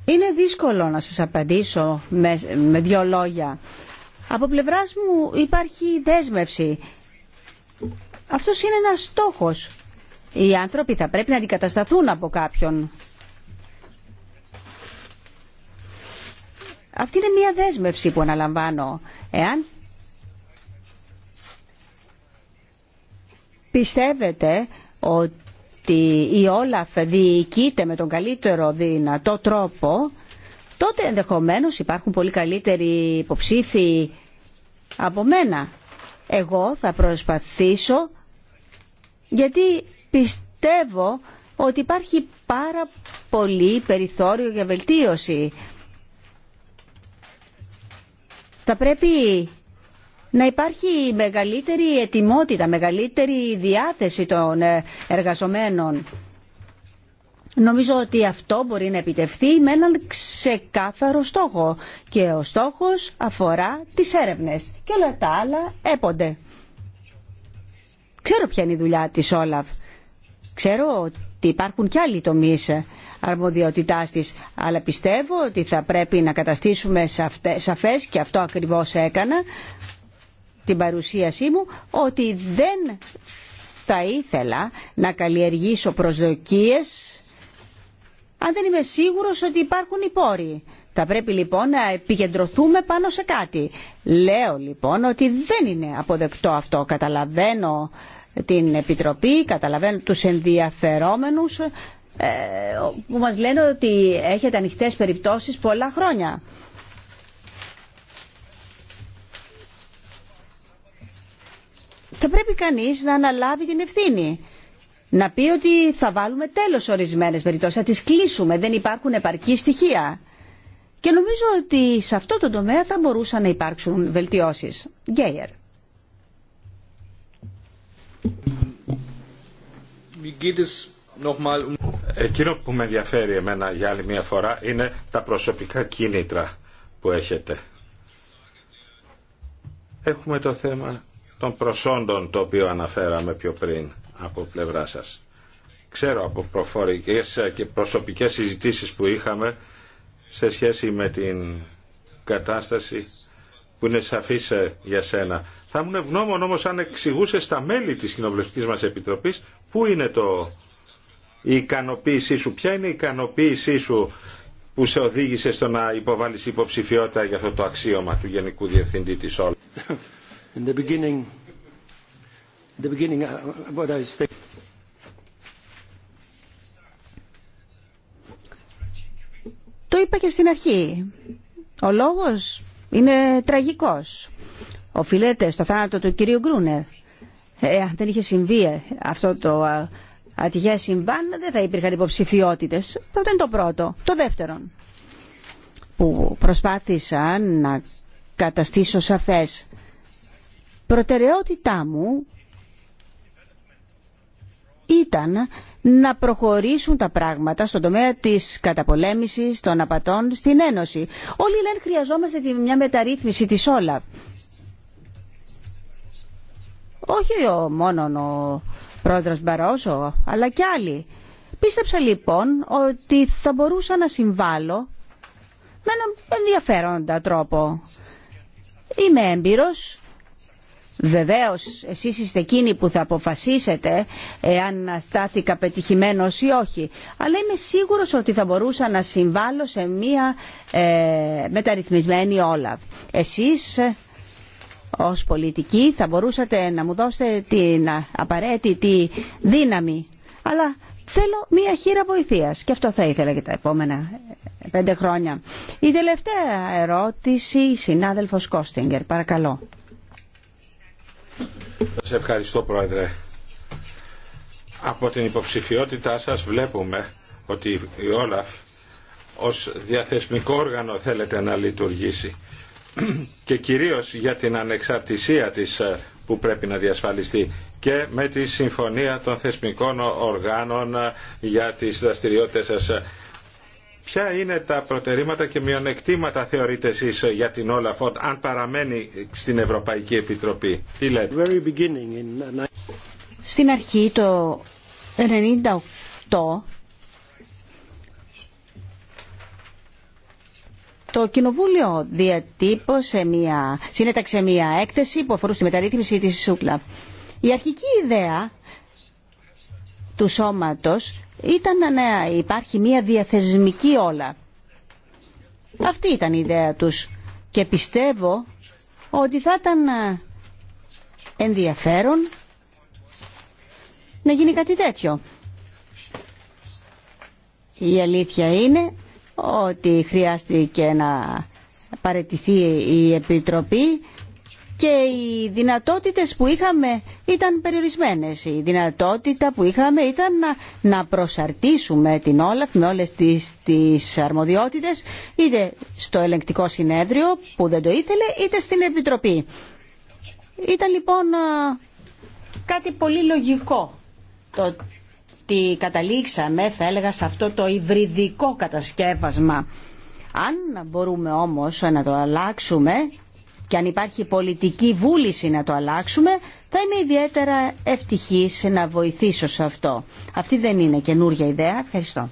D: Είναι δύσκολο να σας απαντήσω με, με δύο λόγια. Από πλευράς μου υπάρχει δέσμευση. Αυτός είναι ένας στόχος. Οι άνθρωποι θα πρέπει να αντικατασταθούν από κάποιον. Αυτή είναι μια δέσμευση που αναλαμβάνω. Εάν πιστεύετε ότι ότι η Όλαφ διοικείται με τον καλύτερο δυνατό τρόπο, τότε ενδεχομένως υπάρχουν πολύ καλύτεροι υποψήφοι από μένα. Εγώ θα προσπαθήσω γιατί πιστεύω ότι υπάρχει πάρα πολύ περιθώριο για βελτίωση. Θα πρέπει να υπάρχει μεγαλύτερη ετοιμότητα, μεγαλύτερη διάθεση των ε, εργαζομένων. Νομίζω ότι αυτό μπορεί να επιτευχθεί με έναν ξεκάθαρο στόχο και ο στόχος αφορά τις έρευνες και όλα τα άλλα έπονται. Ξέρω ποια είναι η δουλειά της Όλαβ. Ξέρω ότι υπάρχουν κι άλλοι τομείς ε, αρμοδιότητάς της, αλλά πιστεύω ότι θα πρέπει να καταστήσουμε σαφές και αυτό ακριβώς έκανα την παρουσίασή μου ότι δεν θα ήθελα να καλλιεργήσω προσδοκίες αν δεν είμαι σίγουρος ότι υπάρχουν οι πόροι. Θα πρέπει λοιπόν να επικεντρωθούμε πάνω σε κάτι. Λέω λοιπόν ότι δεν είναι αποδεκτό αυτό. Καταλαβαίνω την Επιτροπή, καταλαβαίνω τους ενδιαφερόμενους ε, που μας λένε ότι έχετε ανοιχτές περιπτώσεις πολλά χρόνια. θα πρέπει κανείς να αναλάβει την ευθύνη. Να πει ότι θα βάλουμε τέλος ορισμένες περιπτώσεις, θα τις κλείσουμε, δεν υπάρχουν επαρκή στοιχεία. Και νομίζω ότι σε αυτό το τομέα θα μπορούσαν να υπάρξουν βελτιώσεις. Γκέιερ.
B: Εκείνο που με ενδιαφέρει εμένα για άλλη μια φορά είναι τα προσωπικά κίνητρα που έχετε. Έχουμε το θέμα των προσόντων το οποίο αναφέραμε πιο πριν από πλευρά σας. Ξέρω από προφορικές και προσωπικές συζητήσεις που είχαμε σε σχέση με την κατάσταση που είναι σαφής για σένα. Θα ήμουν ευγνώμων όμως αν εξηγούσε στα μέλη της κοινοβουλευτικής μας επιτροπής πού είναι το, η ικανοποίησή σου, ποια είναι η ικανοποίησή σου που σε οδήγησε στο να υποβάλεις υποψηφιότητα για αυτό το αξίωμα του Γενικού Διευθυντή της Όλου. Uh,
D: το είπα και στην αρχή. Ο λόγος είναι τραγικός. Οφείλεται στο θάνατο του κυρίου Γκρούνερ. Ε, δεν είχε συμβεί ε, αυτό το ατυχές συμβάν, δεν θα υπήρχαν υποψηφιότητε. Αυτό είναι το πρώτο. Το δεύτερο που προσπάθησα να καταστήσω σαφές προτεραιότητά μου ήταν να προχωρήσουν τα πράγματα στον τομέα της καταπολέμησης των απατών στην Ένωση. Όλοι λένε χρειαζόμαστε μια μεταρρύθμιση της όλα. Όχι ο μόνο ο πρόεδρος Μπαρόσο, αλλά και άλλοι. Πίστεψα λοιπόν ότι θα μπορούσα να συμβάλλω με έναν ενδιαφέροντα τρόπο. Είμαι έμπειρος Βεβαίω, εσείς είστε εκείνοι που θα αποφασίσετε εάν στάθηκα πετυχημένος ή όχι. Αλλά είμαι σίγουρο ότι θα μπορούσα να συμβάλλω σε μία ε, μεταρρυθμισμένη όλα. Εσείς ως πολιτικοί θα μπορούσατε να μου δώσετε την απαραίτητη δύναμη. Αλλά θέλω μία χείρα βοηθείας και αυτό θα ήθελα για τα επόμενα ε, πέντε χρόνια. Η τελευταία ερώτηση, συνάδελφος Κόστιγκερ, παρακαλώ.
B: Σας ευχαριστώ Πρόεδρε. Από την υποψηφιότητά σας βλέπουμε ότι η Όλαφ ως διαθεσμικό όργανο θέλετε να λειτουργήσει και κυρίως για την ανεξαρτησία της ε, που πρέπει να διασφαλιστεί και με τη συμφωνία των θεσμικών οργάνων ε, για τις δραστηριότητες σας Ποια είναι τα προτερήματα και μειονεκτήματα θεωρείτε εσείς για την Όλαφ αν παραμένει στην Ευρωπαϊκή Επιτροπή. Τι λέτε.
D: Στην αρχή το 98, Το Κοινοβούλιο διατύπωσε μια, συνέταξε μια έκθεση που αφορούσε τη μεταρρύθμιση της Σούκλα. Η αρχική ιδέα του σώματος ήταν να υπάρχει μια διαθεσμική όλα. Αυτή ήταν η ιδέα τους και πιστεύω ότι θα ήταν ε, ενδιαφέρον να γίνει κάτι τέτοιο. Η αλήθεια είναι ότι χρειάστηκε να παρετηθεί η Επιτροπή και οι δυνατότητες που είχαμε ήταν περιορισμένες. Η δυνατότητα που είχαμε ήταν να, να προσαρτήσουμε την Όλαφ με όλες τις, τις αρμοδιότητες είτε στο ελεγκτικό συνέδριο που δεν το ήθελε είτε στην Επιτροπή. Ήταν λοιπόν κάτι πολύ λογικό το ότι καταλήξαμε θα έλεγα σε αυτό το υβριδικό κατασκεύασμα. Αν μπορούμε όμως να το αλλάξουμε και αν υπάρχει πολιτική βούληση να το αλλάξουμε, θα είμαι ιδιαίτερα ευτυχής να βοηθήσω σε αυτό. Αυτή δεν είναι καινούργια ιδέα. Ευχαριστώ.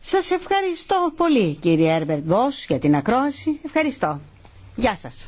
D: Σας ευχαριστώ πολύ κύριε Έρμπερτ Βός για την ακρόαση. Ευχαριστώ. Γεια σας.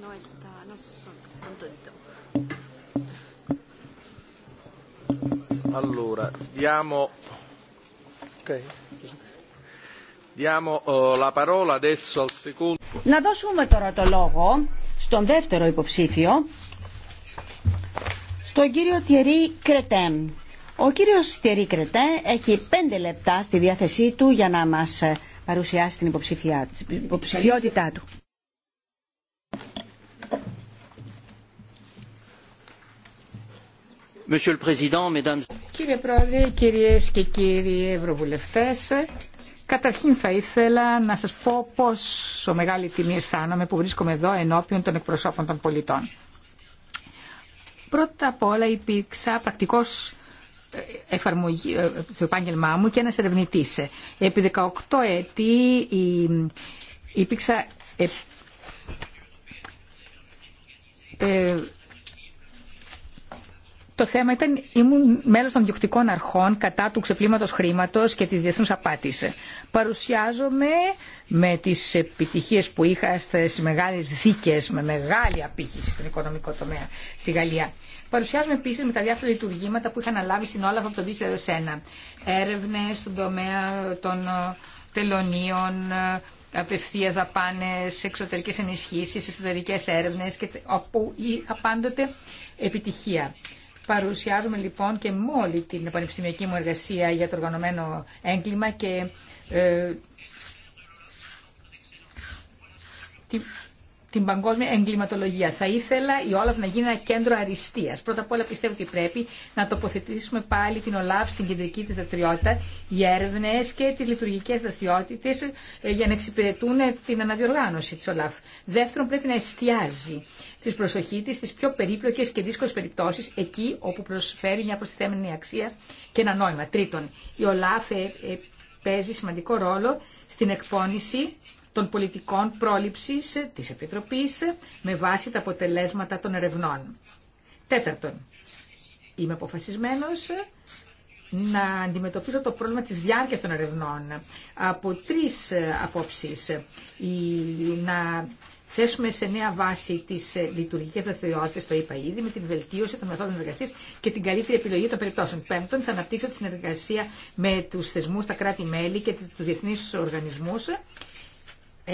D: no está, no sono contento.
A: Allora, diamo, okay. diamo uh, la parola adesso al secondo.
D: Να δώσουμε τώρα το λόγο στον δεύτερο υποψήφιο, στον κύριο Τιερή Κρετέμ. Ο κύριος Τιερή Κρετέ έχει πέντε λεπτά στη διάθεσή του για να μας παρουσιάσει την υποψηφιότητά του.
C: Κύριε Πρόεδρε, κυρίες και κύριοι Ευρωβουλευτές, καταρχήν θα ήθελα να σας πω πόσο μεγάλη τιμή αισθάνομαι που βρίσκομαι εδώ ενώπιον των εκπροσώπων των πολιτών. Πρώτα απ' όλα υπήρξα πρακτικός ε, εφαρμογή, ε, στο επάγγελμά μου και ένας ερευνητής. Επί 18 έτη υπήρξα ε, το θέμα ήταν, ήμουν μέλο των διοκτικών αρχών κατά του ξεπλήματο χρήματο και τη διεθνού απάτης. Παρουσιάζομαι με τις επιτυχίες που είχα στις μεγάλες δίκες, με μεγάλη απήχηση στον οικονομικό τομέα στη Γαλλία. Παρουσιάζομαι επίση με τα διάφορα λειτουργήματα που είχα αναλάβει στην Όλαφ από το 2001. Έρευνε στον τομέα των ε, τελωνίων, ε, απευθεία δαπάνε, εξωτερικέ ενισχύσει, εσωτερικέ έρευνε και όπου ή απάντοτε επιτυχία. Παρουσιάζουμε λοιπόν και μόλι την πανεπιστημιακή μου εργασία για το οργανωμένο έγκλημα και ε, την παγκόσμια εγκληματολογία. Θα ήθελα η Όλαφ να γίνει ένα κέντρο αριστεία. Πρώτα απ' όλα πιστεύω ότι πρέπει να τοποθετήσουμε πάλι την Όλαφ στην κεντρική τη δραστηριότητα, οι έρευνε και τι λειτουργικέ δραστηριότητε ε, για να εξυπηρετούν την αναδιοργάνωση τη Όλαφ. Δεύτερον, πρέπει να εστιάζει τη προσοχή τη στι πιο περίπλοκε και δύσκολε περιπτώσει, εκεί όπου προσφέρει μια προστιθέμενη αξία και ένα νόημα. Τρίτον, η Όλαφ ε, ε, παίζει σημαντικό ρόλο στην εκπόνηση των πολιτικών πρόληψης της Επιτροπής με βάση τα αποτελέσματα των ερευνών. Τέταρτον, είμαι αποφασισμένος να αντιμετωπίσω το πρόβλημα της διάρκειας των ερευνών από τρεις απόψεις. να θέσουμε σε νέα βάση τις λειτουργικές δραστηριότητες, το είπα ήδη, με την βελτίωση των μεθόδων εργασία και την καλύτερη επιλογή των περιπτώσεων. Πέμπτον, θα αναπτύξω τη συνεργασία με τους θεσμούς, τα κράτη-μέλη και τους διεθνείς οργανισμούς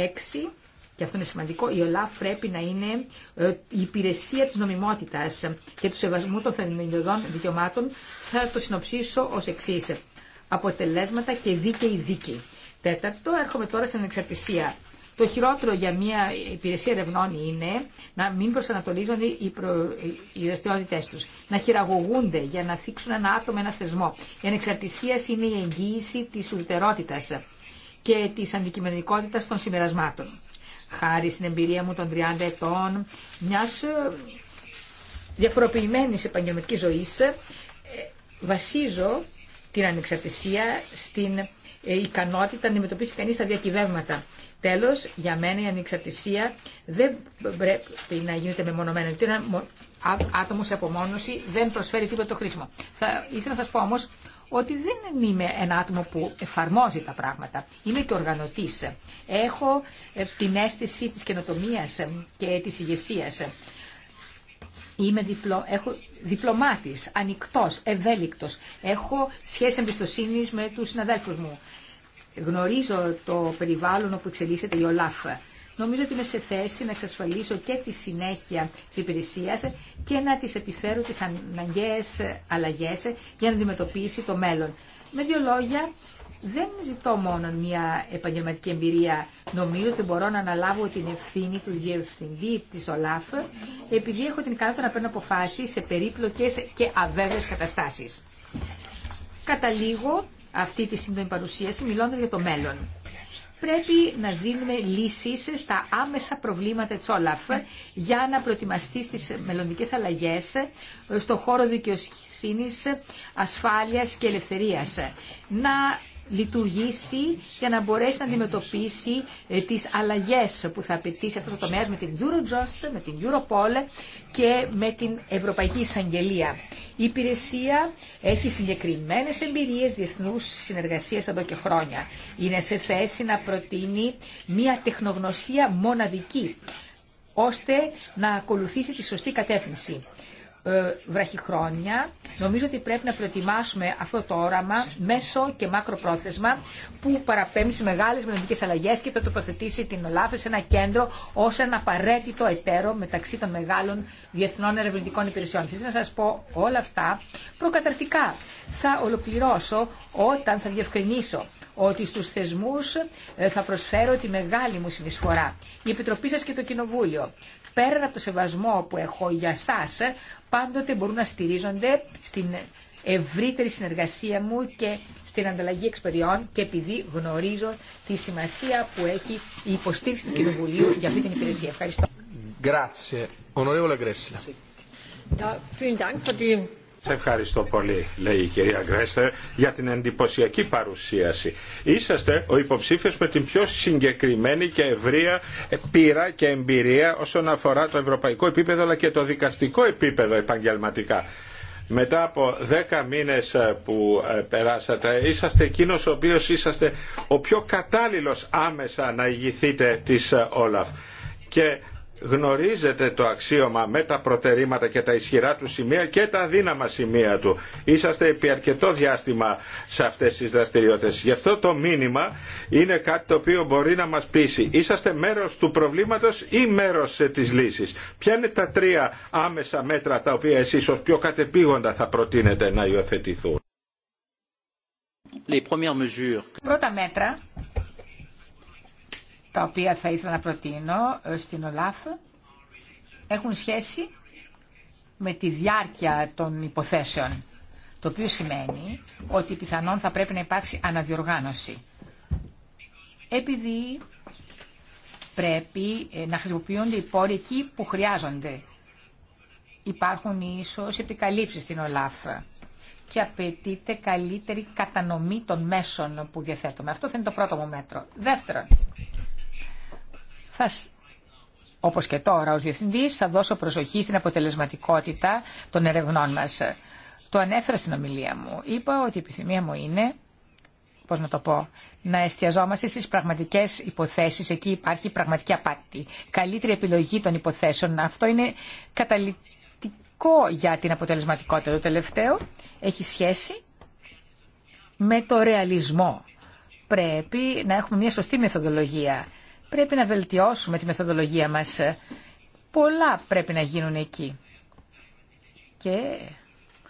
C: Έξι, και αυτό είναι σημαντικό, η ΟΛΑΦ πρέπει να είναι ε, η υπηρεσία της νομιμότητας και του σεβασμού των θεμελιωδών δικαιωμάτων. Θα το συνοψίσω ως εξή. Αποτελέσματα και δίκαιη δίκη. Τέταρτο, έρχομαι τώρα στην εξαρτησία. Το χειρότερο για μια υπηρεσία ερευνών είναι να μην προσανατολίζονται οι, προ... οι δραστηριότητέ του, να χειραγωγούνται για να θίξουν ένα άτομο, ένα θεσμό. Η ανεξαρτησία είναι η εγγύηση τη ουδετερότητα και της αντικειμενικότητας των συμπερασμάτων. Χάρη στην εμπειρία μου των 30 ετών μιας ε, διαφοροποιημένης επαγγελματικής ζωής, ε, βασίζω την ανεξαρτησία στην ε, ικανότητα να αντιμετωπίσει κανείς τα διακυβεύματα. Τέλος, για μένα η ανεξαρτησία δεν πρέπει να γίνεται μεμονωμένα. Γιατί ένα άτομο σε απομόνωση δεν προσφέρει τίποτα το χρήσιμο. Θα ήθελα να σας πω όμως ότι δεν είμαι ένα άτομο που εφαρμόζει τα πράγματα. Είμαι και οργανωτής. Έχω ε, την αίσθηση της καινοτομία ε, και της ηγεσία. Είμαι διπλο, έχω διπλωμάτης, ανοιχτός, ευέλικτος. Έχω σχέση εμπιστοσύνη με τους συναδέλφους μου. Γνωρίζω το περιβάλλον όπου εξελίσσεται η ΟΛΑΦ νομίζω ότι είμαι σε θέση να εξασφαλίσω και τη συνέχεια της υπηρεσίας και να της επιφέρω τις αναγκαίες αλλαγές για να αντιμετωπίσει το μέλλον. Με δύο λόγια, δεν ζητώ μόνο μια επαγγελματική εμπειρία. Νομίζω ότι μπορώ να αναλάβω την ευθύνη του διευθυντή τη ΟΛΑΦ, επειδή έχω την ικανότητα να παίρνω αποφάσει σε περίπλοκε και αβέβαιε καταστάσει. Καταλήγω αυτή τη σύντομη παρουσίαση μιλώντα για το μέλλον πρέπει να δίνουμε λύσεις στα άμεσα προβλήματα της Όλαφ για να προετοιμαστεί στις μελλοντικές αλλαγές στο χώρο δικαιοσύνης, ασφάλειας και ελευθερίας. Να λειτουργήσει για να μπορέσει να αντιμετωπίσει ε, τις αλλαγές που θα απαιτήσει αυτό το τομέα με την Eurojust, με την Europol και με την Ευρωπαϊκή Εισαγγελία. Η υπηρεσία έχει συγκεκριμένες εμπειρίες διεθνούς συνεργασίες εδώ και χρόνια. Είναι σε θέση να προτείνει μια τεχνογνωσία μοναδική ώστε να ακολουθήσει τη σωστή κατεύθυνση. Ε, βραχυχρόνια. Νομίζω ότι πρέπει να προετοιμάσουμε αυτό το όραμα μέσω και μακροπρόθεσμα που παραπέμπει σε μεγάλες μελλοντικές αλλαγέ και θα τοποθετήσει την Ελλάδα σε ένα κέντρο ω ένα απαραίτητο εταίρο μεταξύ των μεγάλων διεθνών ερευνητικών υπηρεσιών. Θέλω να σας πω όλα αυτά προκαταρτικά. Θα ολοκληρώσω όταν θα διευκρινίσω ότι στους θεσμούς ε, θα προσφέρω τη μεγάλη μου συνεισφορά. Η Επιτροπή σα και το Κοινοβούλιο. Πέραν από το σεβασμό που έχω για σας, πάντοτε μπορούν να στηρίζονται στην ευρύτερη συνεργασία μου και στην ανταλλαγή εξπεριών και επειδή γνωρίζω τη σημασία που έχει η υποστήριξη του Κοινοβουλίου για αυτή την υπηρεσία. Ευχαριστώ.
A: Grazie. Onorevole
C: Ja, vielen Dank für die
B: σε ευχαριστώ πολύ, λέει η κυρία Γκρέστερ, για την εντυπωσιακή παρουσίαση. Είσαστε ο υποψήφιο με την πιο συγκεκριμένη και ευρεία πείρα και εμπειρία όσον αφορά το ευρωπαϊκό επίπεδο αλλά και το δικαστικό επίπεδο επαγγελματικά. Μετά από δέκα μήνες ε, που ε, περάσατε, είσαστε εκείνος ο οποίος είσαστε ο πιο κατάλληλος άμεσα να ηγηθείτε της ε, Όλαφ. Και γνωρίζετε το αξίωμα με τα προτερήματα και τα ισχυρά του σημεία και τα αδύναμα σημεία του. Είσαστε επί αρκετό διάστημα σε αυτές τις δραστηριότητες. Γι' αυτό το μήνυμα είναι κάτι το οποίο μπορεί να μας πείσει. Είσαστε μέρος του προβλήματος ή μέρος της λύσης. Ποια είναι τα τρία άμεσα μέτρα τα οποία εσείς ως πιο κατεπήγοντα θα προτείνετε να υιοθετηθούν.
C: Πρώτα μέτρα τα οποία θα ήθελα να προτείνω ε, στην ΟΛΑΦ έχουν σχέση με τη διάρκεια των υποθέσεων, το οποίο σημαίνει ότι πιθανόν θα πρέπει να υπάρξει αναδιοργάνωση. Επειδή πρέπει ε, να χρησιμοποιούνται οι πόροι εκεί που χρειάζονται. Υπάρχουν ίσως επικαλύψεις στην ΟΛΑΦ και απαιτείται καλύτερη κατανομή των μέσων που διαθέτουμε. Αυτό θα είναι το πρώτο μου μέτρο. Δεύτερον, θα, όπως και τώρα ως διευθυντής, θα δώσω προσοχή στην αποτελεσματικότητα των ερευνών μας. Το ανέφερα στην ομιλία μου. Είπα ότι η επιθυμία μου είναι, πώς να το πω, να εστιαζόμαστε στις πραγματικές υποθέσεις. Εκεί υπάρχει πραγματική απάτη. Καλύτερη επιλογή των υποθέσεων. Αυτό είναι καταλητικό για την αποτελεσματικότητα. Το τελευταίο έχει σχέση με το ρεαλισμό. Πρέπει να έχουμε μια σωστή μεθοδολογία Πρέπει να βελτιώσουμε τη μεθοδολογία μας. Πολλά πρέπει να γίνουν εκεί. Και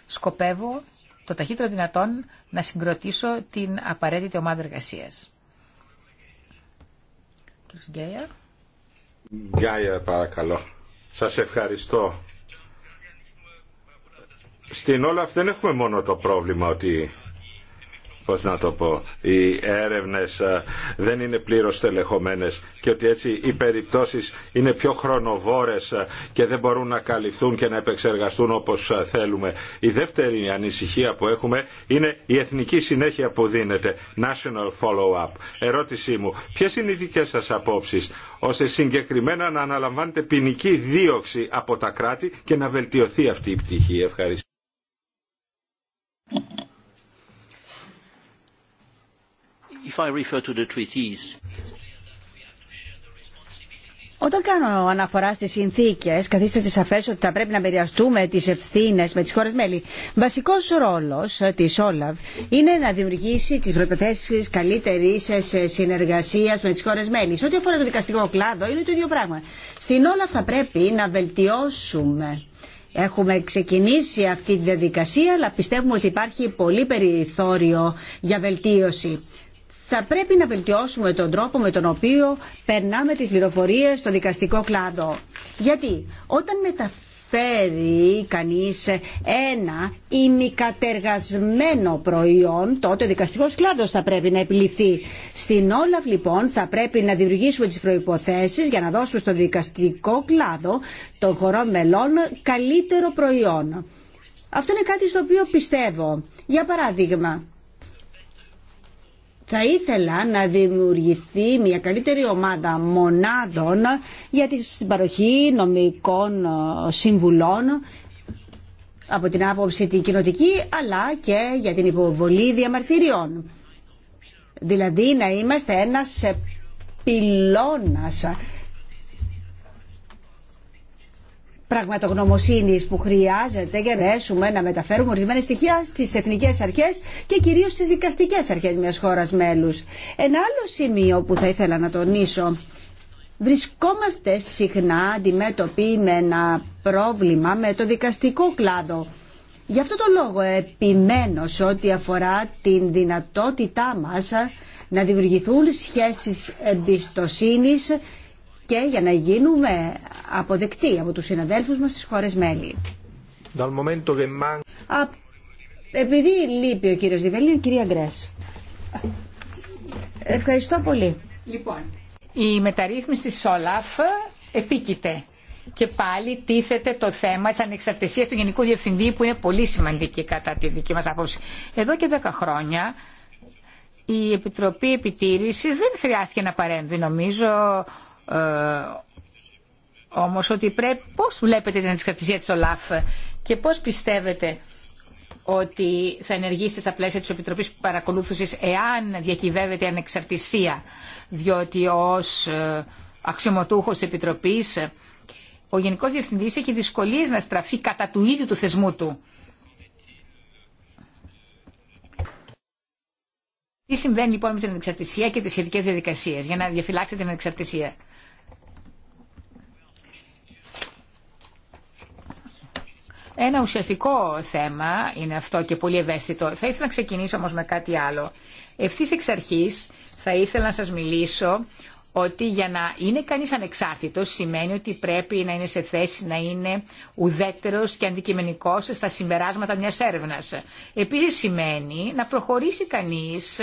C: σκοπεύω το ταχύτερο δυνατόν να συγκροτήσω την απαραίτητη ομάδα εργασίας. Γκέια.
B: Γκέια, παρακαλώ. Σας ευχαριστώ. Στην Όλαφ δεν έχουμε μόνο το πρόβλημα ότι πώς να το πω, οι έρευνες ε, δεν είναι πλήρως τελεχωμένες και ότι έτσι οι περιπτώσεις είναι πιο χρονοβόρες ε, και δεν μπορούν να καλυφθούν και να επεξεργαστούν όπως ε, θέλουμε. Η δεύτερη ανησυχία που έχουμε είναι η εθνική συνέχεια που δίνεται, national follow-up. Ερώτησή μου, ποιες είναι οι δικές σας απόψεις ώστε συγκεκριμένα να αναλαμβάνετε ποινική δίωξη από τα κράτη και να βελτιωθεί αυτή η πτυχή. Ευχαριστώ.
D: Όταν κάνω αναφορά στις συνθήκες, καθίσταται σαφές ότι θα πρέπει να μοιραστούμε τι ευθύνε με τις χώρες μέλη. βασικό ρόλο ε, τη Όλαβ είναι να δημιουργήσει τι προϋποθέσεις καλύτερη ε, συνεργασία με τι χώρες μέλη. Σε ό,τι αφορά το δικαστικό κλάδο είναι το ίδιο πράγμα. Στην Όλαβ θα πρέπει να βελτιώσουμε Έχουμε ξεκινήσει αυτή τη διαδικασία, αλλά πιστεύουμε ότι υπάρχει πολύ περιθώριο για βελτίωση θα πρέπει να βελτιώσουμε τον τρόπο με τον οποίο περνάμε τις πληροφορίες στο δικαστικό κλάδο. Γιατί όταν μεταφέρει κανείς ένα ημικατεργασμένο προϊόν, τότε ο δικαστικός κλάδος θα πρέπει να επιληθεί. Στην όλα, λοιπόν θα πρέπει να δημιουργήσουμε τις προϋποθέσεις για να δώσουμε στο δικαστικό κλάδο των χωρών μελών καλύτερο προϊόν. Αυτό είναι κάτι στο οποίο πιστεύω. Για παράδειγμα, θα ήθελα να δημιουργηθεί μια καλύτερη ομάδα μονάδων για την παροχή νομικών ε, συμβουλών από την άποψη την κοινοτική αλλά και για την υποβολή διαμαρτυριών. Δηλαδή να είμαστε ένας πυλώνας πραγματογνωμοσύνης που χρειάζεται για να να μεταφέρουμε ορισμένα στοιχεία στι εθνικέ αρχέ και κυρίω στι δικαστικέ αρχέ μια χώρα μέλου. Ένα άλλο σημείο που θα ήθελα να τονίσω Βρισκόμαστε συχνά αντιμέτωποι με ένα πρόβλημα με το δικαστικό κλάδο. Γι' αυτό το λόγο επιμένω σε ό,τι αφορά την δυνατότητά μας να δημιουργηθούν σχέσεις εμπιστοσύνης και για να γίνουμε αποδεκτοί από τους συναδέλφους μας στις χώρες μέλη. επειδή λείπει ο κύριος Λιβέλη, κυρία Γκρέσ.
C: Ευχαριστώ πολύ. Λοιπόν, η μεταρρύθμιση της ΣΟΛΑΦ επίκειται και πάλι τίθεται το θέμα της ανεξαρτησίας του Γενικού Διευθυντή που είναι πολύ σημαντική κατά τη δική μας άποψη. Εδώ και δέκα χρόνια η Επιτροπή Επιτήρησης δεν χρειάστηκε να παρέμβει. Νομίζω ε, όμως ότι πρέπει, πώς βλέπετε την αντισκρατησία της ΟΛΑΦ και πώς πιστεύετε ότι θα ενεργήσετε στα πλαίσια της Επιτροπής Παρακολούθησης εάν διακυβεύεται ανεξαρτησία, διότι ως ε, αξιωματούχος Επιτροπής ο Γενικός Διευθυντής έχει δυσκολίες να στραφεί κατά του ίδιου του θεσμού του. Τι συμβαίνει λοιπόν με την ανεξαρτησία και τις σχετικές διαδικασίες για να διαφυλάξετε την ανεξαρτησία. Ένα ουσιαστικό θέμα είναι αυτό και πολύ ευαίσθητο. Θα ήθελα να ξεκινήσω όμως με κάτι άλλο. Ευθύ εξ αρχή θα ήθελα να σας μιλήσω ότι για να είναι κανείς ανεξάρτητος σημαίνει ότι πρέπει να είναι σε θέση να είναι ουδέτερος και αντικειμενικός στα συμπεράσματα μιας έρευνας. Επίσης σημαίνει να προχωρήσει κανείς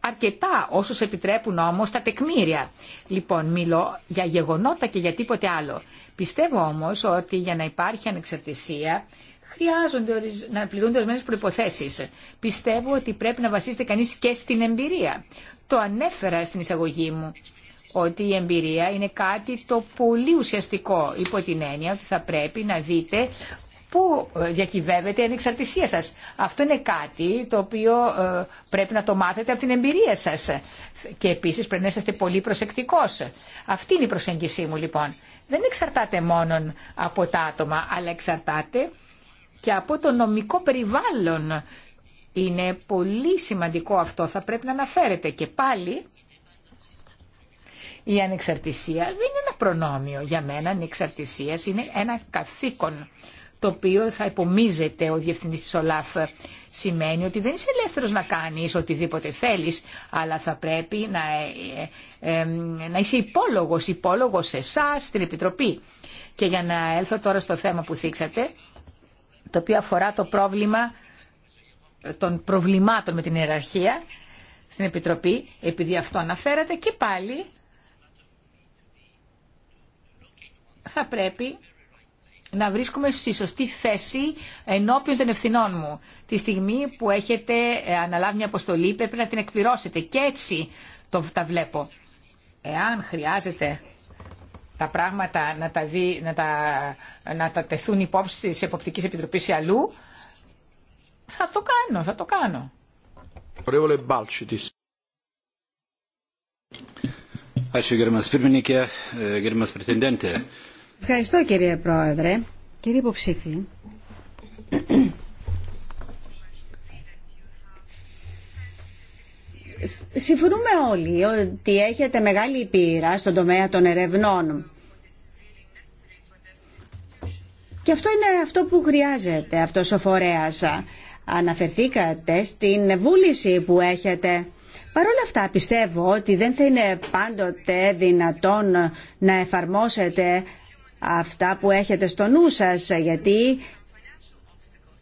C: αρκετά όσους επιτρέπουν όμως τα τεκμήρια. Λοιπόν, μιλώ για γεγονότα και για τίποτε άλλο. Πιστεύω όμως ότι για να υπάρχει ανεξαρτησία χρειάζονται να πληρούνται ορισμένε προποθέσει. Πιστεύω ότι πρέπει να βασίζεται κανεί και στην εμπειρία. Το ανέφερα στην εισαγωγή μου ότι η εμπειρία είναι κάτι το πολύ ουσιαστικό υπό την έννοια ότι θα πρέπει να δείτε Πού ε, διακυβεύεται η ανεξαρτησία σας. Αυτό είναι κάτι το οποίο ε, πρέπει να το μάθετε από την εμπειρία σας. Και επίσης πρέπει να είστε πολύ προσεκτικός. Αυτή είναι η προσέγγιση μου λοιπόν. Δεν εξαρτάται μόνο από τα άτομα, αλλά εξαρτάται και από το νομικό περιβάλλον. Είναι πολύ σημαντικό αυτό, θα πρέπει να αναφέρετε. Και πάλι η ανεξαρτησία δεν είναι ένα προνόμιο. Για μένα η ανεξαρτησία είναι ένα καθήκον το οποίο θα υπομίζεται ο διευθυντής τη ΟΛΑΦ. Σημαίνει ότι δεν είσαι ελεύθερος να κάνεις οτιδήποτε θέλεις, αλλά θα πρέπει να, ε, ε, ε, να είσαι υπόλογο, υπόλογο σε εσά στην Επιτροπή. Και για να έλθω τώρα στο θέμα που θίξατε, το οποίο αφορά το πρόβλημα των προβλημάτων με την ιεραρχία στην Επιτροπή, επειδή αυτό αναφέρατε και πάλι θα πρέπει να βρίσκουμε στη σωστή θέση ενώπιον των ευθυνών μου. Τη στιγμή που έχετε ε, αναλάβει μια αποστολή πρέπει να την εκπληρώσετε. Και έτσι το, τα βλέπω. Εάν χρειάζεται τα πράγματα να τα, δει, να τα, να τα τεθούν υπόψη της Εποπτικής Επιτροπής ή αλλού, θα το κάνω, θα το κάνω.
B: Ačiū, gerbiamas pirmininkė, κύριε pretendentė.
D: Ευχαριστώ κύριε Πρόεδρε. Κύριε Υποψήφι. συμφωνούμε όλοι ότι έχετε μεγάλη πείρα στον τομέα των ερευνών. Και αυτό είναι αυτό που χρειάζεται αυτός ο φορέας. Αναφερθήκατε στην βούληση που έχετε. Παρ' όλα αυτά πιστεύω ότι δεν θα είναι πάντοτε δυνατόν να εφαρμόσετε αυτά που έχετε στο νου σας, γιατί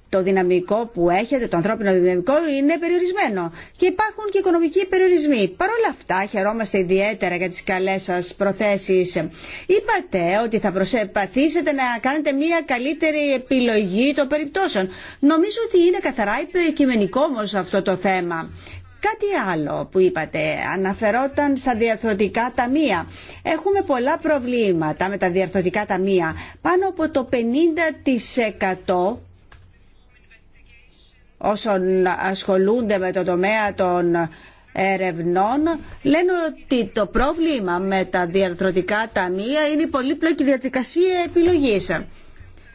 D: το δυναμικό που έχετε, το ανθρώπινο δυναμικό είναι περιορισμένο. Και υπάρχουν και οικονομικοί περιορισμοί. Παρ' όλα αυτά χαιρόμαστε ιδιαίτερα για τις καλές σας προθέσεις. Είπατε ότι θα προσεπαθήσετε να κάνετε μια καλύτερη επιλογή των περιπτώσεων. Νομίζω ότι είναι καθαρά υποκειμενικό όμω αυτό το θέμα. Κάτι άλλο που είπατε αναφερόταν στα διαρθρωτικά ταμεία. Έχουμε πολλά προβλήματα με τα διαρθρωτικά ταμεία. Πάνω από το 50% όσων ασχολούνται με το τομέα των ερευνών λένε ότι το πρόβλημα με τα διαρθρωτικά ταμεία είναι η πολύπλοκη διαδικασία επιλογής.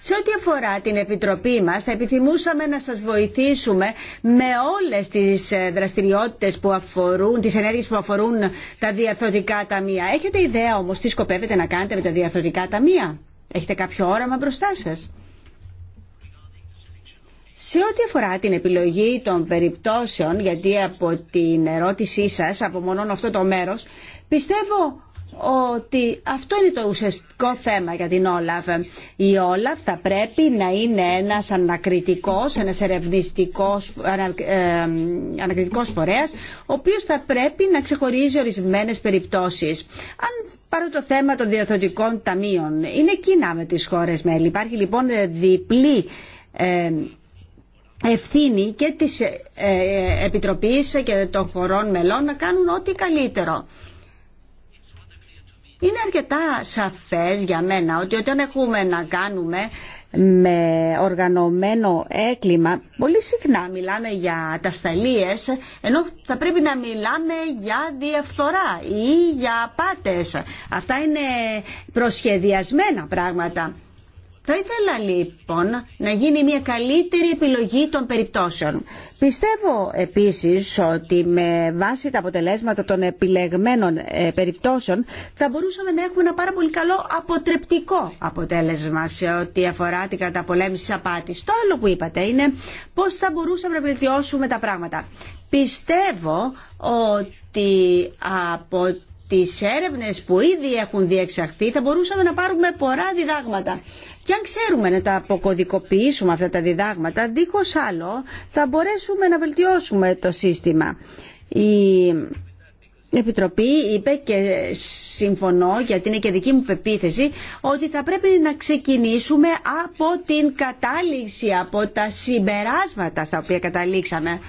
D: Σε ό,τι αφορά την Επιτροπή μας, θα επιθυμούσαμε να σας βοηθήσουμε με όλες τις ε, δραστηριότητες που αφορούν, τις ενέργειες που αφορούν τα διαθωτικά ταμεία. Έχετε ιδέα όμως τι σκοπεύετε να κάνετε με τα διαθωτικά ταμεία. Έχετε κάποιο όραμα μπροστά σας. Σε ό,τι αφορά την επιλογή των περιπτώσεων, γιατί από την ερώτησή σας, από μόνο αυτό το μέρος, πιστεύω ότι αυτό είναι το ουσιαστικό θέμα για την Όλαφ. Η Όλαφ θα πρέπει να είναι ένας ανακριτικός, ένας ερευνητικός, ε, ανακριτικός φορέας, ο οποίος θα πρέπει να ξεχωρίζει ορισμένες περιπτώσεις. Αν πάρω το θέμα των διορθωτικών ταμείων, είναι κοινά με τις χώρες μέλη. Υπάρχει λοιπόν διπλή ε, ευθύνη και της ε, ε, Επιτροπής και των χωρών μελών να κάνουν ό,τι καλύτερο. Είναι αρκετά σαφές για μένα ότι όταν έχουμε να κάνουμε με οργανωμένο έκλημα πολύ συχνά μιλάμε για ατασταλίες, ενώ θα πρέπει να μιλάμε για διαφθορά ή για πάτες. Αυτά είναι προσχεδιασμένα πράγματα. Θα ήθελα λοιπόν να γίνει μια καλύτερη επιλογή των περιπτώσεων. Πιστεύω επίσης ότι με βάση τα αποτελέσματα των επιλεγμένων ε, περιπτώσεων θα μπορούσαμε να έχουμε ένα πάρα πολύ καλό αποτρεπτικό αποτέλεσμα σε ό,τι αφορά την καταπολέμηση της απάτης. Το άλλο που είπατε είναι πώς θα μπορούσαμε να βελτιώσουμε τα πράγματα. Πιστεύω ότι από τις έρευνες που ήδη έχουν διεξαχθεί θα μπορούσαμε να πάρουμε πολλά διδάγματα. Και αν ξέρουμε να τα αποκωδικοποιήσουμε αυτά τα διδάγματα, δίχως άλλο θα μπορέσουμε να βελτιώσουμε το σύστημα. Η Επιτροπή είπε και συμφωνώ γιατί είναι και δική μου πεποίθηση ότι θα πρέπει να ξεκινήσουμε από την κατάληξη, από τα συμπεράσματα στα οποία καταλήξαμε.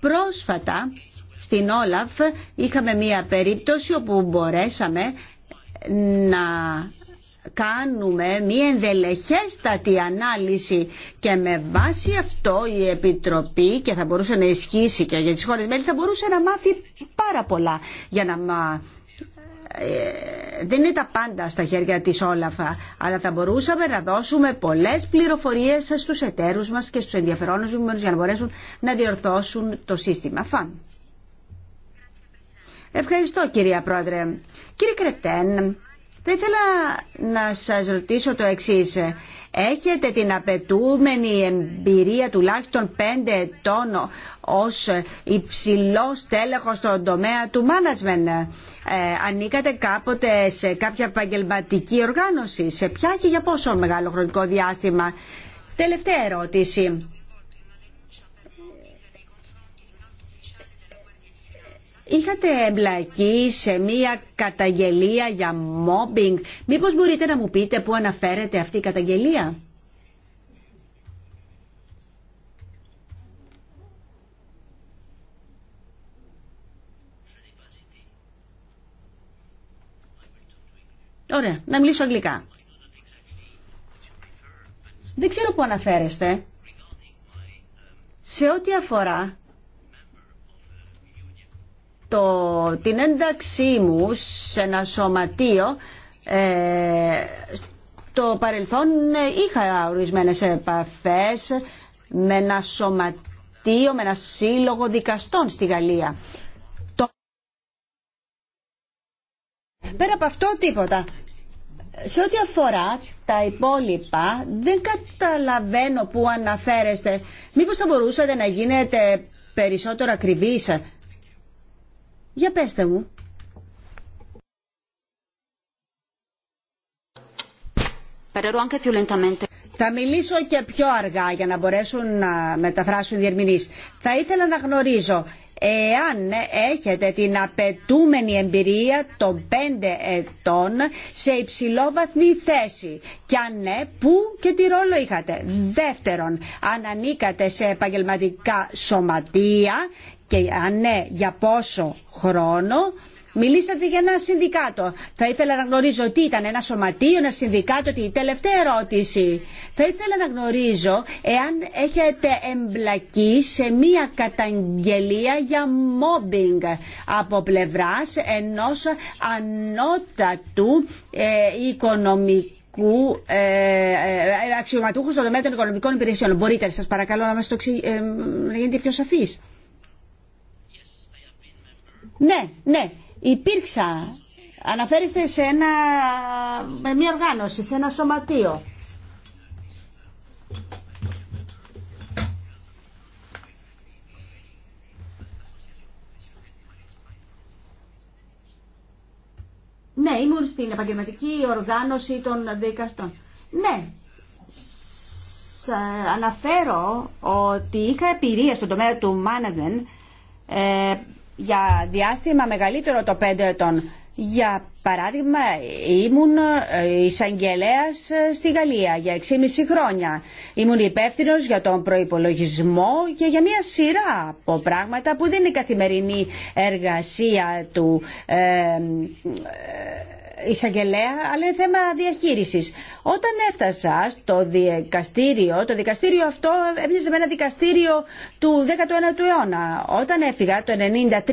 D: Πρόσφατα στην Όλαφ είχαμε μία περίπτωση όπου μπορέσαμε να κάνουμε μία ενδελεχέστατη ανάλυση και με βάση αυτό η Επιτροπή και θα μπορούσε να ισχύσει και για τις χώρες μέλη θα μπορούσε να μάθει πάρα πολλά για να ε, δεν είναι τα πάντα στα χέρια της Όλαφα, αλλά θα μπορούσαμε να δώσουμε πολλές πληροφορίες στους εταίρους μας και στους ενδιαφερόμενους για να μπορέσουν να διορθώσουν το σύστημα. Ευχαριστώ κυρία Πρόεδρε. Κύριε Κρετέν, θα ήθελα να σας ρωτήσω το εξής. Έχετε την απαιτούμενη εμπειρία τουλάχιστον 5 ετών ως υψηλό τέλεχος στον τομέα του management. Ε, ανήκατε κάποτε σε κάποια επαγγελματική οργάνωση. Σε ποια και για πόσο μεγάλο χρονικό διάστημα. Τελευταία ερώτηση. είχατε εμπλακεί σε μία καταγγελία για μόμπινγκ. Μήπως μπορείτε να μου πείτε πού αναφέρεται αυτή η καταγγελία. Ωραία, να μιλήσω αγγλικά. Δεν ξέρω πού αναφέρεστε. Σε ό,τι αφορά το, την ένταξή μου σε ένα σωματείο ε, το παρελθόν ε, είχα ορισμένες επαφές με ένα σωματείο, με ένα σύλλογο δικαστών στη Γαλλία. Πέρα από αυτό τίποτα. Σε ό,τι αφορά τα υπόλοιπα, δεν καταλαβαίνω που αναφέρεστε. Μήπως θα μπορούσατε να γίνετε περισσότερο ακριβείς για πέστε μου. Θα μιλήσω και πιο αργά για να μπορέσουν να μεταφράσουν οι διερμηνείς. Θα ήθελα να γνωρίζω εάν έχετε την απαιτούμενη εμπειρία των πέντε ετών σε υψηλόβαθμη θέση και αν ναι, πού και τι ρόλο είχατε. Δεύτερον, αν ανήκατε σε επαγγελματικά σωματεία και αν ναι για πόσο χρόνο. Μιλήσατε για ένα συνδικάτο. Θα ήθελα να γνωρίζω τι ήταν, ένα σωματείο, ένα συνδικάτο, τι. Τελευταία ερώτηση. Θα ήθελα να γνωρίζω εάν έχετε εμπλακεί σε μία καταγγελία για μόμπινγκ από πλευράς ενός ανώτατου ε, οικονομικού ε, ε, αξιωματούχου στον τομέα των οικονομικών υπηρεσιών. Μπορείτε, σας παρακαλώ, να μας το ε, να γίνετε πιο σαφείς. Ναι, ναι, υπήρξα. Αναφέρεστε σε ένα, με μια οργάνωση, σε ένα σωματείο. Ναι, ήμουν στην επαγγελματική οργάνωση των δικαστών. Ναι, αναφέρω ότι είχα εμπειρία στον τομέα του management ε, για διάστημα μεγαλύτερο το 5 ετών. Για παράδειγμα, ήμουν ε, εισαγγελέα ε, στη Γαλλία για 6,5 χρόνια. Ήμουν υπεύθυνο για τον προπολογισμό και για μια σειρά από πράγματα που δεν είναι η καθημερινή εργασία του. Ε, εισαγγελέα, αλλά είναι θέμα διαχείρισης. Όταν έφτασα στο δικαστήριο, το δικαστήριο αυτό έπιασε με ένα δικαστήριο του 19ου αιώνα. Όταν έφυγα το 1993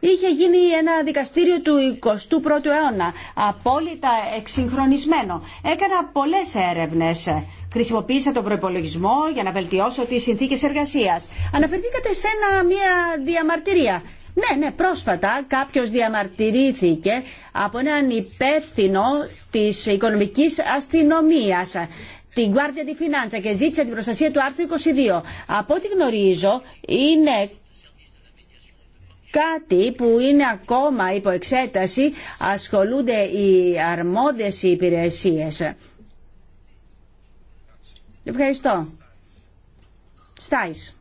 D: είχε γίνει ένα δικαστήριο του 21ου αιώνα, απόλυτα εξυγχρονισμένο. Έκανα πολλές έρευνες. Χρησιμοποίησα τον προπολογισμό για να βελτιώσω τις συνθήκες εργασίας. Αναφερθήκατε σε ένα, μια διαμαρτυρία. Ναι, ναι, πρόσφατα κάποιος διαμαρτυρήθηκε από έναν υπεύθυνο της οικονομικής αστυνομίας την Guardia di Finanza και ζήτησε την προστασία του άρθρου 22. Από ό,τι γνωρίζω είναι κάτι που είναι ακόμα υπό εξέταση ασχολούνται οι αρμόδιες υπηρεσίες. Ευχαριστώ. Στάις.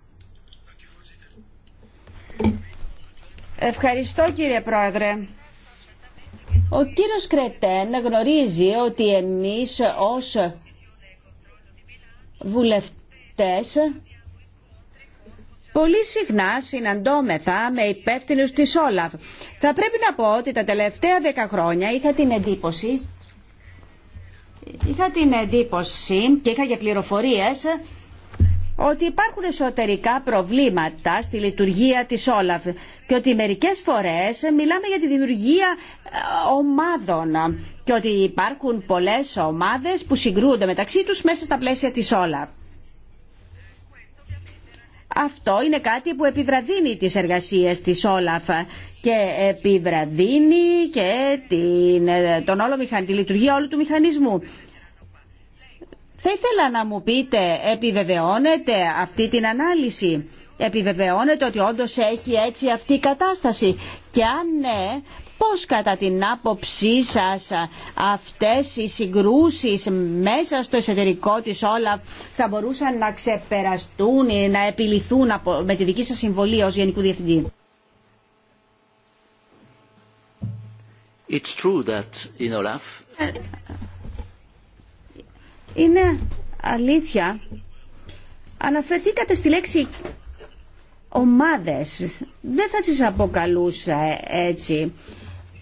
D: Ευχαριστώ κύριε Πρόεδρε. Ο κύριος Κρετέν γνωρίζει ότι εμείς ως βουλευτές πολύ συχνά συναντώμεθα με υπεύθυνους της Όλαβ. Θα πρέπει να πω ότι τα τελευταία δέκα χρόνια είχα την εντύπωση είχα την εντύπωση και είχα για πληροφορίες ότι υπάρχουν εσωτερικά προβλήματα στη λειτουργία της Όλαφ και ότι μερικές φορές μιλάμε για τη δημιουργία ε, ομάδων και ότι υπάρχουν πολλές ομάδες που συγκρούονται μεταξύ τους μέσα στα πλαίσια της Όλαφ. Αυτό είναι κάτι που επιβραδύνει τις εργασίες της Όλαφ και επιβραδύνει και την, ε, τον όλο μηχαν, τη λειτουργία όλου του μηχανισμού. Θα ήθελα να μου πείτε, επιβεβαιώνετε αυτή την ανάλυση. Επιβεβαιώνετε ότι όντως έχει έτσι αυτή η κατάσταση. Και αν ναι, πώς κατά την άποψή σας αυτές οι συγκρούσεις μέσα στο εσωτερικό της όλα θα μπορούσαν να ξεπεραστούν ή να επιληθούν με τη δική σας συμβολή ως Γενικού Διευθυντή. Ε, είναι αλήθεια. Αναφερθήκατε στη λέξη ομάδες. Δεν θα τις αποκαλούσα ε, έτσι.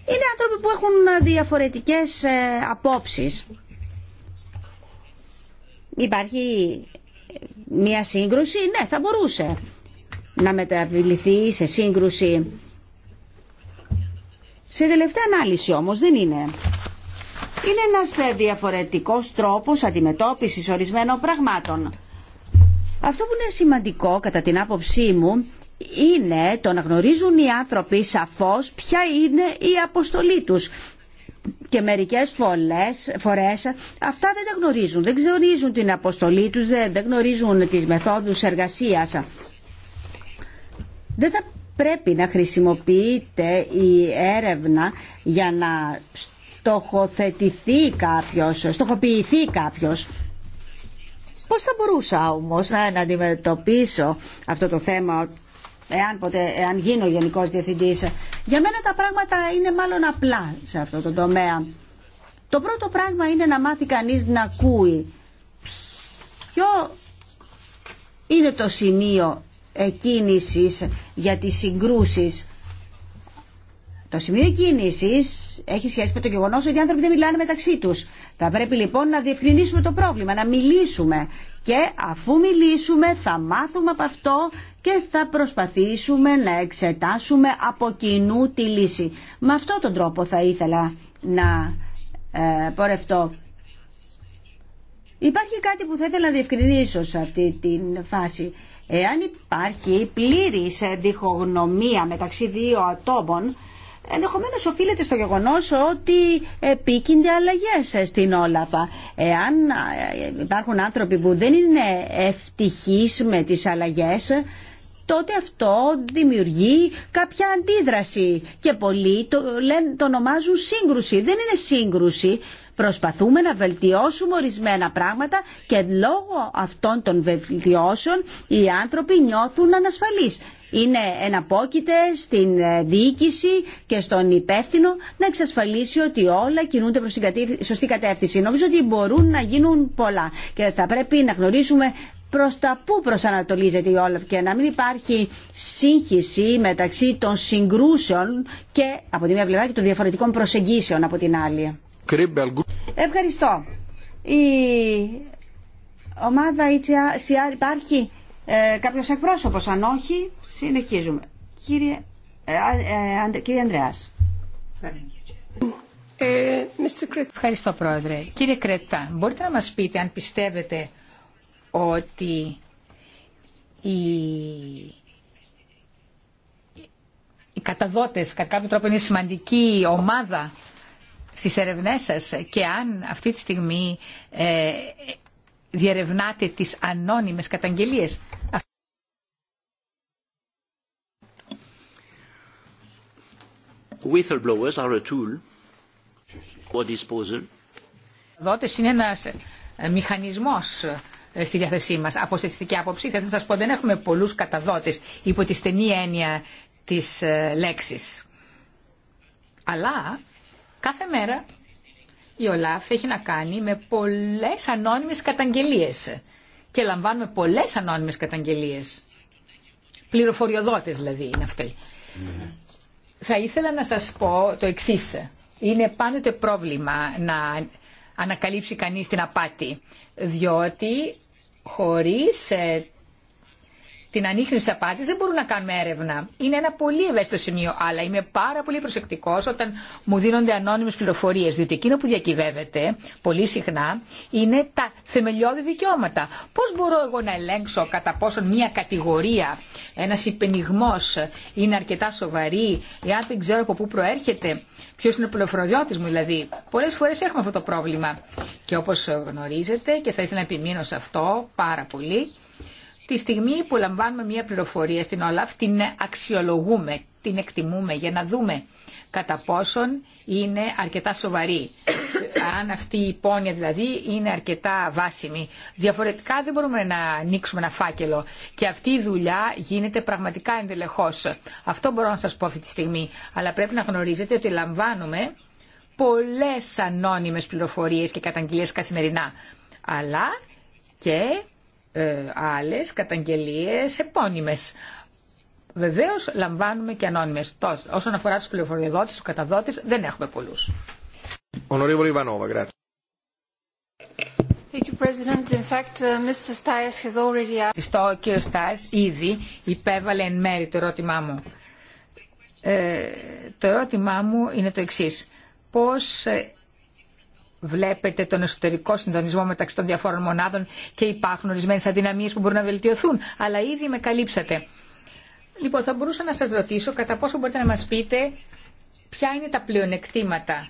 D: Είναι άνθρωποι που έχουν διαφορετικές ε, απόψεις. Υπάρχει μια σύγκρουση. Ναι, θα μπορούσε να μεταβληθεί σε σύγκρουση. Σε τελευταία ανάλυση όμως δεν είναι είναι ένας ε, διαφορετικός τρόπος αντιμετώπισης ορισμένων πραγμάτων. Αυτό που είναι σημαντικό κατά την άποψή μου είναι το να γνωρίζουν οι άνθρωποι σαφώς ποια είναι η αποστολή τους. Και μερικές φορές, φορές αυτά δεν τα γνωρίζουν. Δεν γνωρίζουν την αποστολή τους, δεν, γνωρίζουν τις μεθόδους εργασίας. Δεν θα πρέπει να χρησιμοποιείται η έρευνα για να στοχοθετηθεί κάποιος, στοχοποιηθεί κάποιος. Πώς θα μπορούσα όμως να αντιμετωπίσω αυτό το θέμα εάν, ποτέ, εάν γίνω Γενικός διευθυντή. Για μένα τα πράγματα είναι μάλλον απλά σε αυτό το τομέα. Το πρώτο πράγμα είναι να μάθει κανείς να ακούει. Ποιο είναι το σημείο εκκίνησης για τις συγκρούσεις το σημείο κίνηση έχει σχέση με το γεγονό ότι οι άνθρωποι δεν μιλάνε μεταξύ του. Θα πρέπει λοιπόν να διευκρινίσουμε το πρόβλημα, να μιλήσουμε. Και αφού μιλήσουμε θα μάθουμε από αυτό και θα προσπαθήσουμε να εξετάσουμε από κοινού τη λύση. Με αυτόν τον τρόπο θα ήθελα να ε, πορευτώ. Υπάρχει κάτι που θα ήθελα να διευκρινίσω σε αυτή τη φάση. Εάν υπάρχει πλήρης διχογνωμία μεταξύ δύο ατόμων, ενδεχομένως οφείλεται στο γεγονός ότι επίκυνται αλλαγές στην Όλαφα. Εάν ε, υπάρχουν άνθρωποι που δεν είναι ευτυχείς με τις αλλαγές, τότε αυτό δημιουργεί κάποια αντίδραση και πολλοί το, λένε, το ονομάζουν σύγκρουση. Δεν είναι σύγκρουση. Προσπαθούμε να βελτιώσουμε ορισμένα πράγματα και λόγω αυτών των βελτιώσεων οι άνθρωποι νιώθουν ανασφαλείς είναι εναπόκειται στην ε, διοίκηση και στον υπεύθυνο να εξασφαλίσει ότι όλα κινούνται προς την σωστή κατεύθυνση. Νομίζω ότι μπορούν να γίνουν πολλά και θα πρέπει να γνωρίσουμε προς τα πού προσανατολίζεται η Όλαφ και να μην υπάρχει σύγχυση μεταξύ των συγκρούσεων και από τη μία πλευρά και των διαφορετικών προσεγγίσεων από την άλλη. Ευχαριστώ. Η ομάδα ICR υπάρχει ε, κάποιος εκπρόσωπος. Αν όχι, συνεχίζουμε. Κύριε, ε, ε, κύριε Ανδρεάς.
C: Ε, Ευχαριστώ Πρόεδρε. Κύριε Κρετά, μπορείτε να μας πείτε αν πιστεύετε ότι οι, οι καταδότες κατά κάποιο τρόπο είναι σημαντική ομάδα στις ερευνές σας και αν αυτή τη στιγμή ε, διερευνάτε τις ανώνυμες καταγγελίες.
B: Whistleblowers are a tool disposal.
C: είναι ένας ε, μηχανισμός ε, στη διάθεσή μας. Από στατιστική άποψη, θα σας πω, δεν έχουμε πολλούς καταδότες υπό τη στενή έννοια της ε, λέξης. Αλλά κάθε μέρα η ΟΛΑΦ έχει να κάνει με πολλές ανώνυμες καταγγελίες και λαμβάνουμε πολλές ανώνυμες καταγγελίες. Πληροφοριοδότες δηλαδή είναι αυτοί. Ναι. Θα ήθελα να σας πω το εξής. Είναι πάντοτε πρόβλημα να ανακαλύψει κανείς την απάτη, διότι χωρίς ε, την ανείχνευση απάτη δεν μπορούμε να κάνουμε έρευνα. Είναι ένα πολύ ευαίσθητο σημείο, αλλά είμαι πάρα πολύ προσεκτικό όταν μου δίνονται ανώνυμε πληροφορίε, διότι εκείνο που διακυβεύεται πολύ συχνά είναι τα θεμελιώδη δικαιώματα. Πώ μπορώ εγώ να ελέγξω κατά πόσον μια κατηγορία, ένα υπενιγμό είναι αρκετά σοβαρή, εάν δεν ξέρω από πού προέρχεται, ποιο είναι ο πληροφοριώτη μου δηλαδή. Πολλέ φορέ έχουμε αυτό το πρόβλημα. Και όπω γνωρίζετε, και θα ήθελα να επιμείνω σε αυτό πάρα πολύ, Τη στιγμή που λαμβάνουμε μια πληροφορία στην ΟΛΑΦ την αξιολογούμε, την εκτιμούμε για να δούμε κατά πόσον είναι αρκετά σοβαρή. Αν αυτή η υπόνοια δηλαδή είναι αρκετά βάσιμη. Διαφορετικά δεν μπορούμε να ανοίξουμε ένα φάκελο. Και αυτή η δουλειά γίνεται πραγματικά ενδελεχώς. Αυτό μπορώ να σας πω αυτή τη στιγμή. Αλλά πρέπει να γνωρίζετε ότι λαμβάνουμε πολλές ανώνυμες πληροφορίες και καταγγελίες καθημερινά. Αλλά και ε, άλλες καταγγελίες επώνυμες. Βεβαίως λαμβάνουμε και ανώνυμες. Τόσο, όσον αφορά τους πληροφοριοδότες, τους καταδότες, δεν έχουμε πολλούς. Ευχαριστώ, κύριο Στάις ήδη υπέβαλε εν μέρη το ερώτημά μου. Ε, το ερώτημά μου είναι το εξής. Πώς ε, βλέπετε τον εσωτερικό συντονισμό μεταξύ των διαφόρων μονάδων και υπάρχουν ορισμένε αδυναμίε που μπορούν να βελτιωθούν. Αλλά ήδη με καλύψατε. Λοιπόν, θα μπορούσα να σα ρωτήσω κατά πόσο μπορείτε να μα πείτε ποια είναι τα πλεονεκτήματα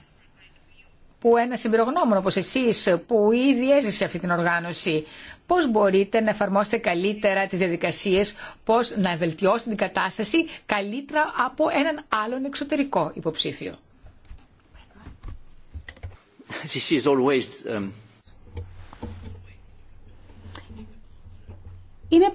C: που ένα συμπυρογνώμων όπω εσεί, που ήδη έζησε αυτή την οργάνωση, Πώ μπορείτε να εφαρμόσετε καλύτερα τι διαδικασίε πώ να βελτιώσετε την κατάσταση καλύτερα από έναν άλλον εξωτερικό υποψήφιο.
A: This is always...
D: Είναι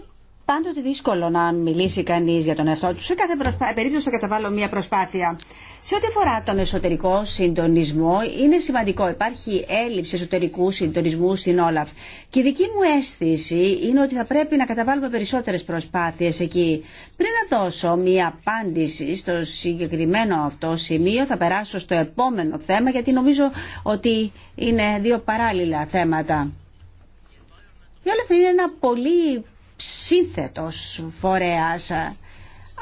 D: πάντοτε δύσκολο να μιλήσει κανεί για τον εαυτό του. Σε κάθε περίπτωση θα καταβάλω μία προσπάθεια. Σε ό,τι αφορά τον εσωτερικό συντονισμό, είναι σημαντικό. Υπάρχει έλλειψη εσωτερικού συντονισμού στην Όλαφ. Και η δική μου αίσθηση είναι ότι θα πρέπει να καταβάλουμε περισσότερε προσπάθειε εκεί. Πριν να δώσω μία απάντηση στο συγκεκριμένο αυτό σημείο, θα περάσω στο επόμενο θέμα, γιατί νομίζω ότι είναι δύο παράλληλα θέματα. Η Όλαφ είναι ένα πολύ σύνθετος φορέας.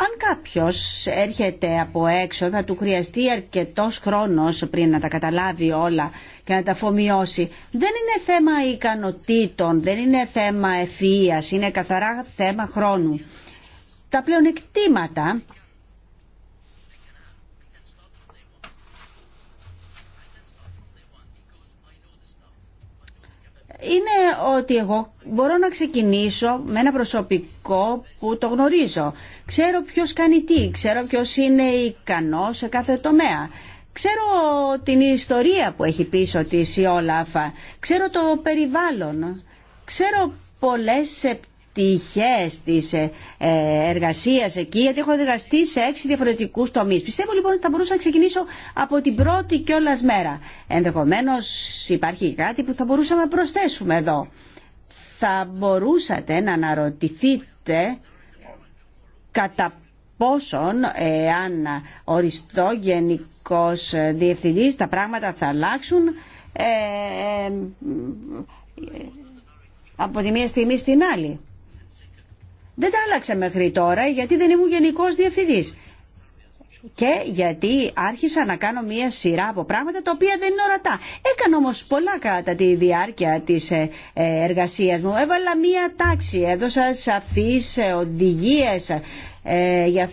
D: Αν κάποιος έρχεται από έξω θα του χρειαστεί αρκετός χρόνος πριν να τα καταλάβει όλα και να τα αφομοιώσει. Δεν είναι θέμα ικανοτήτων, δεν είναι θέμα ευφυΐας, είναι καθαρά θέμα χρόνου. Τα πλεονεκτήματα είναι ότι εγώ μπορώ να ξεκινήσω με ένα προσωπικό που το γνωρίζω. Ξέρω ποιος κάνει τι, ξέρω ποιος είναι ικανός σε κάθε τομέα. Ξέρω την ιστορία που έχει πίσω της η Όλαφα. Ξέρω το περιβάλλον. Ξέρω πολλές Τυχέ τη ε, ε, εργασία εκεί, γιατί έχω εργαστεί σε έξι διαφορετικού τομεί. Πιστεύω λοιπόν ότι θα μπορούσα να ξεκινήσω από την πρώτη κιόλα μέρα. Ενδεχομένω υπάρχει κάτι που θα μπορούσαμε να προσθέσουμε εδώ. Θα μπορούσατε να αναρωτηθείτε κατά πόσον εάν οριστώ γενικό ε, διευθυντή, τα πράγματα θα αλλάξουν ε, από τη μία στιγμή στην άλλη. Δεν τα άλλαξα μέχρι τώρα γιατί δεν ήμουν γενικός διευθυντή. Και γιατί άρχισα να κάνω μία σειρά από πράγματα τα οποία δεν είναι ορατά. Έκανα όμω πολλά κατά τη διάρκεια τη ε, ε, εργασία μου. Έβαλα μία τάξη, έδωσα σαφεί οδηγίε ε, για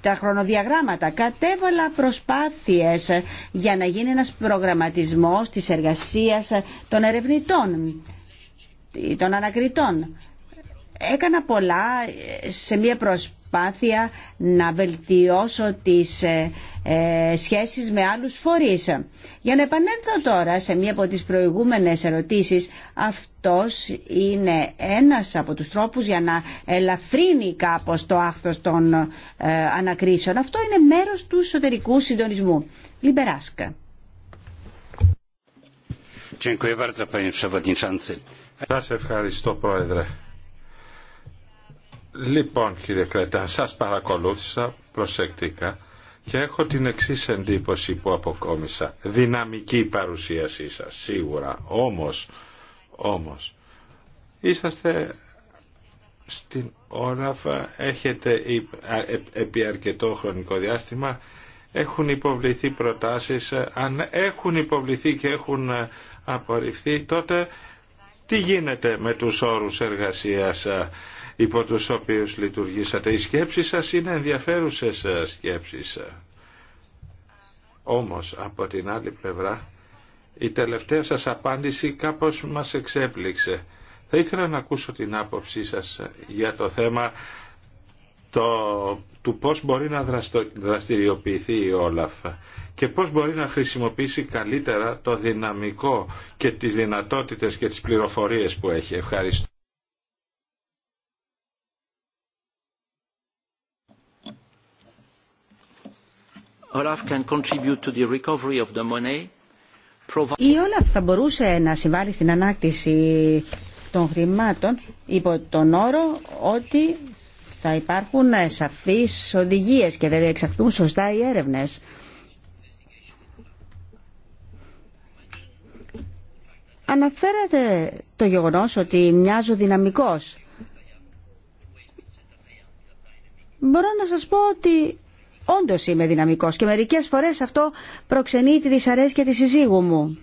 D: τα χρονοδιαγράμματα. Κατέβαλα προσπάθειες για να γίνει ένας προγραμματισμός της εργασίας των ερευνητών, των ανακριτών. Έκανα πολλά σε μια προσπάθεια να βελτιώσω τις ε, ε, σχέσεις με άλλους φορείς. Για να επανέλθω τώρα σε μία από τις προηγούμενες ερωτήσεις, αυτός είναι ένας από τους τρόπους για να ελαφρύνει κάπως το άχθος των ε, ανακρίσεων. Αυτό είναι μέρος του εσωτερικού συντονισμού. Λιμπεράσκα.
B: Σας ευχαριστώ, Πρόεδρε. Λοιπόν κύριε Κρέτα, σας παρακολούθησα προσεκτικά και έχω την εξή εντύπωση που αποκόμισα. Δυναμική παρουσίασή σας, σίγουρα. Όμως, όμως, είσαστε στην όραφα, έχετε ε, επί αρκετό χρονικό διάστημα, έχουν υποβληθεί προτάσεις, αν έχουν υποβληθεί και έχουν ε, απορριφθεί, τότε τι γίνεται με τους όρους εργασίας ε, υπό τους οποίους λειτουργήσατε. Οι σκέψεις σας είναι ενδιαφέρουσες ε, σκέψεις. Όμως, από την άλλη πλευρά, η τελευταία σας απάντηση κάπως μας εξέπληξε. Θα ήθελα να ακούσω την άποψή σας για το θέμα το, του πώς μπορεί να δραστηριοποιηθεί η Όλαφ και πώς μπορεί να χρησιμοποιήσει καλύτερα το δυναμικό και τις δυνατότητες και τις πληροφορίες που έχει. Ευχαριστώ.
A: Η Όλαφ
D: θα μπορούσε να συμβάλλει στην ανάκτηση των χρημάτων υπό τον όρο ότι θα υπάρχουν σαφείς οδηγίες και δεν εξαρτούν σωστά οι έρευνες. Αναφέρατε το γεγονός ότι μοιάζω δυναμικός. Μπορώ να σας πω ότι όντω είμαι δυναμικό και μερικέ φορέ αυτό προξενεί τη δυσαρέσκεια τη συζύγου μου.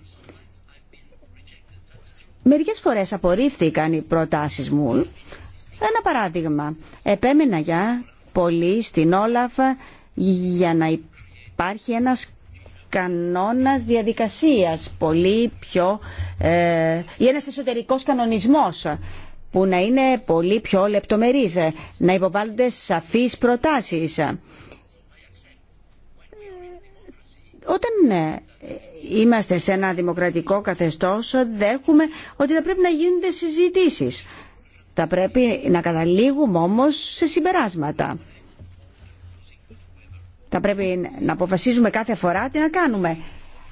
D: Μερικέ φορέ απορρίφθηκαν οι προτάσει μου. Ένα παράδειγμα. Επέμενα για πολύ στην Όλαφ για να υπάρχει ένας κανόνας διαδικασίας πολύ πιο ε, ή ένας εσωτερικός κανονισμός που να είναι πολύ πιο λεπτομερής, να υποβάλλονται σαφείς προτάσεις. Όταν ε, είμαστε σε ένα δημοκρατικό καθεστώς δέχουμε ότι θα πρέπει να γίνονται συζητήσεις. Θα πρέπει να καταλήγουμε όμως σε συμπεράσματα. Θα πρέπει να αποφασίζουμε κάθε φορά τι να κάνουμε.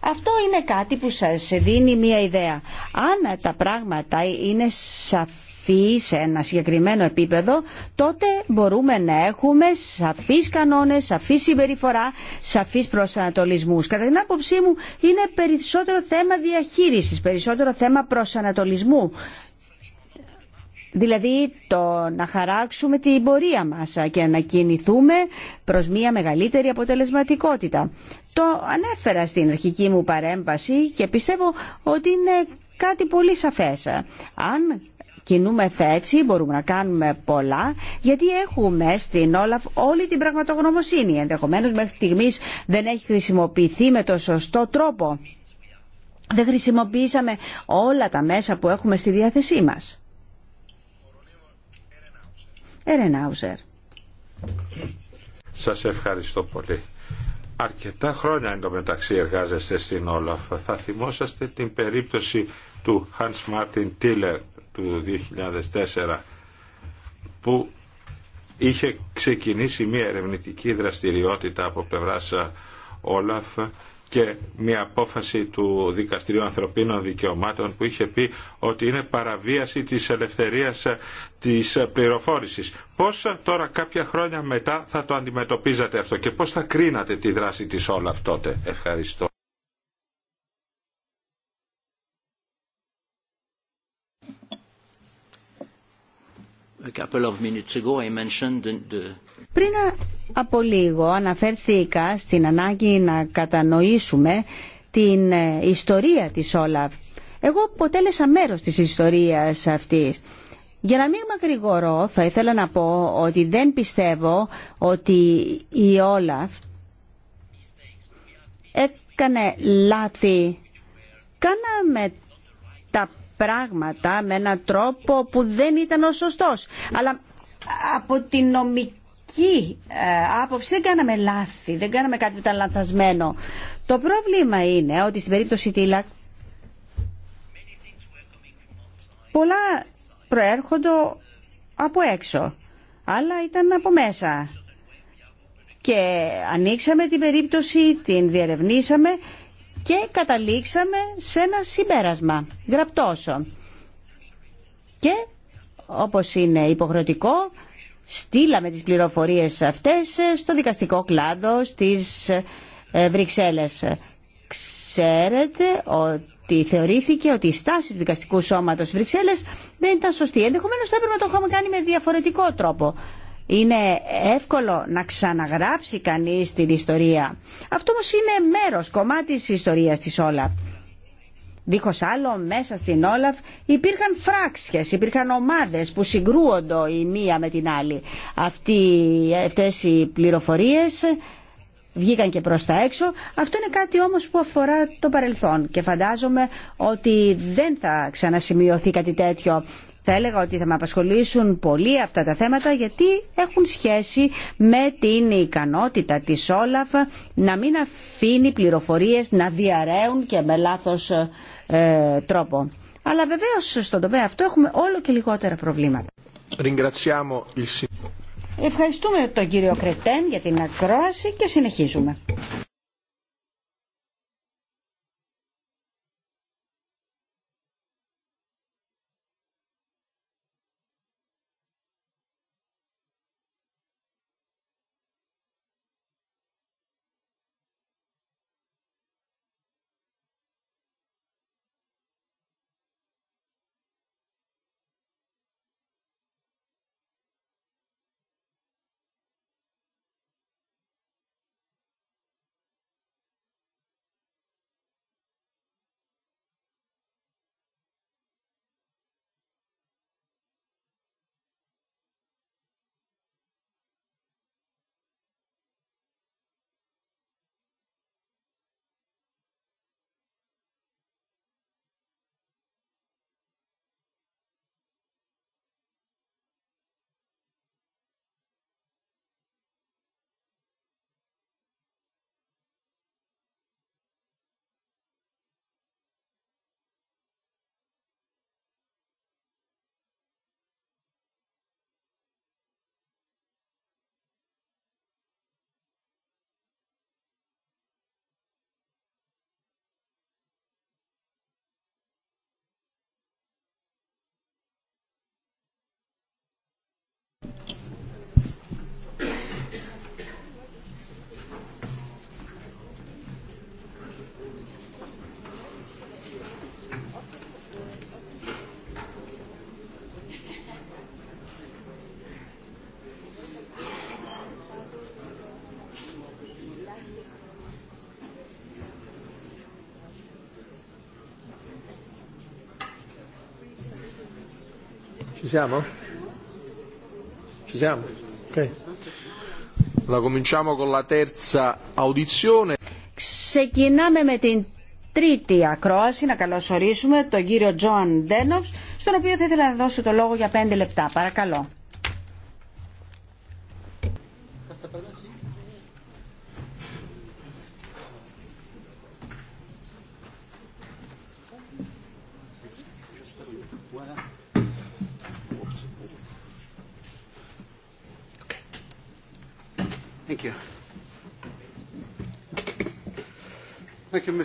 D: Αυτό είναι κάτι που σας δίνει μία ιδέα. Αν τα πράγματα είναι σαφή σταθεί σε ένα συγκεκριμένο επίπεδο, τότε μπορούμε να έχουμε σαφεί κανόνε, σαφή συμπεριφορά, σαφεί προσανατολισμού. Κατά την άποψή μου είναι περισσότερο θέμα διαχείριση, περισσότερο θέμα προσανατολισμού. Δηλαδή το να χαράξουμε την πορεία μας και να κινηθούμε προς μια μεγαλύτερη αποτελεσματικότητα. Το ανέφερα στην αρχική μου παρέμβαση και πιστεύω ότι είναι κάτι πολύ σαφές. Κινούμεθα έτσι, μπορούμε να κάνουμε πολλά, γιατί έχουμε στην Όλαφ όλη την πραγματογνωμοσύνη. Ενδεχομένως μέχρι στιγμής δεν έχει χρησιμοποιηθεί με το σωστό τρόπο. Δεν χρησιμοποιήσαμε όλα τα μέσα που έχουμε στη διάθεσή μας. Ερενάουζερ.
B: Σας ευχαριστώ πολύ. Αρκετά χρόνια εντωμεταξύ εργάζεστε στην Όλαφ. Θα θυμόσαστε την περίπτωση του Hans Martin Tiller του 2004 που είχε ξεκινήσει μια ερευνητική δραστηριότητα από πλευράς ε, Όλαφ και μια απόφαση του Δικαστηρίου Ανθρωπίνων Δικαιωμάτων που είχε πει ότι είναι παραβίαση της ελευθερίας ε, της πληροφόρησης. Πώς ε, τώρα κάποια χρόνια μετά θα το αντιμετωπίζατε αυτό και πώς θα κρίνατε τη δράση της Όλαφ τότε. Ευχαριστώ. Πριν
D: από λίγο αναφέρθηκα στην ανάγκη να κατανοήσουμε την ε, ιστορία της Όλαφ. Εγώ αποτέλεσα μέρος της ιστορίας αυτής. Για να μην μακρηγορώ θα ήθελα να πω ότι δεν πιστεύω ότι η Όλαφ έκανε λάθη. Κάναμε τα πράγματα με έναν τρόπο που δεν ήταν ο σωστός. Αλλά από την νομική ε, άποψη δεν κάναμε λάθη, δεν κάναμε κάτι που ήταν λανθασμένο. Το πρόβλημα είναι ότι στην περίπτωση Τίλακ πολλά προέρχονται από έξω, αλλά ήταν από μέσα. Και ανοίξαμε την περίπτωση, την διερευνήσαμε και καταλήξαμε σε ένα συμπέρασμα, γραπτόσο. Και, όπως είναι υποχρεωτικό, στείλαμε τις πληροφορίες αυτές στο δικαστικό κλάδο στις ε, Βρυξέλλες. Ξέρετε ότι θεωρήθηκε ότι η στάση του δικαστικού σώματος Βρυξέλλες δεν ήταν σωστή. Ενδεχομένως θα έπρεπε να το είχαμε κάνει με διαφορετικό τρόπο είναι εύκολο να ξαναγράψει κανείς την ιστορία. Αυτό όμως είναι μέρος, κομμάτι της ιστορίας της Όλαφ. Δίχως άλλο, μέσα στην Όλαφ υπήρχαν φράξιες, υπήρχαν ομάδες που συγκρούονται η μία με την άλλη. Αυτοί, αυτές οι πληροφορίες βγήκαν και προς τα έξω. Αυτό είναι κάτι όμως που αφορά το παρελθόν και φαντάζομαι ότι δεν θα ξανασημειωθεί κάτι τέτοιο θα έλεγα ότι θα με απασχολήσουν πολύ αυτά τα θέματα γιατί έχουν σχέση με την ικανότητα της Όλαφ να μην αφήνει πληροφορίες να διαραίουν και με λάθος ε, τρόπο. Αλλά βεβαίω στον τομέα αυτό έχουμε όλο και λιγότερα προβλήματα. Ευχαριστούμε τον κύριο Κρετέν για την ακρόαση και συνεχίζουμε. siamo? Ξεκινάμε με την τρίτη ακρόαση, να καλωσορίσουμε τον κύριο Τζον Ντένοφ, στον οποίο θα ήθελα να δώσω το λόγο για πέντε λεπτά. Παρακαλώ.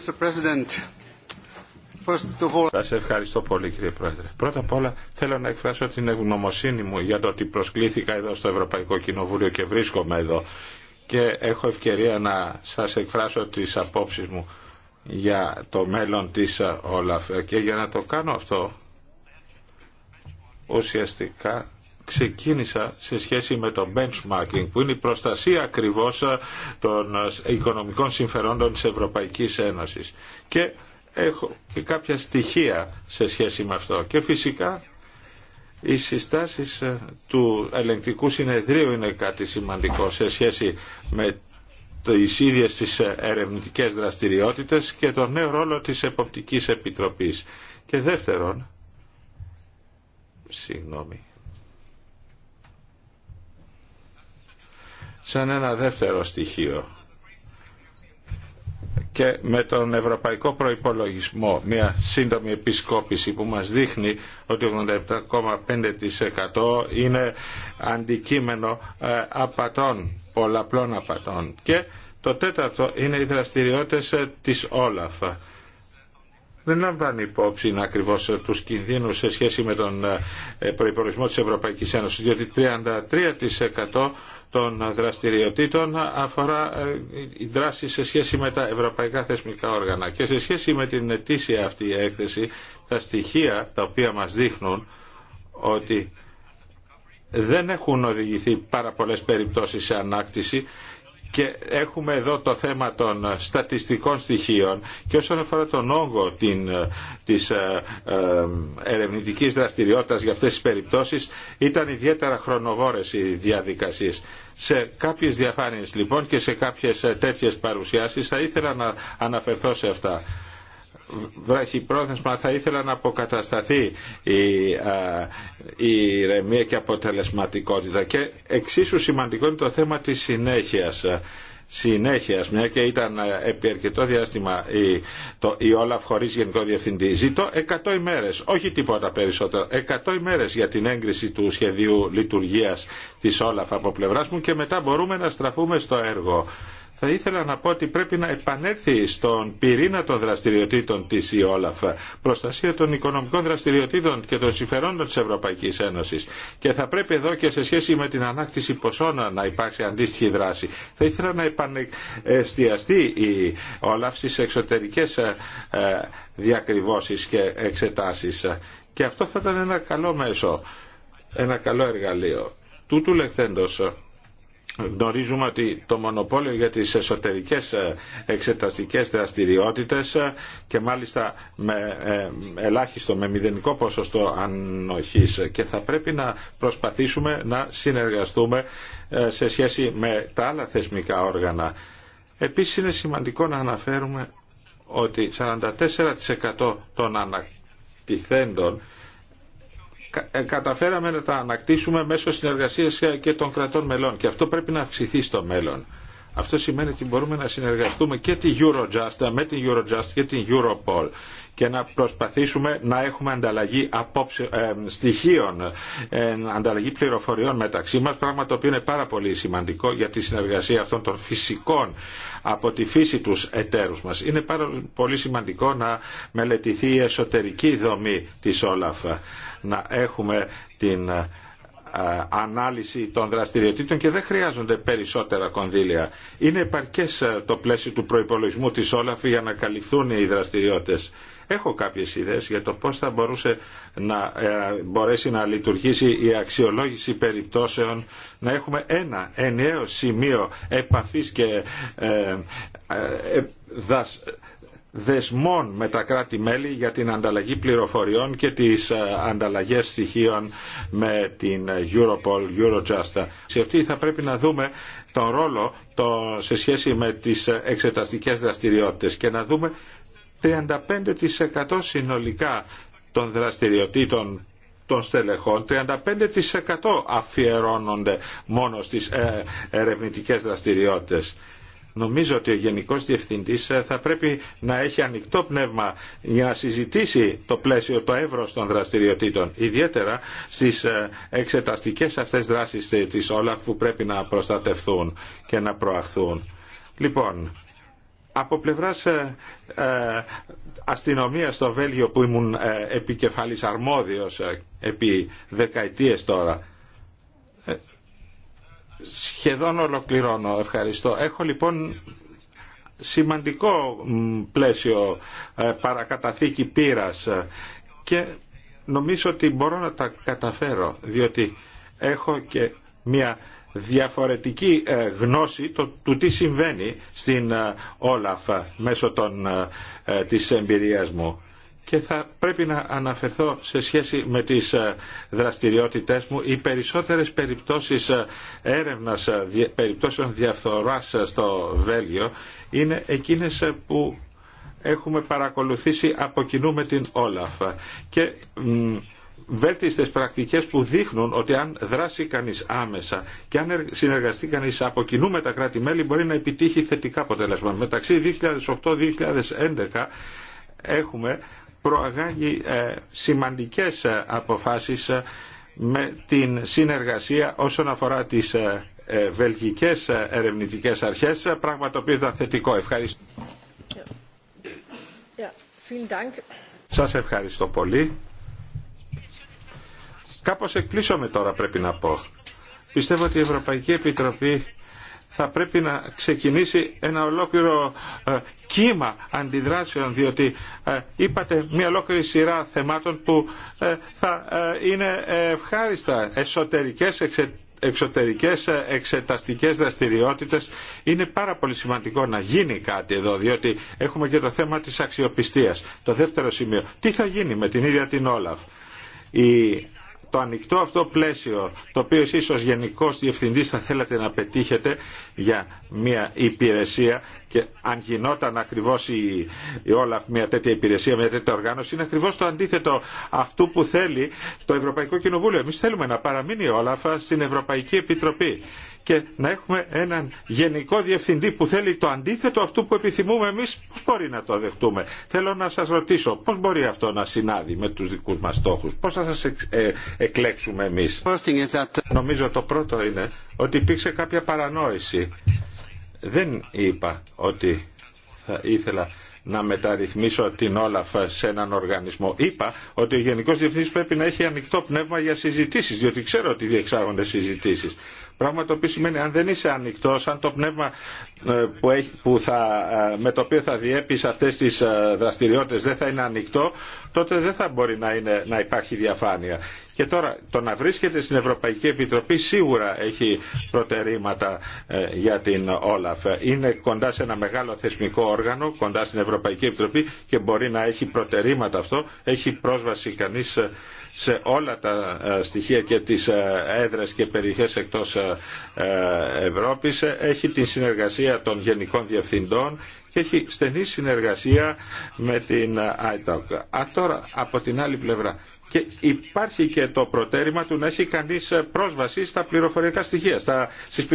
B: Mr. Σας ευχαριστώ πολύ κύριε Πρόεδρε. Πρώτα απ' όλα θέλω να εκφράσω την ευγνωμοσύνη μου για το ότι προσκλήθηκα εδώ στο Ευρωπαϊκό Κοινοβούλιο και βρίσκομαι εδώ και έχω ευκαιρία να σας εκφράσω τις απόψεις μου για το μέλλον της ε, Όλαφ και για να το κάνω αυτό ουσιαστικά ξεκίνησα σε σχέση με το benchmarking που είναι η προστασία ακριβώς ε, των ε, οικονομικών συμφερόντων της Ευρωπαϊκής Ένωσης και έχω και κάποια στοιχεία σε σχέση με αυτό και φυσικά οι συστάσεις ε, του ελεγκτικού συνεδρίου είναι κάτι σημαντικό σε σχέση με το ίδιες τις ερευνητικές δραστηριότητες και τον νέο ρόλο της Εποπτικής Επιτροπής. Και δεύτερον, συγγνώμη, σαν ένα δεύτερο στοιχείο και με τον ευρωπαϊκό προϋπολογισμό μια σύντομη επισκόπηση που μας δείχνει ότι 87,5% είναι αντικείμενο ε, απατών, πολλαπλών απατών. Και το τέταρτο είναι οι δραστηριότητες ε, της Όλαφα δεν λαμβάνει υπόψη ακριβώ του κινδύνου σε σχέση με τον ε, προπολογισμό τη Ευρωπαϊκή Ένωση, διότι 33% των δραστηριοτήτων αφορά η ε, δράση σε σχέση με τα ευρωπαϊκά θεσμικά όργανα. Και σε σχέση με την ετήσια αυτή η έκθεση, τα στοιχεία τα οποία μας δείχνουν ότι δεν έχουν οδηγηθεί πάρα πολλέ περιπτώσει σε ανάκτηση και έχουμε εδώ το θέμα των στατιστικών στοιχείων και όσον αφορά τον όγκο την, της ε, ε, ερευνητικής δραστηριότητας για αυτές τις περιπτώσεις ήταν ιδιαίτερα χρονοβόρες οι διαδικασίες. Σε κάποιες διαφάνειες λοιπόν και σε κάποιες ε, τέτοιες παρουσιάσεις θα ήθελα να αναφερθώ σε αυτά βραχυπρόθεσμα θα ήθελα να αποκατασταθεί η, α, ηρεμία και αποτελεσματικότητα και εξίσου σημαντικό είναι το θέμα της συνέχειας συνέχεια, μια και ήταν ε, επί αρκετό διάστημα η, το, η Όλαφ χωρίς Γενικό Διευθυντή. Ζητώ 100 ημέρες, όχι τίποτα περισσότερο. 100 ημέρες για την έγκριση του σχεδίου λειτουργίας τη Όλαφ από πλευρά μου και μετά μπορούμε να στραφούμε στο έργο θα ήθελα να πω ότι πρέπει να επανέλθει στον πυρήνα των δραστηριοτήτων της η Όλαφ, προστασία των οικονομικών δραστηριοτήτων και των συμφερόντων της Ευρωπαϊκής Ένωσης και θα πρέπει εδώ και σε σχέση με την ανάκτηση ποσών να υπάρξει αντίστοιχη δράση. Θα ήθελα να επανεστιαστεί η Όλαφ στις εξωτερικές ε, ε, διακριβώσεις και εξετάσεις και αυτό θα ήταν ένα καλό μέσο, ένα καλό εργαλείο. Τούτου λεχθέντος γνωρίζουμε ότι το μονοπόλιο για τις εσωτερικές ε, εξεταστικές δραστηριότητες ε, και μάλιστα με ε, ελάχιστο, με μηδενικό ποσοστό ανοχής και θα πρέπει να προσπαθήσουμε να συνεργαστούμε σε σχέση με τα άλλα θεσμικά όργανα. Επίσης είναι σημαντικό να αναφέρουμε ότι 44% των ανακτηθέντων ε, καταφέραμε να τα ανακτήσουμε μέσω συνεργασίας ε, και των κρατών μελών και αυτό πρέπει να αυξηθεί στο μέλλον. Αυτό σημαίνει ότι μπορούμε να συνεργαστούμε και την Eurojust, ε, με την Eurojust και την Europol και να προσπαθήσουμε να έχουμε ανταλλαγή απόψε, ε, στοιχείων, ε, ανταλλαγή πληροφοριών μεταξύ μας, πράγμα το οποίο είναι πάρα πολύ σημαντικό για τη συνεργασία αυτών των φυσικών από τη φύση τους εταίρους μας. Είναι πάρα πολύ σημαντικό να μελετηθεί η εσωτερική δομή της Όλαφ, να έχουμε την ε, ανάλυση των δραστηριοτήτων και δεν χρειάζονται περισσότερα κονδύλια. Είναι επαρκές το πλαίσιο του προϋπολογισμού της Όλαφ για να καλυφθούν οι δραστηριότητες Έχω κάποιες ιδέες για το πώς θα μπορούσε να ε, μπορέσει να λειτουργήσει η αξιολόγηση περιπτώσεων, να έχουμε ένα ενιαίο σημείο επαφής και ε, ε, δασ δεσμών με τα κράτη-μέλη για την ανταλλαγή πληροφοριών και τις ανταλλαγές στοιχείων με την Europol, Eurojust. Σε αυτή θα πρέπει να δούμε τον ρόλο το, σε σχέση με τις εξεταστικές δραστηριότητες και να δούμε 35% συνολικά των δραστηριοτήτων των στελεχών 35% αφιερώνονται μόνο στις ε, ερευνητικές δραστηριότητες. Νομίζω ότι ο Γενικός Διευθυντής ε, θα πρέπει να έχει ανοιχτό πνεύμα για να συζητήσει το πλαίσιο, το εύρος των δραστηριοτήτων, ιδιαίτερα στις ε, εξεταστικές αυτές δράσεις της Όλαφ που πρέπει να προστατευθούν και να προαχθούν. Λοιπόν, από πλευράς ε, ε, αστυνομία στο Βέλγιο που ήμουν ε, επικεφαλής αρμόδιος επί δεκαετίες τώρα, σχεδόν ολοκληρώνω, ευχαριστώ. Έχω λοιπόν σημαντικό πλαίσιο παρακαταθήκη πείρας και νομίζω ότι μπορώ να τα καταφέρω, διότι έχω και μια διαφορετική ε, γνώση του τι συμβαίνει στην ε, Όλαφ ε, μέσω των, της εμπειρίας μου και θα πρέπει να αναφερθώ σε σχέση με τις δραστηριότητές μου οι περισσότερες περιπτώσεις έρευνας περιπτώσεων διαφθοράς στο Βέλγιο είναι εκείνες που έχουμε παρακολουθήσει από κοινού με την Όλαφ και βέλτιστες πρακτικές που δείχνουν ότι αν δράσει κανείς άμεσα και αν συνεργαστεί κανείς από κοινού με τα κράτη-μέλη μπορεί να επιτύχει θετικά αποτέλεσμα. Μεταξύ 2008-2011 έχουμε προαγάγει ε, σημαντικές ε, αποφάσεις ε, με την συνεργασία όσον αφορά τις βελγικές ερευνητικές αρχές, πράγμα το οποίο ήταν θετικό. Ευχαριστώ.
A: Yeah.
B: Σας ευχαριστώ πολύ. Κάπως με τώρα πρέπει να πω. Πιστεύω ότι η Ευρωπαϊκή Επιτροπή θα πρέπει να ξεκινήσει ένα ολόκληρο ε, κύμα αντιδράσεων διότι ε, είπατε μια ολόκληρη σειρά θεμάτων που ε, θα είναι ευχάριστα εσωτερικές εξωτερικές εξεταστικές δραστηριότητες είναι πάρα πολύ σημαντικό να γίνει κάτι εδώ διότι έχουμε και το θέμα της αξιοπιστίας. Το δεύτερο σημείο, τι θα γίνει με την ίδια την Όλαφ. Η το ανοιχτό αυτό πλαίσιο, το οποίο εσείς ως Γενικός Διευθυντής θα θέλατε να πετύχετε για μια υπηρεσία και αν γινόταν ακριβώς η, η Όλαφ μια τέτοια υπηρεσία, μια τέτοια οργάνωση, είναι ακριβώς το αντίθετο αυτού που θέλει το Ευρωπαϊκό Κοινοβούλιο. Εμείς θέλουμε να παραμείνει η Όλαφ στην Ευρωπαϊκή Επιτροπή και να έχουμε έναν γενικό διευθυντή που θέλει το αντίθετο αυτού που επιθυμούμε εμείς, πώς μπορεί να το δεχτούμε. Θέλω να σας ρωτήσω, πώς μπορεί αυτό να συνάδει με τους δικούς μας στόχους, πώς θα σας ε, εκλέξουμε εμείς. Νομίζω το πρώτο είναι ότι υπήρξε κάποια παρανόηση. Δεν είπα ότι θα ήθελα να μεταρρυθμίσω την Όλαφ σε έναν οργανισμό. Είπα ότι ο Γενικός Διευθυντής πρέπει να έχει ανοιχτό πνεύμα για συζητήσεις, διότι ξέρω ότι διεξάγονται συζητήσεις. Πράγμα το οποίο σημαίνει αν δεν είσαι ανοιχτό, αν το πνεύμα ε, που έχει, που θα, ε, με το οποίο θα διέπει αυτέ τι ε, δραστηριότητε δεν θα είναι ανοιχτό, τότε δεν θα μπορεί να, είναι, να υπάρχει διαφάνεια. Και τώρα το να βρίσκεται στην Ευρωπαϊκή Επιτροπή σίγουρα έχει προτερήματα για την Όλαφ. Είναι κοντά σε ένα μεγάλο θεσμικό όργανο, κοντά στην Ευρωπαϊκή Επιτροπή και μπορεί να έχει προτερήματα αυτό. Έχει πρόσβαση κανείς σε όλα τα ε, στοιχεία και τις ε, έδρες και περιοχές εκτός ε, Ευρώπης. Έχει τη συνεργασία των Γενικών Διευθυντών και έχει στενή συνεργασία με την ITAC. Α, τώρα, από την άλλη πλευρά, και υπάρχει και το προτέρημα του να έχει κανείς πρόσβαση στα πληροφοριακά στοιχεία, στα, στις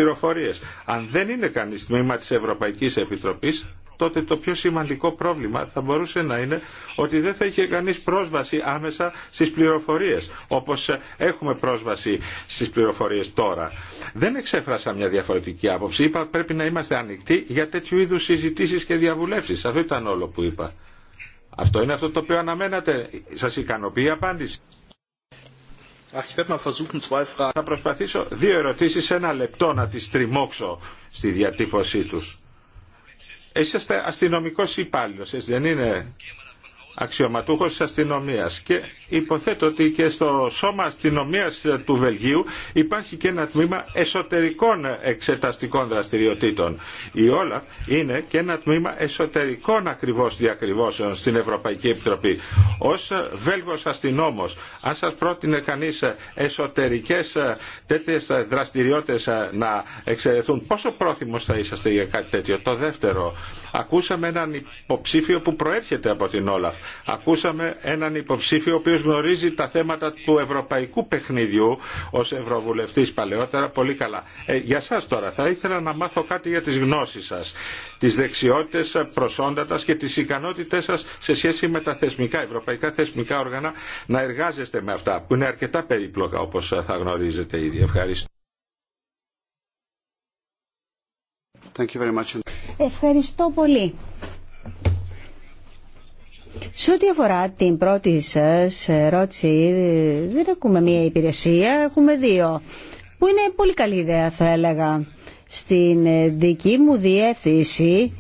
B: Αν δεν είναι κανείς τμήμα της Ευρωπαϊκής Επιτροπής, τότε το πιο σημαντικό πρόβλημα θα μπορούσε να είναι ότι δεν θα είχε κανείς πρόσβαση άμεσα στις πληροφορίες, όπως έχουμε πρόσβαση στις πληροφορίες τώρα. Δεν εξέφρασα μια διαφορετική άποψη. Είπα πρέπει να είμαστε ανοιχτοί για τέτοιου είδους συζητήσεις και διαβουλεύσεις. Αυτό ήταν όλο που είπα. Αυτό είναι αυτό το οποίο αναμένατε. Σας ικανοποιεί η απάντηση. Θα προσπαθήσω δύο ερωτήσεις σε ένα λεπτό να τις τριμώξω στη διατύπωσή τους είσαστε αστυνομικός υπάλληλος, έτσι δεν είναι αξιωματούχος αστυνομίας και υποθέτω ότι και στο σώμα αστυνομίας του Βελγίου υπάρχει και ένα τμήμα εσωτερικών εξεταστικών δραστηριοτήτων. Η Όλαφ είναι και ένα τμήμα εσωτερικών ακριβώς διακριβώσεων στην Ευρωπαϊκή Επιτροπή. Ως Βέλγος αστυνόμος, αν σας πρότεινε κανείς εσωτερικές τέτοιες δραστηριότητες να εξαιρεθούν, πόσο πρόθυμος θα είσαστε για κάτι τέτοιο. Το δεύτερο, ακούσαμε έναν υποψήφιο που προέρχεται από την Όλαφ Ακούσαμε έναν υποψήφιο ο οποίος γνωρίζει τα θέματα του ευρωπαϊκού παιχνιδιού ως ευρωβουλευτής παλαιότερα πολύ καλά. Ε, για σας τώρα θα ήθελα να μάθω κάτι για τις γνώσεις σας, τις δεξιότητες προσόντατας και τις ικανότητές σας σε σχέση με τα θεσμικά, ευρωπαϊκά θεσμικά όργανα να εργάζεστε με αυτά που είναι αρκετά περίπλοκα όπως θα γνωρίζετε ήδη. Ευχαριστώ. Thank you very much.
D: Ευχαριστώ πολύ. Σε ό,τι αφορά την πρώτη σας ερώτηση, δεν έχουμε μία υπηρεσία, έχουμε δύο, που είναι πολύ καλή ιδέα θα έλεγα. Στην δική μου διεύθυνση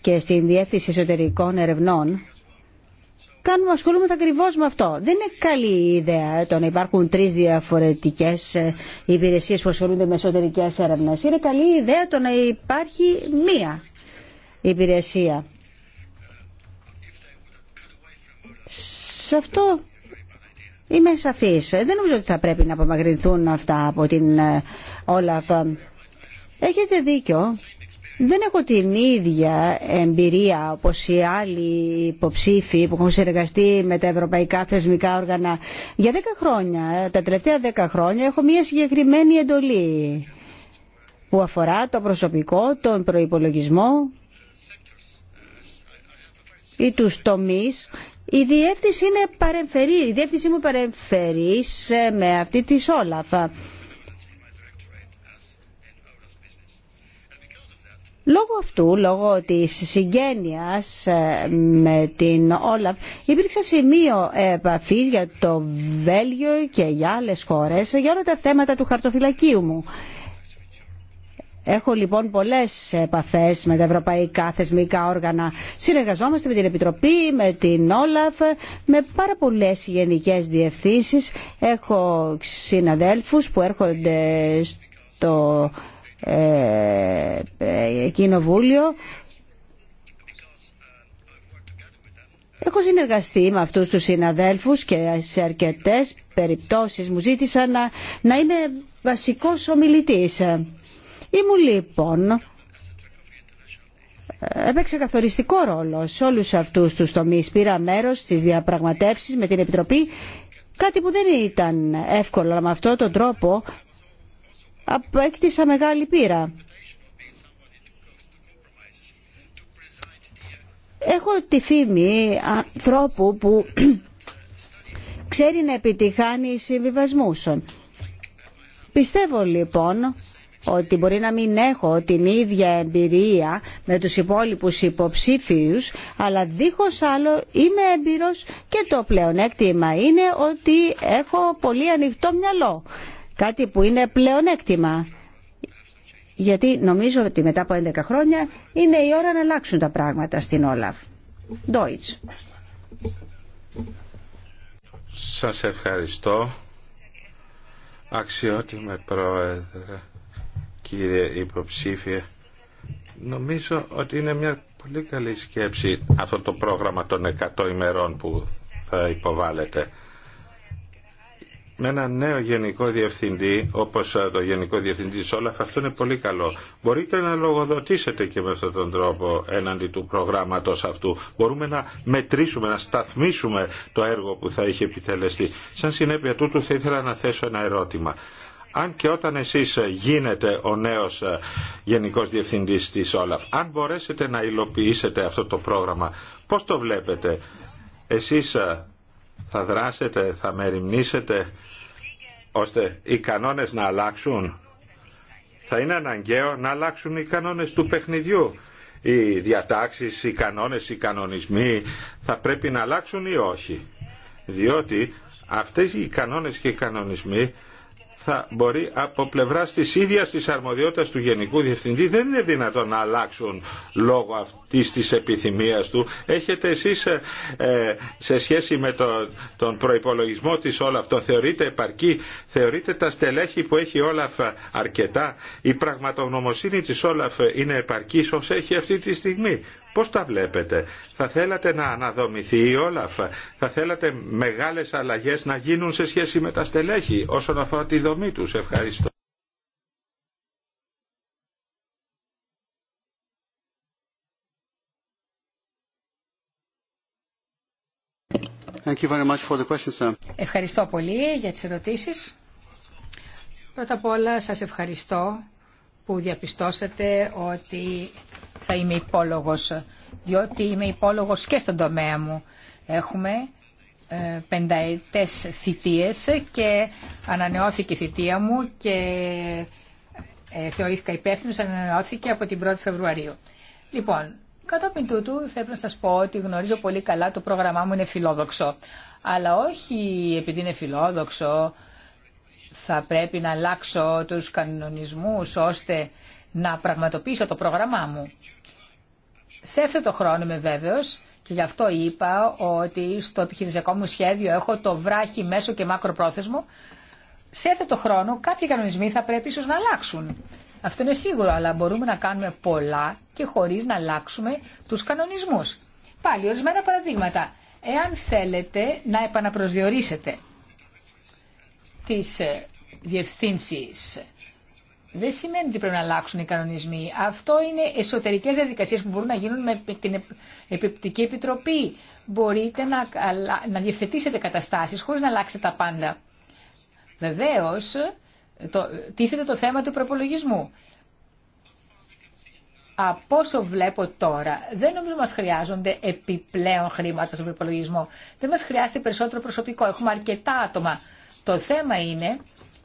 D: και στην διεύθυνση εσωτερικών ερευνών, κάνουμε, ασχολούμαστε ακριβώ με αυτό. Δεν είναι καλή ιδέα το να υπάρχουν τρει διαφορετικέ ε, υπηρεσίε που ασχολούνται με εσωτερικέ έρευνε. Είναι καλή ιδέα το να υπάρχει μία υπηρεσία. Σε αυτό είμαι σαφής. Δεν νομίζω ότι θα πρέπει να απομακρυνθούν αυτά από την ε, Όλαφ. Έχετε δίκιο. Δεν έχω την ίδια εμπειρία όπως οι άλλοι υποψήφοι που έχουν συνεργαστεί με τα ευρωπαϊκά θεσμικά όργανα για 10 χρόνια. Ε, τα τελευταία 10 χρόνια έχω μια συγκεκριμένη εντολή που αφορά το προσωπικό, τον προϋπολογισμό ή τους τομείς. Η διεύθυνση είναι παρεμφερή, η διεύθυνση μου παρεμφερής ε, με αυτή της Όλαφ. Λόγω αυτού, λόγω της συγγένειας ε, με την Όλαφ, υπήρξε σημείο επαφής για το Βέλγιο και για άλλες χώρες, για όλα τα θέματα του χαρτοφυλακίου μου. Έχω λοιπόν πολλές επαφές με τα ευρωπαϊκά θεσμικά όργανα. Συνεργαζόμαστε με την Επιτροπή, με την Όλαφ, με πάρα πολλές γενικές διευθύνσεις. Έχω συναδέλφους που έρχονται στο ε, ε κοινοβούλιο Έχω συνεργαστεί με αυτούς τους συναδέλφους και σε αρκετές περιπτώσεις μου ζήτησαν να, να είμαι βασικός ομιλητής. Ήμουν λοιπόν ε, έπαιξε καθοριστικό ρόλο σε όλους αυτούς τους τομείς. Πήρα μέρος στις διαπραγματεύσεις με την Επιτροπή, κάτι που δεν ήταν εύκολο, αλλά με αυτόν τον τρόπο έκτισα μεγάλη πείρα. Έχω τη φήμη ανθρώπου που ξέρει να επιτυχάνει συμβιβασμούς. Πιστεύω λοιπόν ότι μπορεί να μην έχω την ίδια εμπειρία με τους υπόλοιπους υποψήφιους αλλά δίχως άλλο είμαι εμπειρος και το πλεονέκτημα είναι ότι έχω πολύ ανοιχτό μυαλό κάτι που είναι πλεονέκτημα γιατί νομίζω ότι μετά από 11 χρόνια είναι η ώρα να αλλάξουν τα πράγματα στην Όλαφ. Deutsch.
B: Σας ευχαριστώ. Αξιότιμε πρόεδρε κύριε υποψήφιε. Νομίζω ότι είναι μια πολύ καλή σκέψη αυτό το πρόγραμμα των 100 ημερών που θα υποβάλλεται. Με ένα νέο γενικό διευθυντή, όπως το γενικό διευθυντή Σόλαφ, αυτό είναι πολύ καλό. Μπορείτε να λογοδοτήσετε και με αυτόν τον τρόπο έναντι του προγράμματος αυτού. Μπορούμε να μετρήσουμε, να σταθμίσουμε το έργο που θα έχει επιτελεστεί. Σαν συνέπεια τούτου θα ήθελα να θέσω ένα ερώτημα αν και όταν εσείς γίνετε ο νέος ε, Γενικός Διευθυντής της Όλαφ, αν μπορέσετε να υλοποιήσετε αυτό το πρόγραμμα, πώς το βλέπετε, εσείς ε, θα δράσετε, θα μεριμνήσετε, ώστε οι κανόνες να αλλάξουν. Θα είναι αναγκαίο να αλλάξουν οι κανόνες του παιχνιδιού. Οι διατάξεις, οι κανόνες, οι κανονισμοί θα πρέπει να αλλάξουν ή όχι. Διότι αυτές οι κανόνες και οι κανονισμοί θα μπορεί από πλευρά τη ίδια τη αρμοδιότητα του Γενικού Διευθυντή δεν είναι δυνατόν να αλλάξουν λόγω αυτή τη επιθυμία του. Έχετε εσεί ε, σε σχέση με τον προπολογισμό τη όλα τον θεωρείτε επαρκή, θεωρείτε τα στελέχη που έχει Όλαφ αρκετά. Η πραγματογνωμοσύνη τη Όλαφ είναι επαρκή όσο έχει αυτή τη στιγμή. Πώς τα βλέπετε. Θα θέλατε να αναδομηθεί η Όλαφ. Θα θέλατε μεγάλες αλλαγές να γίνουν σε σχέση με τα στελέχη όσον αφορά τη δομή τους. Ευχαριστώ.
C: Thank you very much for the question, sir. Ευχαριστώ πολύ για τις ερωτήσεις. Πρώτα απ' όλα σας ευχαριστώ που διαπιστώσατε ότι θα είμαι υπόλογος, διότι είμαι υπόλογος και στον τομέα μου. Έχουμε ε, πενταετές θητείες και ανανεώθηκε η θητεία μου και ε, θεωρήθηκα υπεύθυνος, ανανεώθηκε από την 1η Φεβρουαρίου. Λοιπόν, κατόπιν τούτου θέλω να σας πω ότι γνωρίζω πολύ καλά το πρόγραμμά μου είναι φιλόδοξο. Αλλά όχι επειδή είναι φιλόδοξο, θα πρέπει να αλλάξω τους κανονισμούς ώστε να πραγματοποιήσω το πρόγραμμά μου. Σε το χρόνο είμαι βέβαιος και γι' αυτό είπα ότι στο επιχειρησιακό μου σχέδιο έχω το βράχι μέσο και μακροπρόθεσμο. Σε το χρόνο κάποιοι κανονισμοί θα πρέπει ίσως να αλλάξουν. Αυτό είναι σίγουρο, αλλά μπορούμε να κάνουμε πολλά και χωρίς να αλλάξουμε τους κανονισμούς. Πάλι, ορισμένα παραδείγματα. Εάν θέλετε να επαναπροσδιορίσετε τις ε, διευθύνσεις. Δεν σημαίνει ότι πρέπει να αλλάξουν οι κανονισμοί. Αυτό είναι εσωτερικές διαδικασίες που μπορούν να γίνουν με την Επιπτική Επιτροπή. Μπορείτε να, να διευθετήσετε καταστάσεις χωρίς να αλλάξετε τα πάντα. Βεβαίως, το, τίθεται το θέμα του προπολογισμού. Από όσο βλέπω τώρα, δεν νομίζω μας χρειάζονται επιπλέον χρήματα στον προπολογισμό. Δεν μας χρειάζεται περισσότερο προσωπικό. Έχουμε αρκετά άτομα. Το θέμα είναι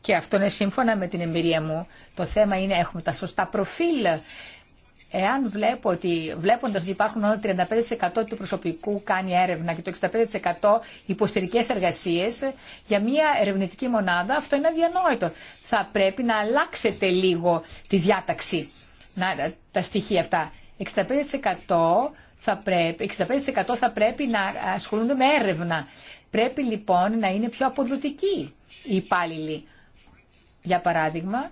C: και αυτό είναι σύμφωνα με την εμπειρία μου. Το θέμα είναι έχουμε τα σωστά προφίλ. Εάν βλέπω ότι βλέποντας ότι υπάρχουν μόνο 35% του προσωπικού κάνει έρευνα και το 65% υποστηρικές εργασίες για μια ερευνητική μονάδα, αυτό είναι αδιανόητο. Θα πρέπει να αλλάξετε λίγο τη διάταξη, να, τα στοιχεία αυτά. 65% θα πρέπει, 65% θα πρέπει να ασχολούνται με έρευνα. Πρέπει λοιπόν να είναι πιο αποδοτικοί οι υπάλληλοι. Για παράδειγμα,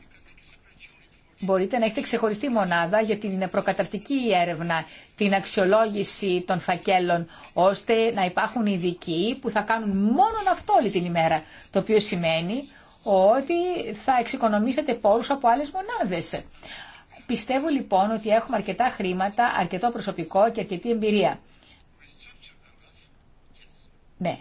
C: μπορείτε να έχετε ξεχωριστή μονάδα για την προκαταρτική έρευνα, την αξιολόγηση των φακέλων, ώστε να υπάρχουν ειδικοί που θα κάνουν μόνο αυτό όλη την ημέρα, το οποίο σημαίνει ότι θα εξοικονομήσετε πόρους από άλλες μονάδες. Πιστεύω λοιπόν ότι έχουμε αρκετά χρήματα, αρκετό προσωπικό και αρκετή εμπειρία. Ναι,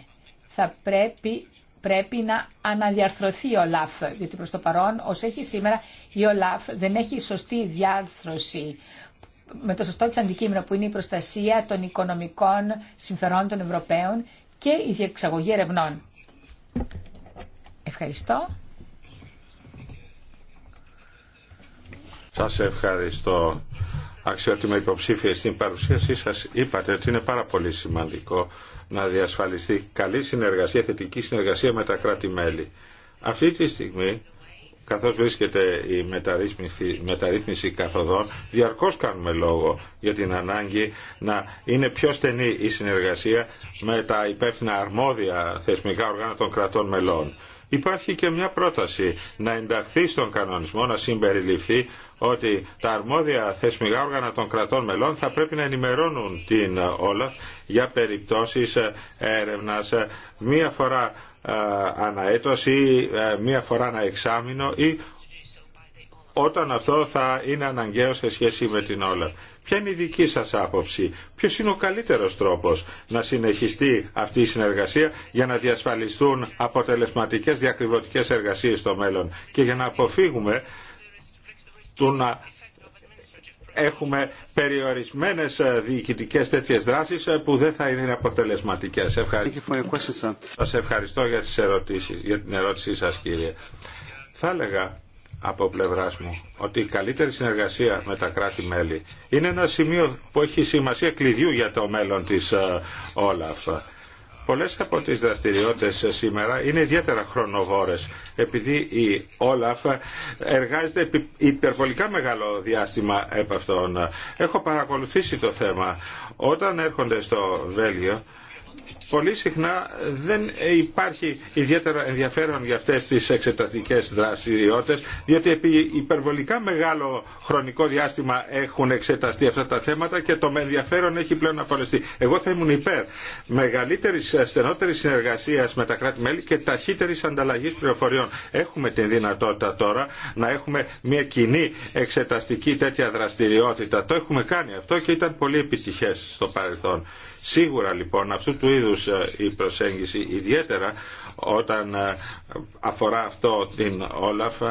C: θα πρέπει πρέπει να αναδιαρθρωθεί η ΟΛΑΦ, διότι προς το παρόν, ως έχει σήμερα, η ΟΛΑΦ δεν έχει σωστή διάρθρωση με το σωστό της αντικείμενο που είναι η προστασία των οικονομικών συμφερόντων των Ευρωπαίων και η διεξαγωγή ερευνών. Ευχαριστώ.
B: Σας ευχαριστώ. Αξιότιμα υποψήφια στην παρουσίασή σας είπατε ότι είναι πάρα πολύ σημαντικό να διασφαλιστεί καλή συνεργασία, θετική συνεργασία με τα κράτη-μέλη. Αυτή τη στιγμή, καθώς βρίσκεται η μεταρρύθμιση, μεταρρύθμιση καθοδών, διαρκώς κάνουμε λόγο για την ανάγκη να είναι πιο στενή η συνεργασία με τα υπεύθυνα αρμόδια θεσμικά οργάνα των κρατών μελών. Υπάρχει και μια πρόταση να ενταχθεί στον κανονισμό, να συμπεριληφθεί ότι τα αρμόδια θεσμικά όργανα των κρατών μελών θα πρέπει να ενημερώνουν την Όλαφ για περιπτώσεις ε, έρευνας ε, μία φορά ε, αναέτος ή μία φορά αναεξάμεινο ή όταν αυτό θα είναι αναγκαίο σε σχέση με την Όλαφ. Ποια είναι η δική σας άποψη, ποιος είναι ο καλύτερος τρόπος να συνεχιστεί αυτή η συνεργασία για να διασφαλιστούν αποτελεσματικές διακριβωτικές εργασίες στο μέλλον και για να αποφύγουμε του να έχουμε περιορισμένες ε, διοικητικές τέτοιες δράσεις ε, που δεν θα είναι αποτελεσματικές. Ευχαριστώ. Σας ευχαριστώ για, τις ερωτήσεις, για την ερώτησή σας κύριε. Θα έλεγα από πλευρά μου ότι η καλύτερη συνεργασία με τα κράτη-μέλη είναι ένα σημείο που έχει σημασία κλειδιού για το μέλλον της ε, όλα Πολλές από τις δραστηριότητες σήμερα είναι ιδιαίτερα χρονοβόρες επειδή η Όλαφ εργάζεται υπερβολικά μεγάλο διάστημα επ' αυτών. Έχω παρακολουθήσει το θέμα. Όταν έρχονται στο Βέλγιο πολύ συχνά δεν υπάρχει ιδιαίτερα ενδιαφέρον για αυτές τις εξεταστικές δραστηριότητες διότι επί υπερβολικά μεγάλο χρονικό διάστημα έχουν εξεταστεί αυτά τα θέματα και το ενδιαφέρον έχει πλέον απολεστεί. Εγώ θα ήμουν υπέρ μεγαλύτερη στενότερης συνεργασίας με τα κράτη-μέλη και ταχύτερης ανταλλαγής πληροφοριών. Έχουμε την δυνατότητα τώρα να έχουμε μια κοινή εξεταστική τέτοια δραστηριότητα. Το έχουμε κάνει αυτό και ήταν πολύ επιτυχές στο παρελθόν. Σίγουρα λοιπόν αυτού του είδους ε, η προσέγγιση ιδιαίτερα όταν ε, αφορά αυτό την Όλαφ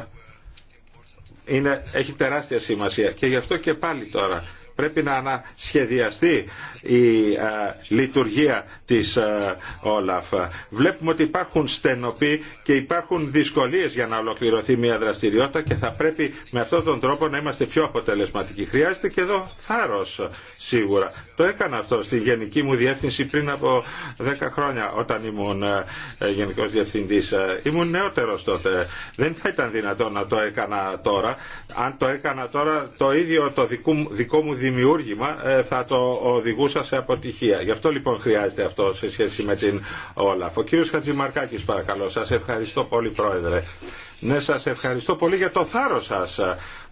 B: είναι, έχει τεράστια σημασία και γι' αυτό και πάλι τώρα πρέπει να ανασχεδιαστεί η ε, λειτουργία της α, Όλαφ. Βλέπουμε ότι υπάρχουν στενοποί και υπάρχουν δυσκολίες για να ολοκληρωθεί μια δραστηριότητα και θα πρέπει με αυτόν τον τρόπο να είμαστε πιο αποτελεσματικοί. Χρειάζεται και εδώ θάρρος σίγουρα το έκανα αυτό στη γενική μου διεύθυνση πριν από 10 χρόνια όταν ήμουν ε, γενικός διευθυντής. Ε, ήμουν νεότερος τότε. Δεν θα ήταν δυνατόν να το έκανα τώρα. Αν το έκανα τώρα το ίδιο το δικό μου δημιούργημα ε, θα το οδηγούσα σε αποτυχία. Γι' αυτό λοιπόν χρειάζεται αυτό σε σχέση με την Όλαφ. Ο κύριος Χατζημαρκάκης παρακαλώ. Σας ευχαριστώ πολύ πρόεδρε. Ναι, σας ευχαριστώ πολύ για το θάρρος σας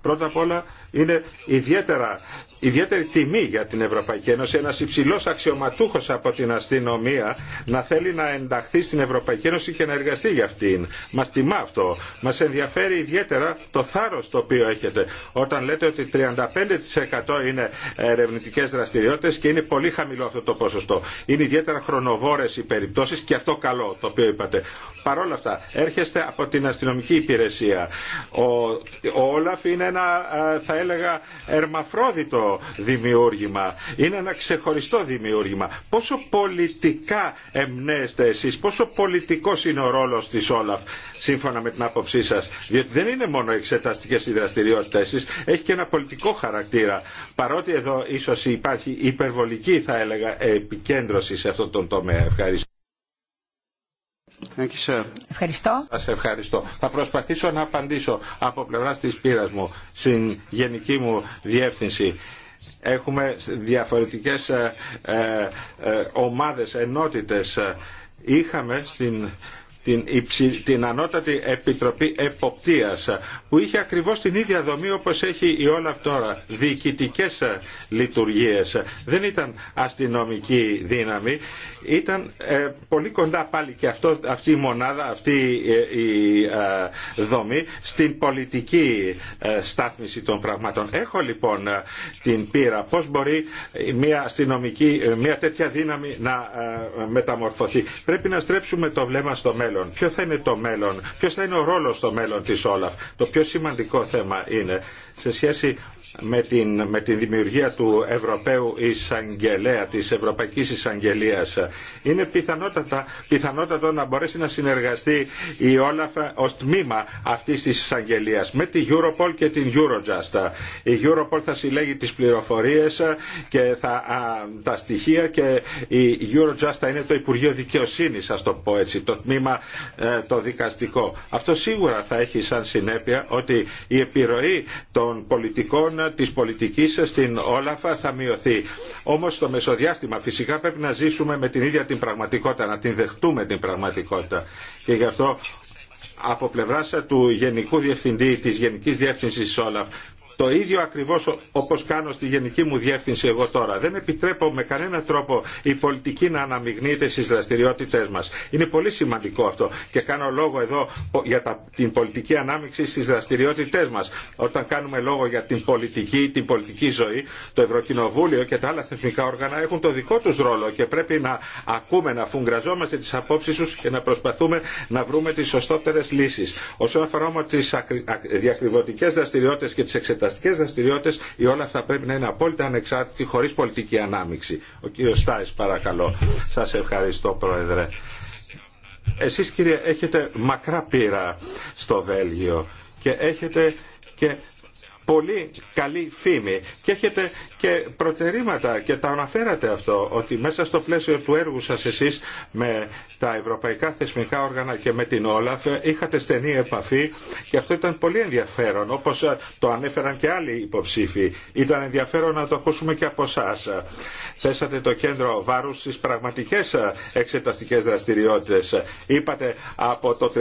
B: Πρώτα απ' όλα είναι ιδιαίτερα, ιδιαίτερη τιμή για την Ευρωπαϊκή Ένωση ένας υψηλός αξιωματούχος από την αστυνομία να θέλει να ενταχθεί στην Ευρωπαϊκή Ένωση και να εργαστεί για αυτήν. Μας τιμά αυτό. Μας ενδιαφέρει ιδιαίτερα το θάρρος το οποίο έχετε. Όταν λέτε ότι 35% είναι ερευνητικές δραστηριότητες και είναι πολύ χαμηλό αυτό το ποσοστό. Είναι ιδιαίτερα χρονοβόρες οι περιπτώσεις και αυτό καλό το οποίο είπατε. Παρόλα αυτά έρχεστε από την αστυνομική υπηρεσία. Ο, ο Όλαφ είναι ένα θα έλεγα ερμαφρόδιτο δημιούργημα. Είναι ένα ξεχωριστό δημιούργημα. Πόσο πολιτικά εμπνέεστε εσείς, πόσο πολιτικός είναι ο ρόλος της Όλαφ σύμφωνα με την άποψή σας. Διότι δεν είναι μόνο εξεταστικέ οι δραστηριότητες εσείς, έχει και ένα πολιτικό χαρακτήρα. Παρότι εδώ ίσως υπάρχει υπερβολική θα έλεγα επικέντρωση σε αυτόν τον τομέα. Ευχαριστώ. Ευχαριστώ. Σας ευχαριστώ. Θα προσπαθήσω να απαντήσω από πλευράς της πείρας μου στην γενική μου διεύθυνση. Έχουμε διαφορετικές ε, ε, ε, ομάδες, ενότητες. Είχαμε στην την, υψη, την Ανώτατη Επιτροπή Εποπτείας που είχε ακριβώς την ίδια δομή όπως έχει η όλα τώρα, διοικητικές λειτουργίες. Δεν ήταν αστυνομική δύναμη, ήταν ε, πολύ κοντά πάλι και αυτό, αυτή η μονάδα, αυτή ε, η ε, δομή στην πολιτική στάθμιση των πραγμάτων. Έχω λοιπόν την πείρα πώς μπορεί μια αστυνομική, μια τέτοια δύναμη να μεταμορφωθεί. Πρέπει να στρέψουμε το βλέμμα στο μέλλον μέλλον, ποιο θα είναι το μέλλον, ποιο θα είναι ο ρόλο στο μέλλον τη Όλαφ. Το πιο σημαντικό θέμα είναι σε σχέση με την, δημιουργία του Ευρωπαίου Εισαγγελέα, της Ευρωπαϊκής Εισαγγελίας. Είναι πιθανότατα, πιθανότατο να μπορέσει να συνεργαστεί η Όλαφ ως τμήμα αυτής της εισαγγελίας με τη Europol και την Eurojust. Η Europol θα συλλέγει τις πληροφορίες και τα στοιχεία και η Eurojust θα είναι το Υπουργείο Δικαιοσύνης, ας το πω έτσι, το τμήμα ε, το δικαστικό. Αυτό σίγουρα θα έχει σαν συνέπεια ότι η επιρροή των πολιτικών Τη της πολιτικής στην Όλαφα θα μειωθεί. Όμως στο μεσοδιάστημα φυσικά πρέπει να ζήσουμε με την ίδια την πραγματικότητα, να την δεχτούμε την πραγματικότητα. Και γι' αυτό από πλευρά του Γενικού Διευθυντή της Γενικής Διεύθυνσης Όλαφ το ίδιο ακριβώς όπως κάνω στη γενική μου διεύθυνση εγώ τώρα. Δεν επιτρέπω με κανένα τρόπο η πολιτική να αναμειγνύεται στις δραστηριότητές μας. Είναι πολύ σημαντικό αυτό και κάνω λόγο εδώ για την πολιτική ανάμειξη στις δραστηριότητές μας. Όταν κάνουμε λόγο για την πολιτική, την πολιτική ζωή, το Ευρωκοινοβούλιο και τα άλλα θεσμικά όργανα έχουν το δικό τους ρόλο και πρέπει να ακούμε, να φουγκραζόμαστε τις απόψεις τους και να προσπαθούμε να βρούμε τις σωστότερες λύσεις. Όσον αφορά δραστηριότητες και τις εξετάσει εξεταστικές δραστηριότητες η όλα αυτά πρέπει να είναι απόλυτα ανεξάρτητοι χωρίς πολιτική ανάμειξη. Ο κύριος Στάις παρακαλώ. Σας ευχαριστώ Πρόεδρε. Εσείς κύριε έχετε μακρά πείρα στο Βέλγιο και έχετε και πολύ καλή φήμη και έχετε και προτερήματα και τα αναφέρατε αυτό ότι μέσα στο πλαίσιο του έργου σας εσείς με τα ευρωπαϊκά θεσμικά όργανα και με την Όλαφ είχατε στενή επαφή και αυτό ήταν πολύ ενδιαφέρον όπως το ανέφεραν και άλλοι υποψήφοι ήταν ενδιαφέρον να το ακούσουμε και από εσά. θέσατε το κέντρο βάρους στις πραγματικές εξεταστικές δραστηριότητες είπατε από το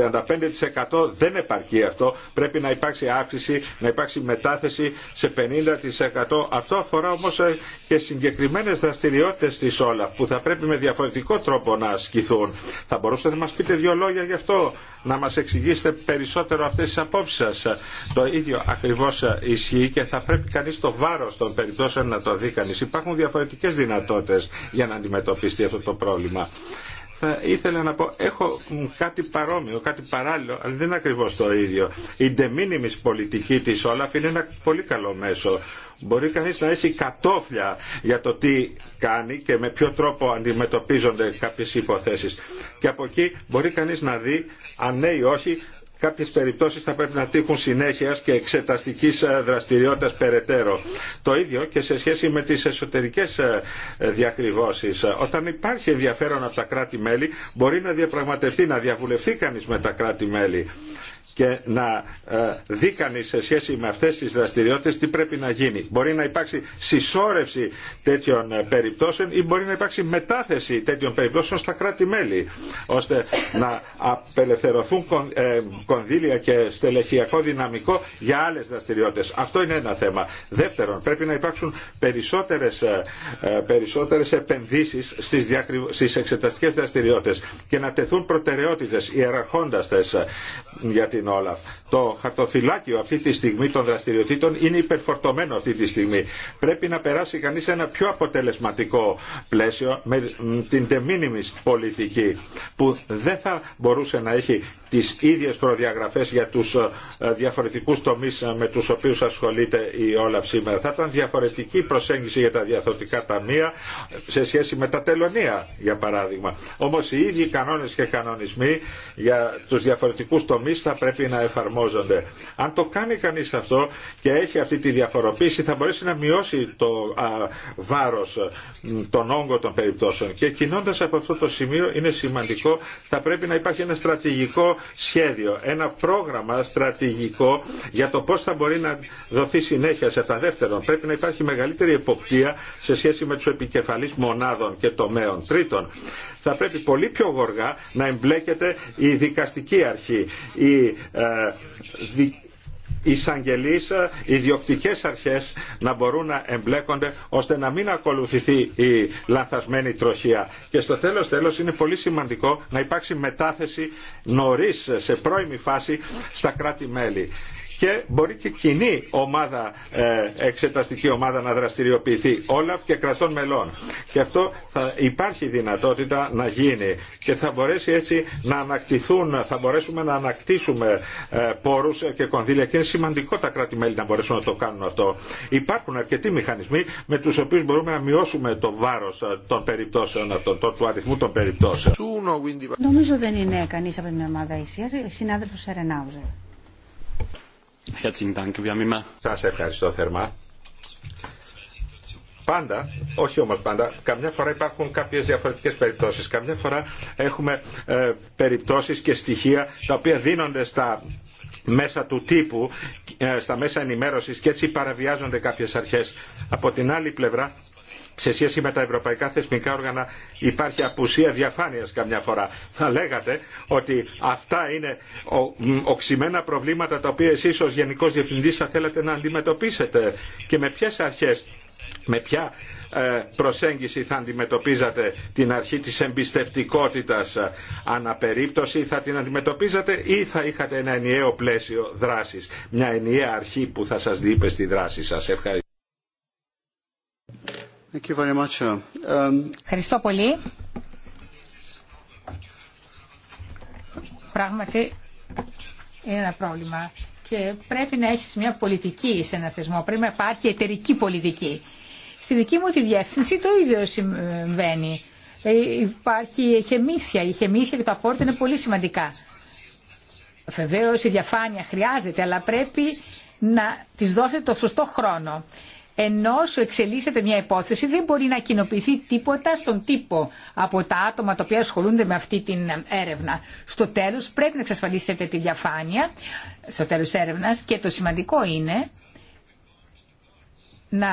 B: 35% δεν επαρκεί αυτό πρέπει να υπάρξει αύξηση να υπάρξει μετά διάθεση σε 50%. Αυτό αφορά όμως ε, και συγκεκριμένες δραστηριότητες τη Όλαφ που θα πρέπει με διαφορετικό τρόπο να ασκηθούν. Θα μπορούσατε να μας πείτε δύο λόγια γι' αυτό, να μας εξηγήσετε περισσότερο αυτές τις απόψεις σα Το ίδιο ακριβώς ε, ισχύει και θα πρέπει κανείς το βάρος των περιπτώσεων να το δει κανείς. Υπάρχουν διαφορετικές δυνατότητε για να αντιμετωπιστεί αυτό το πρόβλημα θα ήθελα να πω, έχω κάτι παρόμοιο, κάτι παράλληλο, αλλά δεν είναι ακριβώς το ίδιο. Η de πολιτική της Όλαφ είναι ένα πολύ καλό μέσο. Μπορεί κανείς να έχει κατόφλια για το τι κάνει και με ποιο τρόπο αντιμετωπίζονται κάποιες υποθέσεις. Και από εκεί μπορεί κανείς να δει αν ναι ή όχι κάποιες περιπτώσεις θα πρέπει να τύχουν συνέχεια και εξεταστική ε, δραστηριότητα περαιτέρω. Το ίδιο και σε σχέση με τις εσωτερικές ε, διακριβώσει. Όταν υπάρχει ενδιαφέρον από τα κράτη-μέλη μπορεί να διαπραγματευτεί, να διαβουλευτεί κανεί με τα κράτη-μέλη και να ε, δει κανεί σε σχέση με αυτές τις δραστηριότητες τι πρέπει να γίνει. Μπορεί να υπάρξει συσσόρευση τέτοιων ε, περιπτώσεων ή μπορεί να υπάρξει μετάθεση τέτοιων περιπτώσεων στα κράτη-μέλη ώστε να απελευθερωθούν ε, κονδύλια και στελεχειακό δυναμικό για άλλες δραστηριότητες. Αυτό είναι ένα θέμα. Δεύτερον, πρέπει να υπάρξουν περισσότερες, περισσότερες επενδύσεις στις, δραστηριότητε εξεταστικές δραστηριότητες και να τεθούν προτεραιότητες ιεραρχώντας για την Όλαφ. Το χαρτοφυλάκιο αυτή τη στιγμή των δραστηριοτήτων είναι υπερφορτωμένο αυτή τη στιγμή. Πρέπει να περάσει κανείς ένα πιο αποτελεσματικό πλαίσιο με την τεμήνιμης πολιτική που δεν θα μπορούσε να έχει τις ίδιες προδιαγραφές για τους ε, διαφορετικούς τομείς ε, με τους οποίους ασχολείται η Όλαφ σήμερα. Θα ήταν διαφορετική προσέγγιση για τα διαθωτικά ταμεία σε σχέση με τα τελωνία, για παράδειγμα. Όμως οι ίδιοι κανόνες και κανονισμοί για τους διαφορετικούς τομείς πρέπει να εφαρμόζονται. Αν το κάνει κανείς αυτό και έχει αυτή τη διαφοροποίηση θα μπορέσει να μειώσει το βάρος, τον όγκο των περιπτώσεων. Και κινώντας από αυτό το σημείο είναι σημαντικό, θα πρέπει να υπάρχει ένα στρατηγικό σχέδιο, ένα πρόγραμμα στρατηγικό για το πώς θα μπορεί να δοθεί συνέχεια σε αυτά. Δεύτερον, πρέπει να υπάρχει μεγαλύτερη εποπτεία σε σχέση με τους επικεφαλείς μονάδων και τομέων. Τρίτον, θα πρέπει πολύ πιο γοργά να εμπλέκεται η δικαστική αρχή, η, ε, ε, οι διοκτικές αρχές να μπορούν να εμπλέκονται ώστε να μην ακολουθηθεί η λανθασμένη τροχία. Και στο τέλος τέλος είναι πολύ σημαντικό να υπάρξει μετάθεση νωρίς σε πρώιμη φάση στα κράτη-μέλη και μπορεί και κοινή ομάδα, ε, εξεταστική ομάδα να δραστηριοποιηθεί Όλαφ και κρατών μελών. Και αυτό θα υπάρχει δυνατότητα να γίνει και θα μπορέσει έτσι να ανακτηθούν, θα μπορέσουμε να ανακτήσουμε ε, πόρου και κονδύλια και είναι σημαντικό τα κράτη-μέλη να μπορέσουν να το κάνουν αυτό. Υπάρχουν αρκετοί μηχανισμοί με του οποίου μπορούμε να μειώσουμε το βάρο ε, των περιπτώσεων αυτών, του αριθμού των περιπτώσεων.
D: Νομίζω δεν είναι κανεί από την ομάδα ΙΣΙΑΡ, συνάδελφο Σερενάουζερ.
B: Σας ευχαριστώ θερμά. Πάντα, όχι όμως πάντα, καμιά φορά υπάρχουν κάποιες διαφορετικές περιπτώσεις. Καμιά φορά έχουμε ε, περιπτώσεις και στοιχεία τα οποία δίνονται στα μέσα του τύπου, ε, στα μέσα ενημέρωσης και έτσι παραβιάζονται κάποιες αρχές. Από την άλλη πλευρά σε σχέση με τα ευρωπαϊκά θεσμικά όργανα υπάρχει απουσία διαφάνειας καμιά φορά. Θα λέγατε ότι αυτά είναι οξυμένα προβλήματα τα οποία εσείς ως Γενικός Διευθυντής θα θέλατε να αντιμετωπίσετε και με ποιες αρχές με ποια ε, προσέγγιση θα αντιμετωπίζατε την αρχή της εμπιστευτικότητας ε, αναπερίπτωση θα την αντιμετωπίζατε ή θα είχατε ένα ενιαίο πλαίσιο δράσης μια ενιαία αρχή που θα σας διείπε στη δράση σας. Ευχαριστώ. Um,
C: Ευχαριστώ πολύ. Πράγματι είναι ένα πρόβλημα και πρέπει να έχεις μια πολιτική σε ένα θεσμό, πρέπει να υπάρχει εταιρική πολιτική. Στη δική μου τη διεύθυνση το ίδιο συμβαίνει. Ε, υπάρχει η χεμήθεια, η χεμήθεια και το απόρριτο είναι πολύ σημαντικά. Βεβαίω η διαφάνεια χρειάζεται, αλλά πρέπει να τη δώσετε το σωστό χρόνο ενώ σου εξελίσσεται μια υπόθεση δεν μπορεί να κοινοποιηθεί τίποτα στον τύπο από τα άτομα τα οποία ασχολούνται με αυτή την έρευνα. Στο τέλος πρέπει να εξασφαλίσετε τη διαφάνεια στο τέλος έρευνας και το σημαντικό είναι να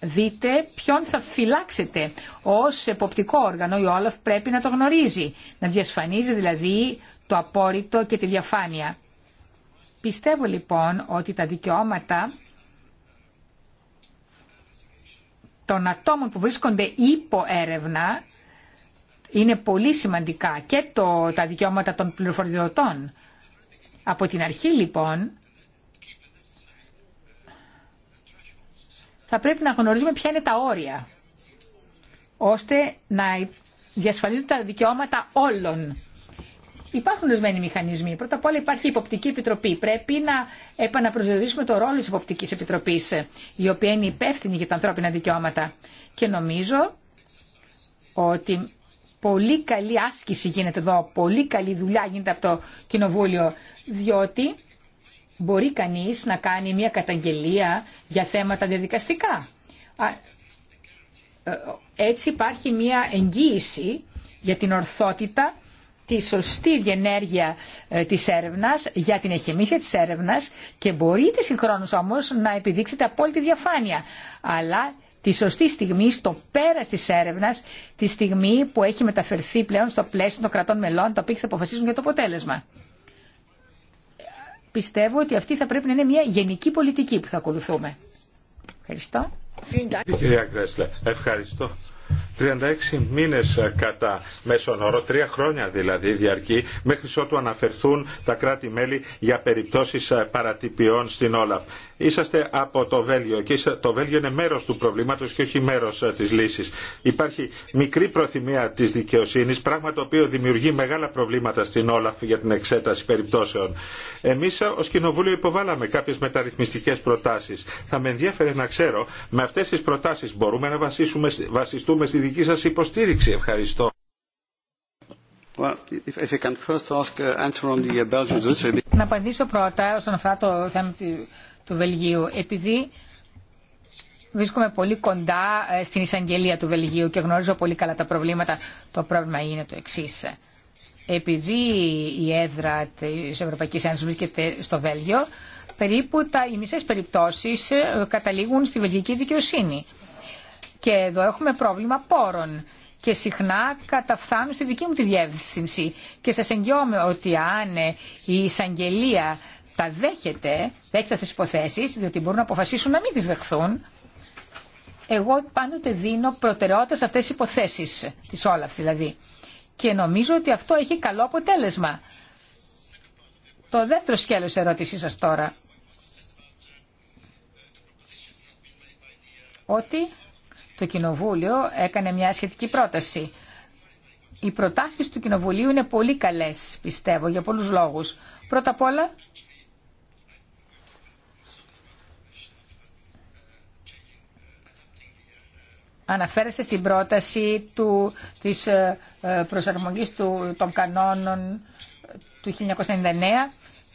C: δείτε ποιον θα φυλάξετε ως εποπτικό όργανο η Όλαφ πρέπει να το γνωρίζει να διασφανίζει δηλαδή το απόρριτο και τη διαφάνεια πιστεύω λοιπόν ότι τα δικαιώματα των ατόμων που βρίσκονται υπό έρευνα είναι πολύ σημαντικά και το, τα δικαιώματα των πληροφοριοδοτών. Από την αρχή λοιπόν θα πρέπει να γνωρίζουμε ποια είναι τα όρια ώστε να διασφαλίζουν τα δικαιώματα όλων Υπάρχουν ορισμένοι μηχανισμοί. Πρώτα απ' όλα υπάρχει η Υποπτική Επιτροπή. Πρέπει να επαναπροσδιορίσουμε το ρόλο τη Υποπτική Επιτροπή, η οποία είναι υπεύθυνη για τα ανθρώπινα δικαιώματα. Και νομίζω ότι πολύ καλή άσκηση γίνεται εδώ, πολύ καλή δουλειά γίνεται από το Κοινοβούλιο, διότι μπορεί κανείς να κάνει μια καταγγελία για θέματα διαδικαστικά. Ε, ε, έτσι υπάρχει μια εγγύηση για την ορθότητα τη σωστή διενέργεια ε, της έρευνας για την εχεμήθεια της έρευνας και μπορείτε συγχρόνως όμως να επιδείξετε απόλυτη διαφάνεια αλλά τη σωστή στιγμή στο πέρα της έρευνας τη στιγμή που έχει μεταφερθεί πλέον στο πλαίσιο των κρατών μελών, τα οποία θα αποφασίσουν για το αποτέλεσμα. Πιστεύω ότι αυτή θα πρέπει να είναι μια γενική πολιτική που θα ακολουθούμε. Ευχαριστώ.
B: ευχαριστώ. 36 μήνες ε, κατά μέσον όρο, τρία χρόνια δηλαδή διαρκεί, μέχρι ότου αναφερθούν τα κράτη-μέλη για περιπτώσεις ε, παρατυπιών στην Όλαφ. Είσαστε από το Βέλγιο και το Βέλγιο είναι μέρος του προβλήματος και όχι μέρος ε, της λύσης. Υπάρχει μικρή προθυμία της δικαιοσύνης, πράγμα το οποίο δημιουργεί μεγάλα προβλήματα στην Όλαφ για την εξέταση περιπτώσεων. Εμείς ως Κοινοβούλιο υποβάλαμε κάποιες μεταρρυθμιστικές προτάσεις. Θα με ενδιαφέρει να ξέρω με αυτές τις προτάσεις μπορούμε να βασιστούμε στη δική σας υποστήριξη. Ευχαριστώ. Uh, uh,
A: Να
C: απαντήσω πρώτα όσον αφορά το θέμα του Βελγίου. Επειδή βρίσκομαι πολύ κοντά ε, στην εισαγγελία του Βελγίου και γνωρίζω πολύ καλά τα προβλήματα, το πρόβλημα είναι το εξή. Επειδή η έδρα της Ευρωπαϊκής Ένωσης βρίσκεται στο Βέλγιο, περίπου τα, οι μισές περιπτώσεις ε, καταλήγουν στη βελγική δικαιοσύνη. Και εδώ έχουμε πρόβλημα πόρων και συχνά καταφθάνουν στη δική μου τη διεύθυνση. Και σας εγγυώμαι ότι αν ε, η εισαγγελία τα δέχεται, δέχεται αυτές τις υποθέσεις, διότι μπορούν να αποφασίσουν να μην τις δεχθούν, εγώ πάντοτε δίνω προτεραιότητα σε αυτές τις υποθέσεις, τις όλα δηλαδή. Και νομίζω ότι αυτό έχει καλό αποτέλεσμα. Το δεύτερο σκέλος ερώτησής σας τώρα. Ότι το Κοινοβούλιο έκανε μια σχετική πρόταση. Οι προτάσεις του Κοινοβουλίου είναι πολύ καλές, πιστεύω, για πολλούς λόγους. Πρώτα απ' όλα, αναφέρεται στην πρόταση του, της ε, ε, προσαρμογής του, των κανόνων του 1999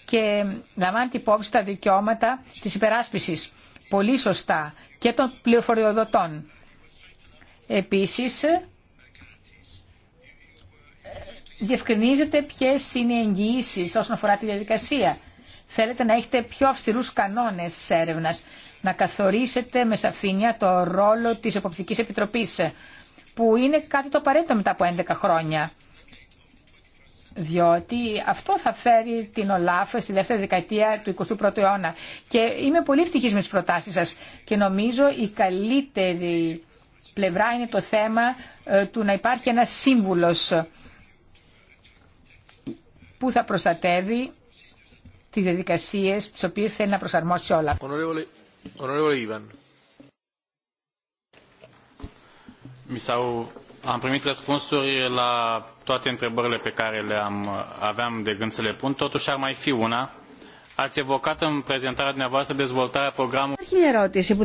C: και λαμβάνει υπόψη τα δικαιώματα της υπεράσπισης πολύ σωστά και των πληροφοριοδοτών Επίσης, ε, διευκρινίζεται ποιες είναι οι εγγυήσει όσον αφορά τη διαδικασία. Θέλετε να έχετε πιο αυστηρούς κανόνες έρευνας, να καθορίσετε με σαφήνεια το ρόλο της Εποπτικής Επιτροπής, που είναι κάτι το απαραίτητο μετά από 11 χρόνια διότι αυτό θα φέρει την ΟΛΑΦ στη δεύτερη δεκαετία του 21ου αιώνα. Και είμαι πολύ ευτυχής με τις προτάσεις σας και νομίζω η καλύτερη πλευρά είναι το θέμα ε, του να υπάρχει ένα σύμβουλος που θα προστατεύει τις διαδικασίες τις οποίες θέλει να προσαρμόσει όλα.
B: Υπάρχει μια ερώτηση που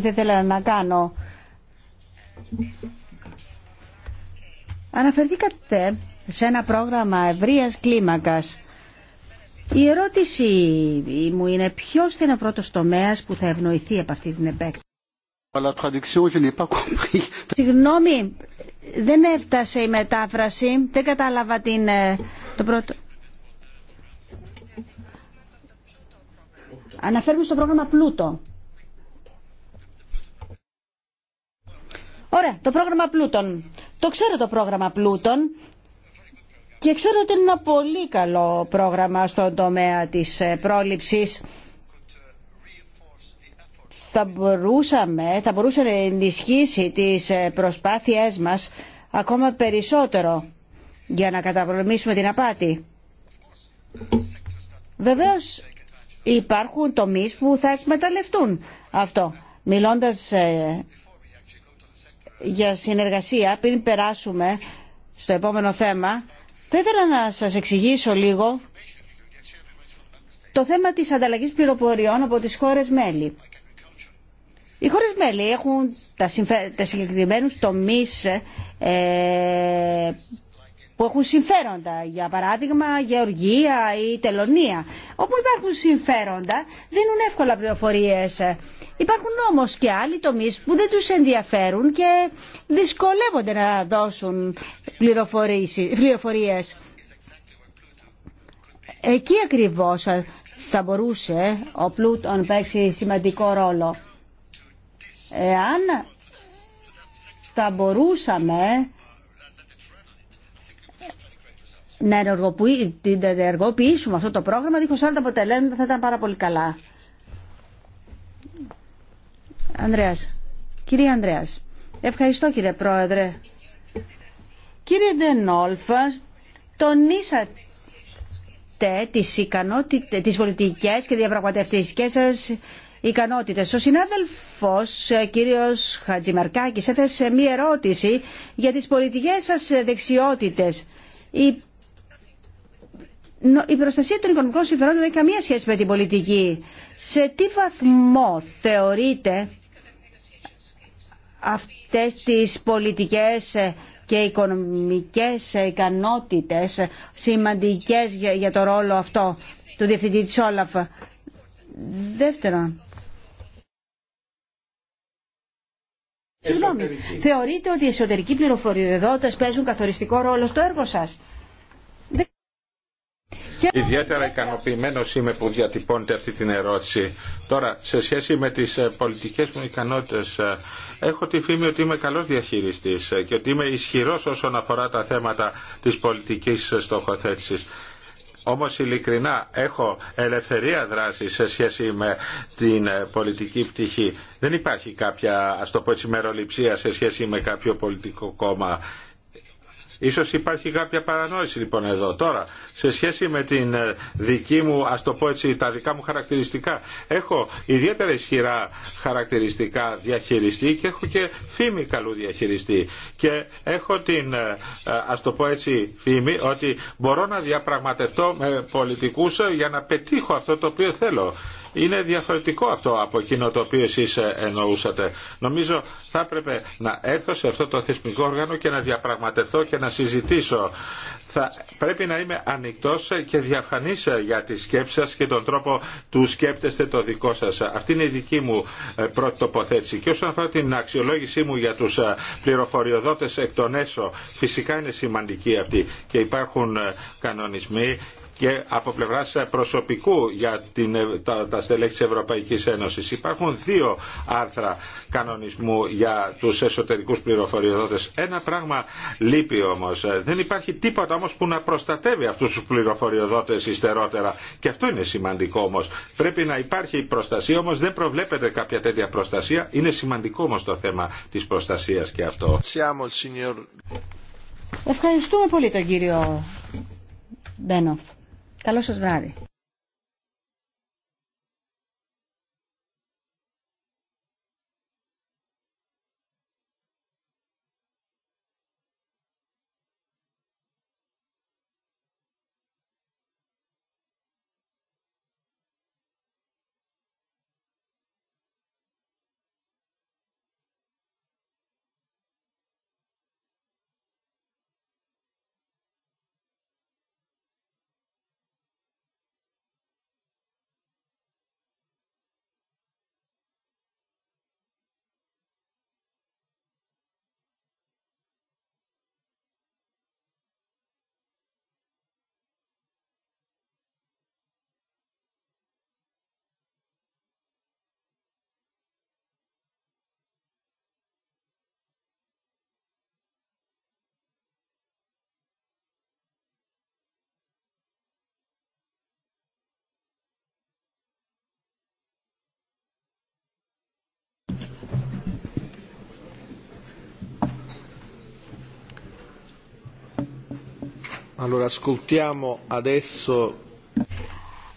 D: θα ήθελα να κάνω. Αναφερθήκατε σε ένα πρόγραμμα ευρείας κλίμακας. Η ερώτηση μου είναι ποιος είναι ο πρώτος τομέας που θα ευνοηθεί από αυτή την επέκταση. Συγγνώμη, δεν έφτασε η μετάφραση, δεν κατάλαβα την, ε, το πρώτο. Αναφέρουμε στο πρόγραμμα Πλούτο. Ωραία, το πρόγραμμα Πλούτων. Το ξέρω το πρόγραμμα Πλούτων και ξέρω ότι είναι ένα πολύ καλό πρόγραμμα στον τομέα της ε, πρόληψης. Θα, μπορούσαμε, θα μπορούσε να ενισχύσει τις ε, προσπάθειές μας ακόμα περισσότερο για να καταπολεμήσουμε την απάτη. Βεβαίως υπάρχουν τομείς που θα εκμεταλλευτούν αυτό. Μιλώντας ε, για συνεργασία πριν περάσουμε στο επόμενο θέμα θα ήθελα να σας εξηγήσω λίγο το θέμα της ανταλλαγής πληροφοριών από τις χώρες μέλη. Οι χώρες μέλη έχουν τα, συγκεκριμένους τομείς ε, που έχουν συμφέροντα, για παράδειγμα γεωργία ή τελωνία. Όπου υπάρχουν συμφέροντα δίνουν εύκολα πληροφορίες. Υπάρχουν όμως και άλλοι τομείς που δεν τους ενδιαφέρουν και δυσκολεύονται να δώσουν πληροφορίες. Εκεί ακριβώς θα μπορούσε ο Πλούτον να παίξει σημαντικό ρόλο. Εάν θα μπορούσαμε να ενεργοποιήσουμε αυτό το πρόγραμμα δίχως άλλα τα αποτελέσματα θα ήταν πάρα πολύ καλά. Ανδρέας. Κύριε Ανδρέας. Ευχαριστώ κύριε Πρόεδρε. Κύριε Ντενόλφα, τονίσατε τις, ικανότητες, τις πολιτικές και διαπραγματευτικές σας ικανότητες. Ο συνάδελφος ε, κύριος Χατζημαρκάκης έθεσε μία ερώτηση για τις πολιτικές σας δεξιότητες. Η η προστασία των οικονομικών συμφερόντων δεν έχει καμία σχέση με την πολιτική. Σε τι βαθμό θεωρείτε αυτές τις πολιτικές και οικονομικές ικανότητες σημαντικές για το ρόλο αυτό του Διευθυντή της Όλαφ. Δεύτερον, Συγγνώμη, θεωρείτε ότι οι εσωτερικοί πληροφοριοδότες παίζουν καθοριστικό ρόλο στο έργο σας.
B: Ιδιαίτερα ικανοποιημένο είμαι που διατυπώνετε αυτή την ερώτηση. Τώρα, σε σχέση με τι ε, πολιτικέ μου ικανότητε, ε, έχω τη φήμη ότι είμαι καλό διαχειριστή ε, και ότι είμαι ισχυρό όσον αφορά τα θέματα τη πολιτική στοχοθέτηση. Όμως ειλικρινά έχω ελευθερία δράση σε σχέση με την πολιτική πτυχή. Δεν υπάρχει κάποια, α το πω έτσι, μεροληψία σε σχέση με κάποιο πολιτικό κόμμα Ίσως υπάρχει κάποια παρανόηση λοιπόν εδώ. Τώρα, σε σχέση με την ε, δική μου, ας το πω έτσι, τα δικά μου χαρακτηριστικά, έχω ιδιαίτερα ισχυρά χαρακτηριστικά διαχειριστή και έχω και φήμη καλού διαχειριστή. Και έχω την, ε, ε, ας το πω έτσι, φήμη ότι μπορώ να διαπραγματευτώ με πολιτικούς για να πετύχω αυτό το οποίο θέλω είναι διαφορετικό αυτό από εκείνο το οποίο εσείς ε, εννοούσατε. Νομίζω θα έπρεπε να έρθω σε αυτό το θεσμικό όργανο και να διαπραγματευτώ και να συζητήσω. Θα πρέπει να είμαι ανοιχτό και διαφανής ε, για τη σκέψη σας και τον τρόπο του σκέπτεστε το δικό σας. Αυτή είναι η δική μου ε, πρώτη τοποθέτηση. Και όσον αφορά την αξιολόγησή μου για τους πληροφοριοδότες εκ των έσω, φυσικά είναι σημαντική αυτή και υπάρχουν κανονισμοί και από πλευρά προσωπικού για την, τα, τα στελέχη της Ευρωπαϊκής Ένωσης. Υπάρχουν δύο άρθρα κανονισμού για τους εσωτερικούς πληροφοριοδότες. Ένα πράγμα λείπει όμως. Δεν υπάρχει τίποτα όμως που να προστατεύει αυτούς τους πληροφοριοδότες υστερότερα. Και αυτό είναι σημαντικό όμως. Πρέπει να υπάρχει προστασία όμω δεν προβλέπεται κάποια τέτοια προστασία. Είναι σημαντικό όμω το θέμα τη προστασία και αυτό.
D: Ευχαριστούμε πολύ τον κύριο Μπένοφ. Καλό σας βράδυ.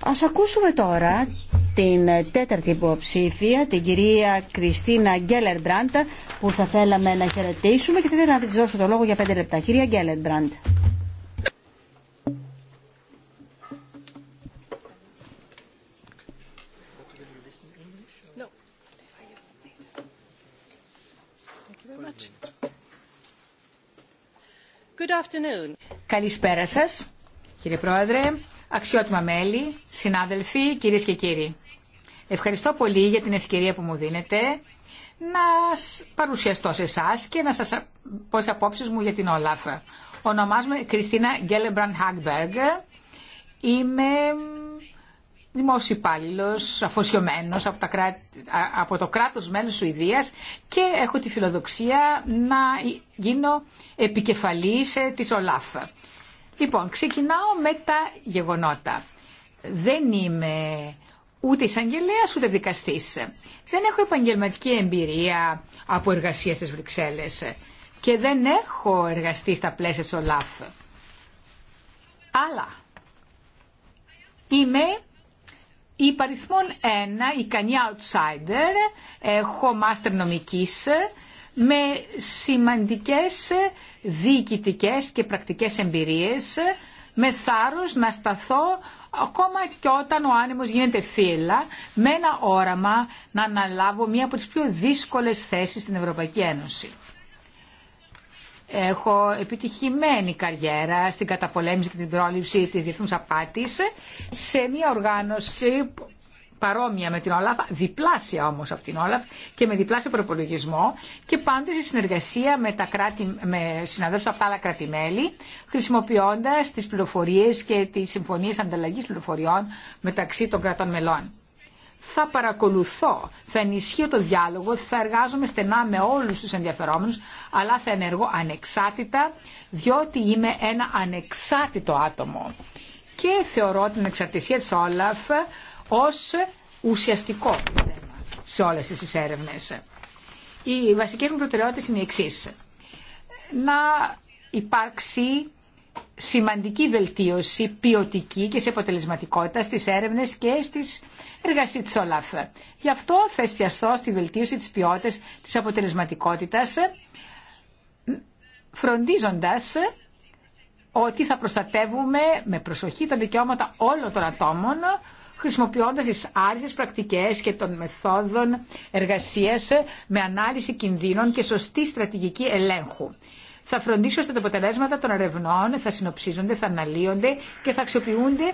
D: Ας ακούσουμε τώρα την τέταρτη υποψήφια, την κυρία Κριστίνα Γκέλερμπραντ, που θα θέλαμε να χαιρετήσουμε και θα ήθελα να της δώσω το λόγο για πέντε λεπτά. Κυρία Γκέλερμπραντ.
B: Good
C: afternoon. Καλησπέρα σας, κύριε Πρόεδρε, αξιότιμα μέλη, συνάδελφοι, κυρίες και κύριοι. Ευχαριστώ πολύ για την ευκαιρία που μου δίνετε να παρουσιαστώ σε εσά και να σας πω τις απόψεις μου για την Όλαφ. Ονομάζομαι Κριστίνα Γκέλεμπραν Χάγκμπεργκ. Είμαι δημόσιο υπάλληλο, αφοσιωμένο από, από το κράτος μέλος Σουηδία και έχω τη φιλοδοξία να γίνω επικεφαλής ε, της ΟΛΑΦ. Λοιπόν, ξεκινάω με τα γεγονότα. Δεν είμαι ούτε εισαγγελέα ούτε δικαστή. Δεν έχω επαγγελματική εμπειρία από εργασία στι Βρυξέλλε και δεν έχω εργαστεί στα πλαίσια τη ΟΛΑΦ. Αλλά είμαι Υπαριθμόν ένα, ικανή outsider, έχω μάστερ νομικής, με σημαντικές διοικητικές και πρακτικές εμπειρίες, με θάρρος να σταθώ ακόμα και όταν ο άνεμος γίνεται θύλα, με ένα όραμα να αναλάβω μία από τις πιο δύσκολες θέσεις στην Ευρωπαϊκή Ένωση. Έχω επιτυχημένη καριέρα στην καταπολέμηση και την πρόληψη της διεθνούς απάτης σε μια οργάνωση παρόμοια με την Όλαφ, διπλάσια όμως από την Όλαφ και με διπλάσιο προπολογισμό και πάντως σε συνεργασία με, τα κράτη, με συναδέλφους από τα άλλα κράτη-μέλη χρησιμοποιώντας τις πληροφορίες και τις συμφωνίες ανταλλαγής πληροφοριών μεταξύ των κρατών μελών θα παρακολουθώ, θα ενισχύω το διάλογο, θα εργάζομαι στενά με όλους τους ενδιαφερόμενους, αλλά θα ενεργώ ανεξάρτητα, διότι είμαι ένα ανεξάρτητο άτομο. Και θεωρώ την εξαρτησία της Όλαφ ως ουσιαστικό θέμα σε όλες τις έρευνες. Οι βασικές μου προτεραιότητες είναι οι εξής. Να υπάρξει σημαντική βελτίωση ποιοτική και σε αποτελεσματικότητα στις έρευνες και στις εργασίες της ΟΛΑΦ. Γι' αυτό θα εστιαστώ στη βελτίωση της ποιότητας της αποτελεσματικότητας φροντίζοντας ότι θα προστατεύουμε με προσοχή τα δικαιώματα όλων των ατόμων χρησιμοποιώντας τις άριστες πρακτικές και των μεθόδων εργασίας με ανάλυση κινδύνων και σωστή στρατηγική ελέγχου. Θα φροντίσω ώστε τα αποτελέσματα των ερευνών θα συνοψίζονται, θα αναλύονται και θα αξιοποιούνται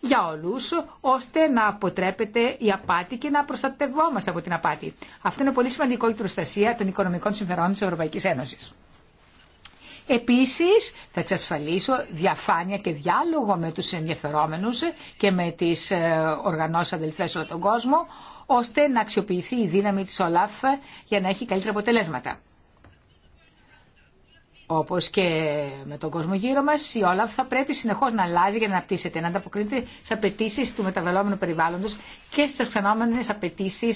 C: για όλου, ώστε να αποτρέπεται η απάτη και να προστατευόμαστε από την απάτη. Αυτό είναι πολύ σημαντικό η προστασία των οικονομικών συμφερόντων τη Ευρωπαϊκή Ένωση. Επίση, θα εξασφαλίσω διαφάνεια και διάλογο με του ενδιαφερόμενους και με τις ε, οργανώσει αδελφέ όλο τον κόσμο, ώστε να αξιοποιηθεί η δύναμη τη ΟΛΑΦ για να έχει καλύτερα αποτελέσματα. Όπω και με τον κόσμο γύρω μας, η Όλαφ θα πρέπει συνεχώ να αλλάζει για να αναπτύσσεται, να ανταποκρίνεται στι απαιτήσει του μεταβαλλόμενου περιβάλλοντο και στι αυξανόμενε απαιτήσει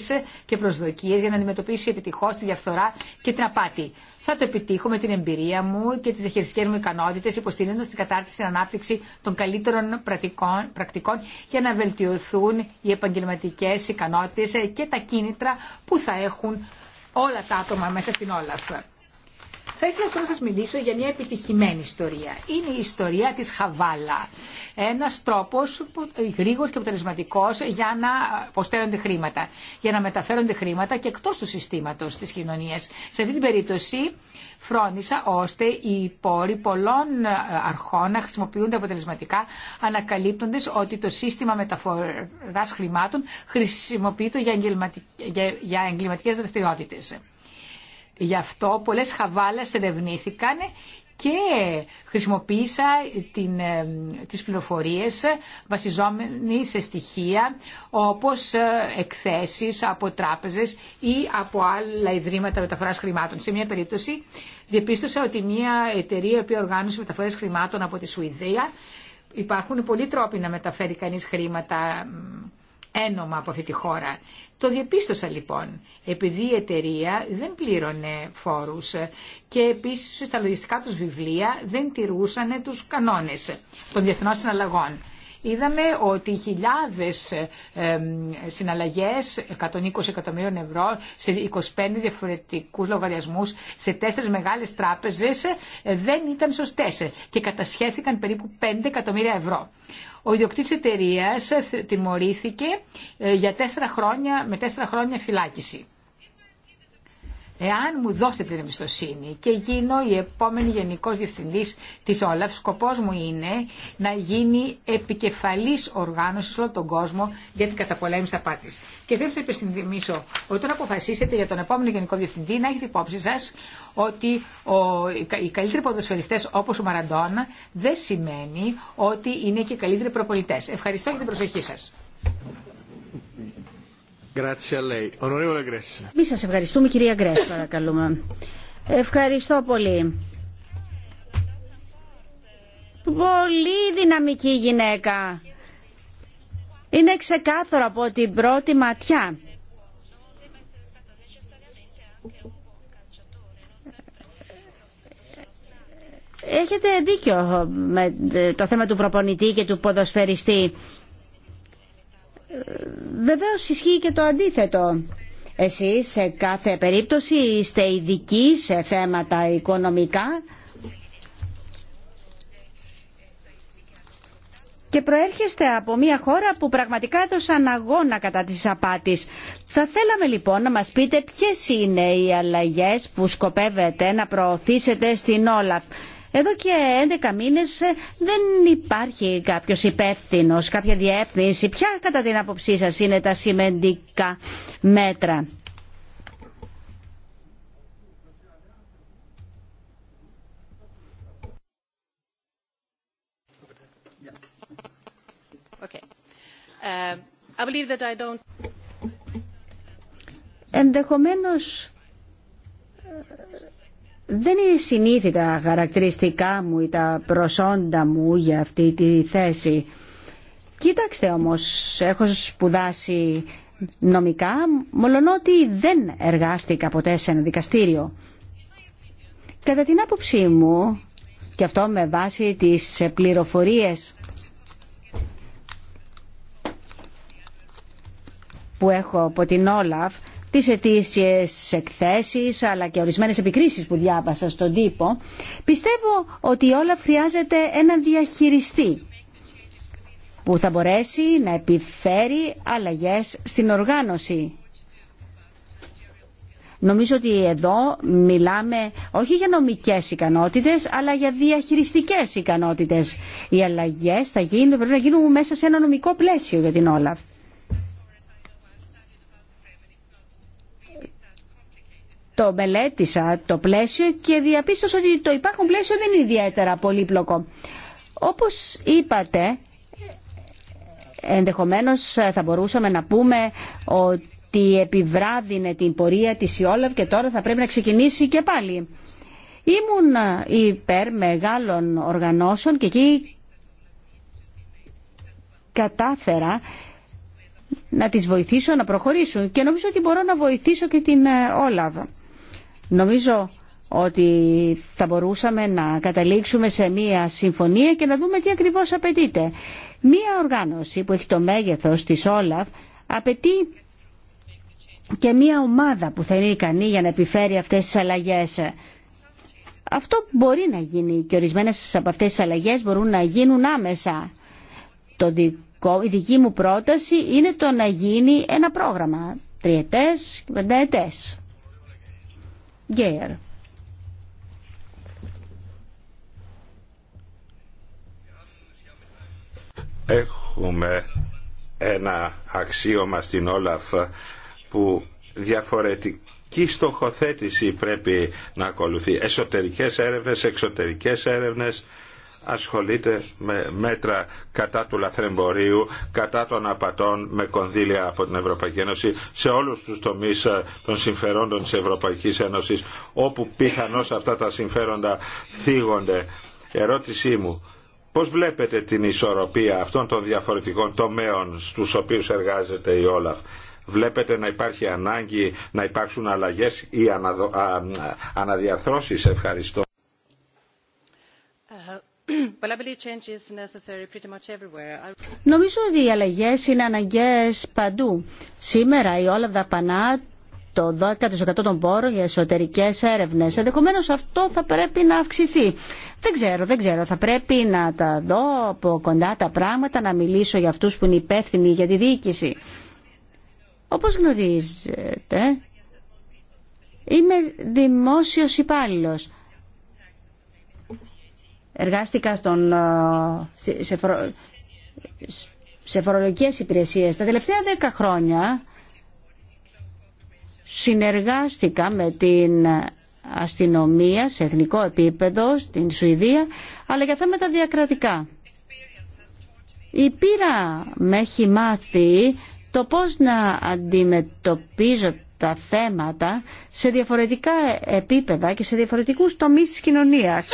C: και προσδοκίε για να αντιμετωπίσει επιτυχώ τη διαφθορά και την απάτη. Θα το επιτύχω με την εμπειρία μου και τι διαχειριστικέ μου ικανότητε, υποστηρίζοντα την κατάρτιση και την ανάπτυξη των καλύτερων πρακτικών, για να βελτιωθούν οι επαγγελματικέ ικανότητε και τα κίνητρα που θα έχουν όλα τα άτομα μέσα στην Όλαφ. Θα ήθελα τώρα να σας μιλήσω για μια επιτυχημένη ιστορία. Είναι η ιστορία της Χαβάλα. Ένας τρόπος γρήγορος και αποτελεσματικός για να αποστέλλονται χρήματα, για να μεταφέρονται χρήματα και εκτός του συστήματος της κοινωνίας. Σε αυτή την περίπτωση φρόνησα ώστε οι πόροι πολλών ε, αρχών να χρησιμοποιούνται αποτελεσματικά ανακαλύπτοντας ότι το σύστημα μεταφοράς χρημάτων χρησιμοποιείται για, εγκληματικέ για εγκληματικές δραστηριότητες. Γι' αυτό πολλές χαβάλες ερευνήθηκαν και χρησιμοποίησα την, ε, τις πληροφορίες βασιζόμενοι σε στοιχεία όπως ε, εκθέσεις από τράπεζες ή από άλλα ιδρύματα μεταφοράς χρημάτων. Σε μια περίπτωση διαπίστωσα ότι μια εταιρεία η οποία οργάνωσε μεταφορές χρημάτων από τη Σουηδία υπάρχουν πολλοί τρόποι να μεταφέρει κανείς χρήματα ένομα από αυτή τη χώρα. Το διαπίστωσα λοιπόν, επειδή η εταιρεία δεν πλήρωνε φόρους και επίσης στα λογιστικά τους βιβλία δεν τηρούσαν τους κανόνες των διεθνών συναλλαγών. Είδαμε ότι χιλιάδες συναλλαγές, 120 εκατομμύριων ευρώ, σε 25 διαφορετικούς λογαριασμούς, σε τέσσερις μεγάλες τράπεζες, ε, δεν ήταν σωστές και κατασχέθηκαν περίπου 5 εκατομμύρια ευρώ. Ο ιδιοκτήτη εταιρεία τιμωρήθηκε ε, για τέσσερα χρόνια, με τέσσερα χρόνια φυλάκιση. Εάν μου δώσετε την εμπιστοσύνη και γίνω η επόμενη Γενικός Διευθυντής της Όλαφ, σκοπός μου είναι να γίνει επικεφαλής οργάνωση σε όλο τον κόσμο για την καταπολέμηση απάτης. Και δεν σα υπενθυμίσω ότι όταν αποφασίσετε για τον επόμενο Γενικό Διευθυντή να έχετε υπόψη σας ότι ο, οι καλύτεροι ποδοσφαιριστές όπω ο Μαραντόνα δεν σημαίνει ότι είναι και οι καλύτεροι προπολιτέ. Ευχαριστώ για την προσοχή σα.
D: Μη σα ευχαριστούμε, κυρία Γκρέσ, παρακαλούμε. Ευχαριστώ πολύ. Πολύ δυναμική γυναίκα. Είναι ξεκάθαρο από την πρώτη ματιά. Έχετε δίκιο με το θέμα του προπονητή και του ποδοσφαιριστή. Βεβαίως ισχύει και το αντίθετο. Εσείς σε κάθε περίπτωση είστε ειδικοί σε θέματα οικονομικά και προέρχεστε από μια χώρα που πραγματικά έδωσαν αγώνα κατά της απάτης. Θα θέλαμε λοιπόν να μας πείτε ποιες είναι οι αλλαγές που σκοπεύετε να προωθήσετε στην Όλαφ εδώ και 11 μήνες ε, δεν υπάρχει κάποιος υπεύθυνο, κάποια διεύθυνση. Ποια κατά την άποψή σας είναι τα σημαντικά μέτρα.
C: Okay. Uh, I believe that I don't...
D: Ενδεχομένως δεν είναι συνήθιτα τα χαρακτηριστικά μου ή τα προσόντα μου για αυτή τη θέση. Κοίταξτε όμως, έχω σπουδάσει νομικά, μολονότι δεν εργάστηκα ποτέ σε ένα δικαστήριο. Κατά την άποψή μου, και αυτό με βάση τις πληροφορίες που έχω από την Όλαφ, τι αιτήσιε εκθέσεις αλλά και ορισμένες επικρίσεις που διάβασα στον τύπο, πιστεύω ότι όλα χρειάζεται έναν διαχειριστή που θα μπορέσει να επιφέρει αλλαγές στην οργάνωση. Νομίζω ότι εδώ μιλάμε όχι για νομικές ικανότητες, αλλά για διαχειριστικές ικανότητες. Οι αλλαγές θα γίνουν, πρέπει να γίνουν μέσα σε ένα νομικό πλαίσιο για την Όλαφ. το μελέτησα το πλαίσιο και διαπίστωσα ότι το υπάρχον πλαίσιο δεν είναι ιδιαίτερα πολύπλοκο. Όπως είπατε, ενδεχομένως θα μπορούσαμε να πούμε ότι επιβράδυνε την πορεία της Ιόλαβ και τώρα θα πρέπει να ξεκινήσει και πάλι. Ήμουν υπέρ μεγάλων οργανώσεων και εκεί κατάφερα να τις βοηθήσω να προχωρήσουν και νομίζω ότι μπορώ να βοηθήσω και την ε, Όλαβ. Νομίζω ότι θα μπορούσαμε να καταλήξουμε σε μία συμφωνία και να δούμε τι ακριβώς απαιτείται. Μία οργάνωση που έχει το μέγεθος της Όλαβ απαιτεί και μία ομάδα που θα είναι ικανή για να επιφέρει αυτές τις αλλαγές. Αυτό μπορεί να γίνει και ορισμένες από αυτές τις αλλαγές μπορούν να γίνουν άμεσα. Το η δική μου πρόταση είναι το να γίνει ένα πρόγραμμα τριετές και πενταετές.
B: Έχουμε ένα αξίωμα στην Όλαφ που διαφορετική στοχοθέτηση πρέπει να ακολουθεί. Εσωτερικές έρευνες, εξωτερικές έρευνες, ασχολείται με μέτρα κατά του λαθρεμπορίου, κατά των απατών με κονδύλια από την Ευρωπαϊκή Ένωση σε όλους τους τομείς ε, των συμφερόντων της Ευρωπαϊκής Ένωσης όπου πιθανώς αυτά τα συμφέροντα θίγονται. Ερώτησή μου, πώς βλέπετε την ισορροπία αυτών των διαφορετικών τομέων στους οποίους εργάζεται η Όλαφ βλέπετε να υπάρχει ανάγκη να υπάρξουν αλλαγές ή αναδιαρθρώσεις. Ευχαριστώ.
D: Νομίζω ότι οι αλλαγέ είναι αναγκαίε παντού. Σήμερα η όλα δαπανά το 12% των πόρων για εσωτερικέ έρευνε. Ενδεχομένω αυτό θα πρέπει να αυξηθεί. Δεν ξέρω, δεν ξέρω. Θα πρέπει να τα δω από κοντά τα πράγματα, να μιλήσω για αυτού που είναι υπεύθυνοι για τη διοίκηση. Όπω γνωρίζετε, είμαι δημόσιο υπάλληλο εργάστηκα στον, ε, σε, φορο, σε φορολογικές υπηρεσίες. Τα τελευταία δέκα χρόνια συνεργάστηκα με την αστυνομία σε εθνικό επίπεδο στην Σουηδία, αλλά για θέματα διακρατικά. Η πείρα με έχει μάθει το πώς να αντιμετωπίζω τα θέματα σε διαφορετικά επίπεδα και σε διαφορετικούς τομείς της κοινωνίας.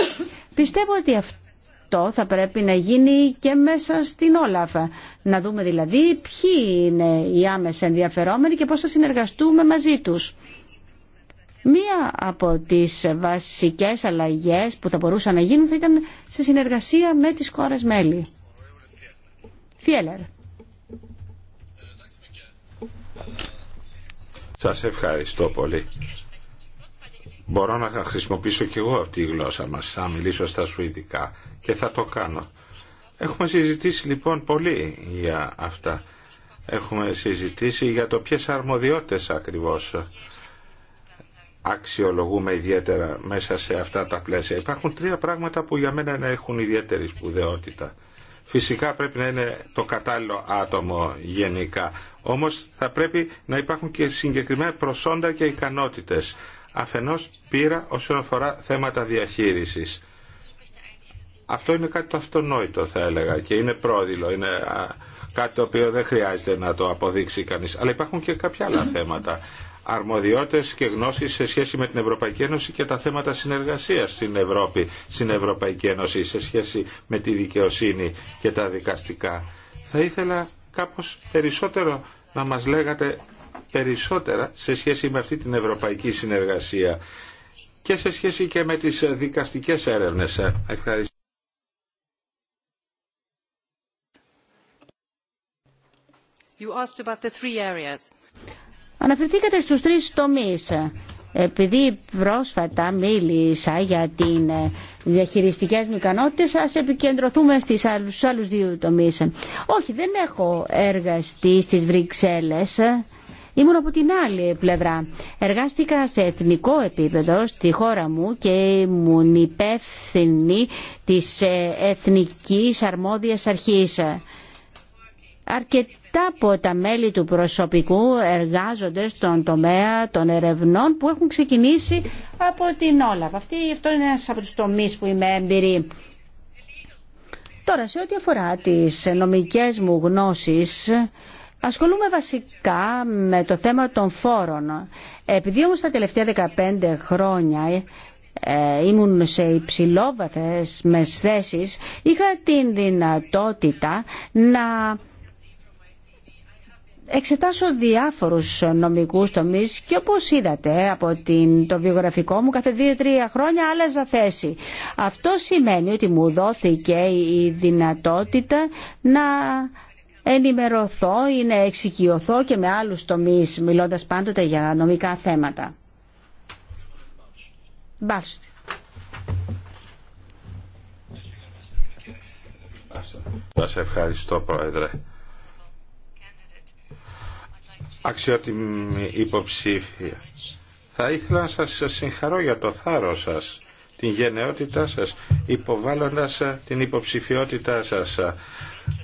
D: Πιστεύω ότι αυτό θα πρέπει να γίνει και μέσα στην Όλαφα. Να δούμε δηλαδή ποιοι είναι οι άμεσα ενδιαφερόμενοι και πώς θα συνεργαστούμε μαζί τους. Μία από τις βασικές αλλαγές που θα μπορούσαν να γίνουν θα ήταν σε συνεργασία με τις χώρες μέλη. Φιέλερ.
B: Σας ευχαριστώ πολύ. Μπορώ να χρησιμοποιήσω και εγώ αυτή η γλώσσα μας, να μιλήσω στα σουηδικά και θα το κάνω. Έχουμε συζητήσει λοιπόν πολύ για αυτά. Έχουμε συζητήσει για το ποιες αρμοδιότητες ακριβώς αξιολογούμε ιδιαίτερα μέσα σε αυτά τα πλαίσια. Υπάρχουν τρία πράγματα που για μένα έχουν ιδιαίτερη σπουδαιότητα. Φυσικά πρέπει να είναι το κατάλληλο άτομο γενικά. Όμως θα πρέπει να υπάρχουν και συγκεκριμένα προσόντα και ικανότητες αφενός πήρα όσον αφορά θέματα διαχείρισης. Αυτό είναι κάτι το αυτονόητο θα έλεγα και είναι πρόδειλο, είναι κάτι το οποίο δεν χρειάζεται να το αποδείξει κανείς. Αλλά υπάρχουν και κάποια άλλα θέματα αρμοδιότητες και γνώσεις σε σχέση με την Ευρωπαϊκή Ένωση και τα θέματα συνεργασίας στην Ευρώπη, στην Ευρωπαϊκή Ένωση, σε σχέση με τη δικαιοσύνη και τα δικαστικά. Θα ήθελα κάπως περισσότερο να μας λέγατε περισσότερα σε σχέση με αυτή την ευρωπαϊκή συνεργασία και σε σχέση και με τις δικαστικές έρευνες. Ευχαριστώ.
C: You asked about the three areas.
D: Αναφερθήκατε στους τρεις τομείς. Επειδή πρόσφατα μίλησα για την ε, διαχειριστικές μου ικανότητες, ας επικεντρωθούμε στις άλλους, στους δύο τομείς. Όχι, δεν έχω έργα στις Βρυξέλλες Ήμουν από την άλλη πλευρά. Εργάστηκα σε εθνικό επίπεδο στη χώρα μου και ήμουν υπεύθυνη της ε, Εθνικής Αρμόδιας Αρχής. Αρκετά από τα μέλη του προσωπικού εργάζονται στον τομέα των ερευνών που έχουν ξεκινήσει από την Όλαβ. Αυτή, αυτό είναι ένας από τους τομείς που είμαι έμπειρη. Τώρα, σε ό,τι αφορά τις νομικές μου γνώσεις, Ασχολούμαι βασικά με το θέμα των φόρων. Επειδή όμως τα τελευταία 15 χρόνια ε, ήμουν σε υψηλόβαθες με θέσεις, είχα την δυνατότητα να εξετάσω διάφορους νομικούς τομείς και όπως είδατε από την, το βιογραφικό μου καθε 2 2-3 χρόνια άλλαζα θέση. Αυτό σημαίνει ότι μου δόθηκε η δυνατότητα να ενημερωθώ είναι να εξοικειωθώ και με άλλους τομείς, μιλώντας πάντοτε για νομικά θέματα. Μπάστε.
B: Σας ευχαριστώ Πρόεδρε. Αξιότιμη υποψήφια. Θα ήθελα να σας συγχαρώ για το θάρρος σας την γενναιότητά σας υποβάλλοντας ε, την υποψηφιότητά σας.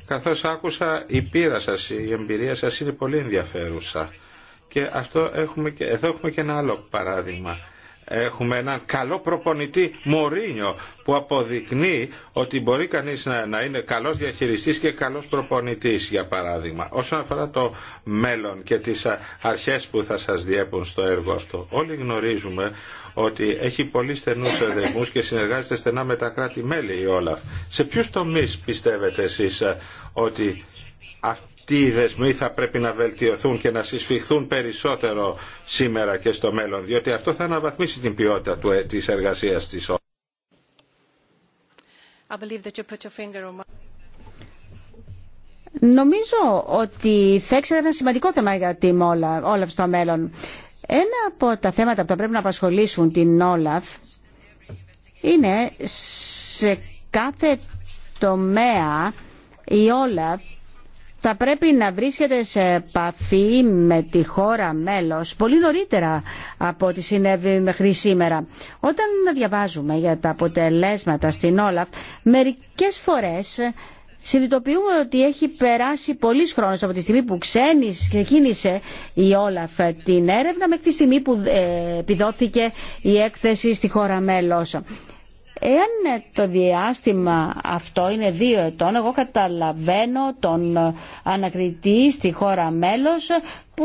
B: Καθώς άκουσα η πείρα σας, η εμπειρία σας είναι πολύ ενδιαφέρουσα. Και αυτό έχουμε και, εδώ έχουμε και ένα άλλο παράδειγμα. Έχουμε έναν καλό προπονητή Μωρίνιο που αποδεικνύει ότι μπορεί κανείς να, να είναι καλός διαχειριστής και καλός προπονητής για παράδειγμα. Όσον αφορά το μέλλον και τις ε, αρχές που θα σας διέπουν στο έργο αυτό. Όλοι γνωρίζουμε ότι έχει πολύ στενούς δεσμούς και συνεργάζεται στενά με τα κράτη-μέλη η Όλαφ. Σε ποιους τομείς πιστεύετε εσείς ε, ότι αυτοί οι δεσμοί θα πρέπει να βελτιωθούν και να συσφιχθούν περισσότερο σήμερα και στο μέλλον, διότι αυτό θα αναβαθμίσει την ποιότητα του, ε, της εργασίας της Όλαφ.
D: Νομίζω ότι θα έξερε ένα σημαντικό θέμα για την όλα, στο μέλλον. Ένα από τα θέματα που θα πρέπει να απασχολήσουν την Όλαφ είναι σε κάθε τομέα η Όλαφ θα πρέπει να βρίσκεται σε επαφή με τη χώρα μέλος πολύ νωρίτερα από ό,τι συνέβη μέχρι σήμερα. Όταν διαβάζουμε για τα αποτελέσματα στην Όλαφ, μερικές φορές Συνειδητοποιούμε ότι έχει περάσει πολλή χρόνο από τη στιγμή που ξένης ξεκίνησε η Όλαφ την έρευνα μέχρι τη στιγμή που ε, επιδόθηκε η έκθεση στη χώρα μέλος. Εάν ε, το διάστημα αυτό είναι δύο ετών, εγώ καταλαβαίνω τον ε, ανακριτή στη χώρα μέλος που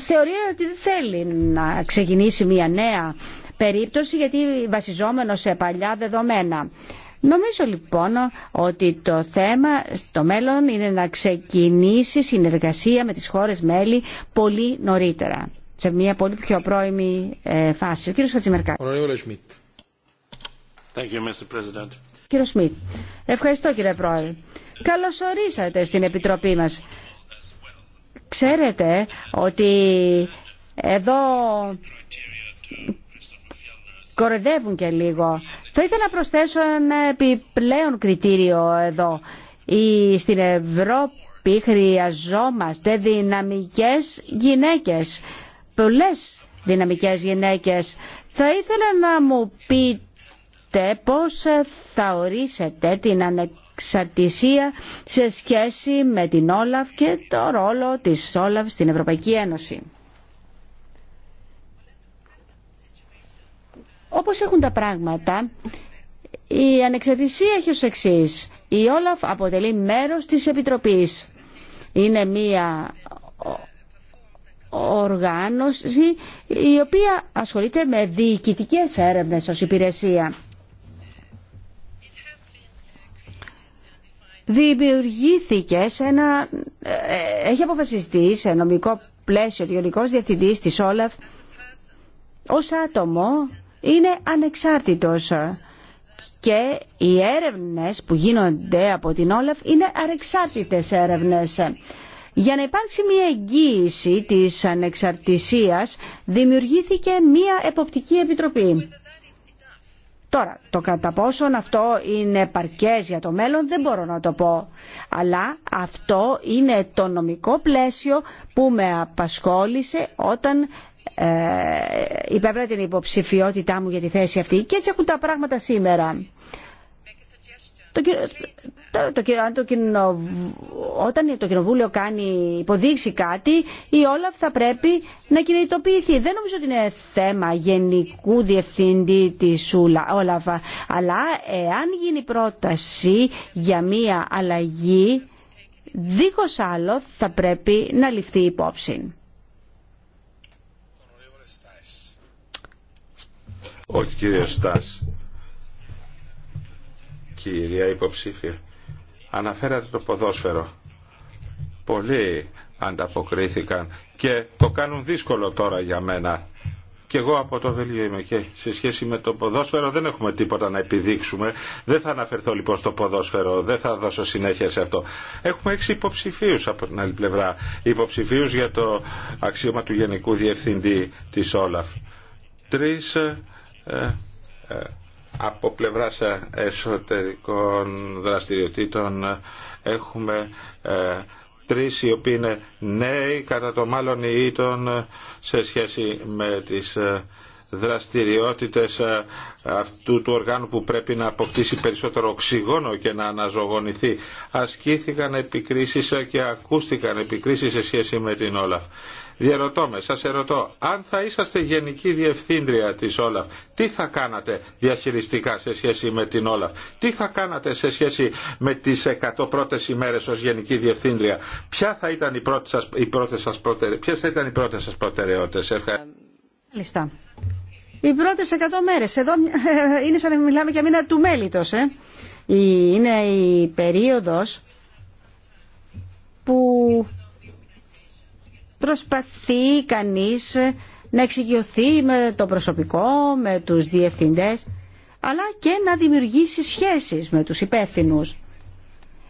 D: θεωρεί ότι δεν θέλει να ξεκινήσει μια νέα περίπτωση γιατί βασιζόμενο σε παλιά δεδομένα. Νομίζω λοιπόν ότι το θέμα στο μέλλον είναι να ξεκινήσει συνεργασία με τις χώρες μέλη πολύ νωρίτερα, σε μια πολύ πιο πρώιμη ε, φάση. Ο κύριος Χατζημερκάκη. Κύριο Σμιτ, ευχαριστώ κύριε Πρόεδρε. Καλώς ορίσατε στην Επιτροπή μας. Ξέρετε ότι εδώ κορεδεύουν και λίγο. Θα ήθελα να προσθέσω ένα επιπλέον κριτήριο εδώ. Η, στην Ευρώπη χρειαζόμαστε δυναμικές γυναίκες, πολλές δυναμικές γυναίκες. Θα ήθελα να μου πείτε πώς θα ορίσετε την ανεξαρτησία σε σχέση με την Όλαφ και το ρόλο της Όλαφ στην Ευρωπαϊκή Ένωση. Όπως έχουν τα πράγματα, η ανεξαρτησία έχει ως εξής. Η Όλαφ αποτελεί μέρος της Επιτροπής. Είναι μία οργάνωση η οποία ασχολείται με διοικητικές έρευνες ως υπηρεσία. Δημιουργήθηκε σε ένα... Ε, έχει αποφασιστεί σε νομικό πλαίσιο ο Διευθυντής της Όλαφ ως άτομο είναι ανεξάρτητος και οι έρευνες που γίνονται από την Όλαφ είναι ανεξάρτητες έρευνες. Για να υπάρξει μια εγγύηση της ανεξαρτησίας δημιουργήθηκε μια εποπτική επιτροπή. Τώρα, το κατά πόσον αυτό είναι παρκές για το μέλλον δεν μπορώ να το πω. Αλλά αυτό είναι το νομικό πλαίσιο που με απασχόλησε όταν ε, υπέβρα την υποψηφιότητά μου για τη θέση αυτή και έτσι έχουν τα πράγματα σήμερα. Το, το, αν το όταν το κοινοβούλιο κάνει, υποδείξει κάτι, η όλα θα πρέπει να κινητοποιηθεί. Δεν νομίζω ότι είναι θέμα γενικού διευθυντή της Όλαφ, αλλά εάν γίνει πρόταση για μία αλλαγή, δίχως άλλο θα πρέπει να ληφθεί υπόψη.
B: Ο κύριος Στάς, κυρία υποψήφια, αναφέρατε το ποδόσφαιρο. Πολλοί ανταποκρίθηκαν και το κάνουν δύσκολο τώρα για μένα. Και εγώ από το Βέλγιο είμαι και σε σχέση με το ποδόσφαιρο δεν έχουμε τίποτα να επιδείξουμε. Δεν θα αναφερθώ λοιπόν στο ποδόσφαιρο, δεν θα δώσω συνέχεια σε αυτό. Έχουμε έξι υποψηφίους από την άλλη πλευρά. Υποψηφίου για το αξίωμα του Γενικού Διευθυντή τη Όλαφ. Τρεις... Ε, ε, από πλευράς ε, εσωτερικών δραστηριοτήτων έχουμε τρεις οι οποίοι είναι νέοι κατά το μάλλον ή σε σχέση με τις δραστηριότητες ε, αυτού του οργάνου που πρέπει να αποκτήσει περισσότερο οξυγόνο και να αναζωογονηθεί. Ασκήθηκαν επικρίσεις ε, και ακούστηκαν επικρίσεις σε σχέση με την Όλαφ. Διερωτώ με, σας ερωτώ, αν θα είσαστε γενική διευθύντρια της Όλαφ, τι θα κάνατε διαχειριστικά σε σχέση με την Όλαφ, τι θα κάνατε σε σχέση με τις 100 πρώτες ημέρες ως γενική διευθύντρια, ποια θα ήταν οι πρώτες σας, οι πρώτες σας, ποιες θα ήταν οι πρώτες σας προτεραιότητες. Ευχαριστώ
D: οι πρώτε 100 μέρες. Εδώ ε, είναι σαν να μιλάμε για μήνα του μέλητο. Ε. Είναι η περίοδος που προσπαθεί κανείς ε, να εξοικειωθεί με το προσωπικό, με τους διευθυντές, αλλά και να δημιουργήσει σχέσεις με τους υπεύθυνους.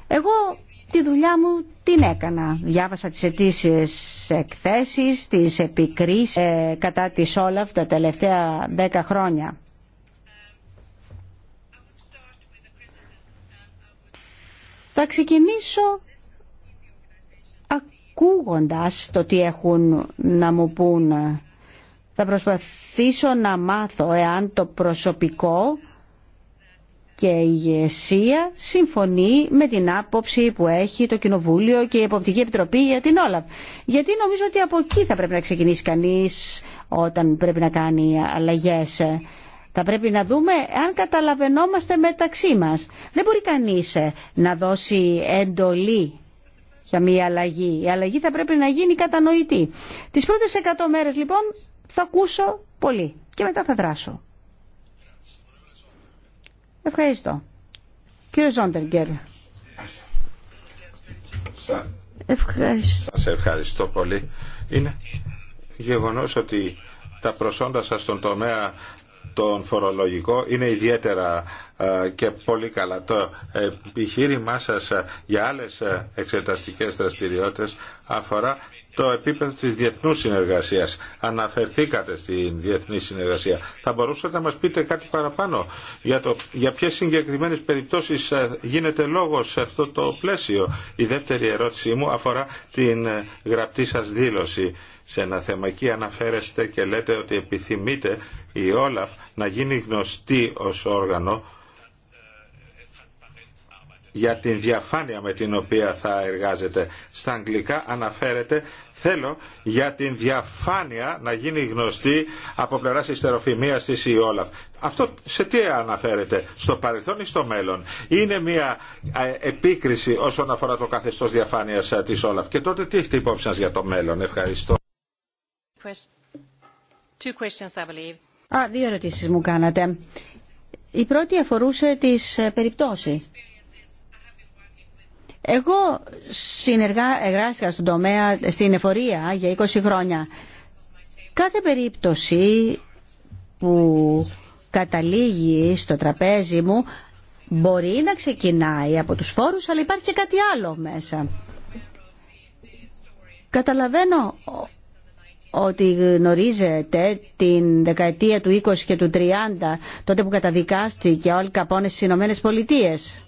D: Εγώ τη δουλειά μου την έκανα. Διάβασα τις αιτήσει εκθέσεις, τις επικρίσεις ε, κατά της αυτά τα τελευταία δέκα χρόνια. Θα ξεκινήσω ακούγοντας το τι έχουν να μου πούν. Θα προσπαθήσω να μάθω εάν το προσωπικό και η ηγεσία συμφωνεί με την άποψη που έχει το Κοινοβούλιο και η Εποπτική Επιτροπή για την ΟΛΑΒ. Γιατί νομίζω ότι από εκεί θα πρέπει να ξεκινήσει κανείς όταν πρέπει να κάνει αλλαγές. Θα πρέπει να δούμε αν καταλαβαινόμαστε μεταξύ μας. Δεν μπορεί κανείς ε, να δώσει εντολή για μια αλλαγή. Η αλλαγή θα πρέπει να γίνει κατανοητή. Τις πρώτες 100 μέρες λοιπόν θα ακούσω πολύ και μετά θα δράσω. Ευχαριστώ. Κύριε Ζόντεργκερ. Ευχαριστώ.
B: Σας ευχαριστώ πολύ. Είναι γεγονός ότι τα προσόντα σας στον τομέα των φορολογικό είναι ιδιαίτερα ε, και πολύ καλά. Το επιχείρημά σας ε, για άλλες ε, εξεταστικές δραστηριότητες αφορά το επίπεδο της διεθνούς συνεργασίας. Αναφερθήκατε στην διεθνή συνεργασία. Θα μπορούσατε να μας πείτε κάτι παραπάνω για, το, για ποιες συγκεκριμένες περιπτώσεις ε, γίνεται λόγος σε αυτό το πλαίσιο. Η δεύτερη ερώτησή μου αφορά την ε, γραπτή σας δήλωση σε ένα θέμα. Εκεί αναφέρεστε και λέτε ότι επιθυμείτε η Όλαφ να γίνει γνωστή ως όργανο για την διαφάνεια με την οποία θα εργάζεται. Στα αγγλικά αναφέρεται θέλω για την διαφάνεια να γίνει γνωστή από πλευρά ιστεροφημία τη η Όλαφ. Αυτό σε τι αναφέρεται, στο παρελθόν ή στο μέλλον. Είναι μια ε, επίκριση όσον αφορά το καθεστώ διαφάνεια ε, της Όλαφ. Και τότε τι έχετε υπόψη για το μέλλον. Ευχαριστώ.
D: Α, δύο ερωτήσεις μου κάνατε. Η πρώτη αφορούσε τις ε, περιπτώσεις. Εγώ συνεργά, στον τομέα, στην εφορία για 20 χρόνια. Κάθε περίπτωση που καταλήγει στο τραπέζι μου μπορεί να ξεκινάει από τους φόρους, αλλά υπάρχει και κάτι άλλο μέσα. Καταλαβαίνω ότι γνωρίζετε την δεκαετία του 20 και του 30, τότε που καταδικάστηκε οι καπώνες στις Ηνωμένες Πολιτείες.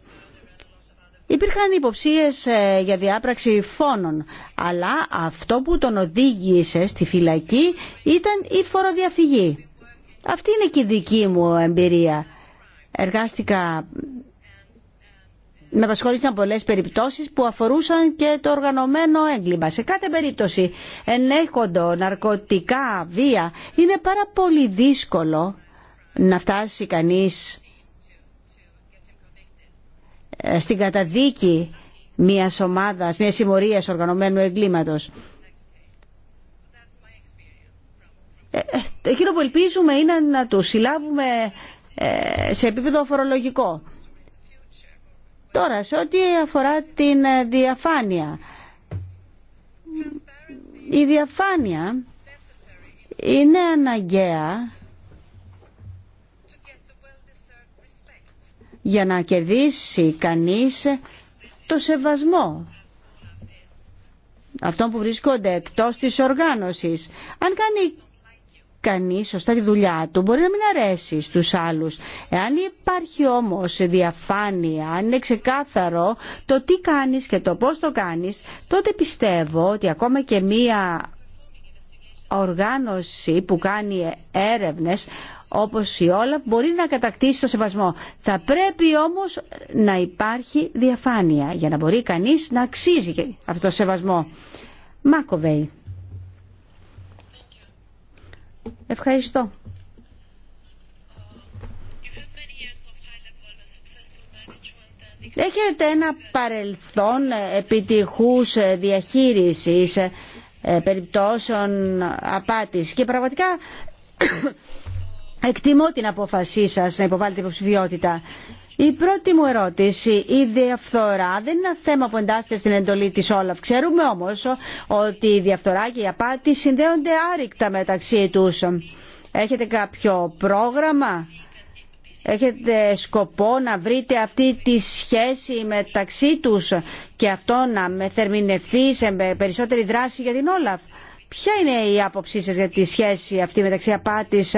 D: Υπήρχαν υποψίες ε, για διάπραξη φόνων, αλλά αυτό που τον οδήγησε στη φυλακή ήταν η φοροδιαφυγή. Αυτή είναι και η δική μου εμπειρία. Εργάστηκα, με απασχόλησαν πολλές περιπτώσεις που αφορούσαν και το οργανωμένο έγκλημα. Σε κάθε περίπτωση ενέχοντο, ναρκωτικά, βία, είναι πάρα πολύ δύσκολο να φτάσει κανείς στην καταδίκη μιας ομάδας, μιας συμμορίας οργανωμένου εγκλήματος. Ε, ε, εκείνο που ελπίζουμε είναι να το συλλάβουμε ε, σε επίπεδο φορολογικό. Τώρα, σε ό,τι αφορά την διαφάνεια. Η διαφάνεια είναι αναγκαία για να κερδίσει κανείς το σεβασμό αυτών που βρισκόνται εκτός της οργάνωσης. Αν κάνει κανείς σωστά τη δουλειά του μπορεί να μην αρέσει στους άλλους. Εάν υπάρχει όμως διαφάνεια, αν είναι ξεκάθαρο το τι κάνεις και το πώς το κάνεις, τότε πιστεύω ότι ακόμα και μία οργάνωση που κάνει έρευνες όπως η όλα μπορεί να κατακτήσει το σεβασμό. Θα πρέπει όμως να υπάρχει διαφάνεια για να μπορεί κανείς να αξίζει αυτό το σεβασμό. Μάκοβεϊ.
C: Ευχαριστώ. Έχετε
D: ένα παρελθόν επιτυχούς διαχείρισης ε, περιπτώσεων απάτης και πραγματικά Εκτιμώ την απόφασή σας να υποβάλλετε υποψηφιότητα. Η πρώτη μου ερώτηση, η διαφθορά δεν είναι ένα θέμα που εντάσσεται στην εντολή της Όλαφ. Ξέρουμε όμως ότι η διαφθορά και η απάτη συνδέονται άρρηκτα μεταξύ του. Έχετε κάποιο πρόγραμμα, έχετε σκοπό να βρείτε αυτή τη σχέση μεταξύ τους και αυτό να μεθερμινευτεί σε περισσότερη δράση για την Όλαφ. Ποια είναι η άποψή σας για τη σχέση αυτή μεταξύ απάτης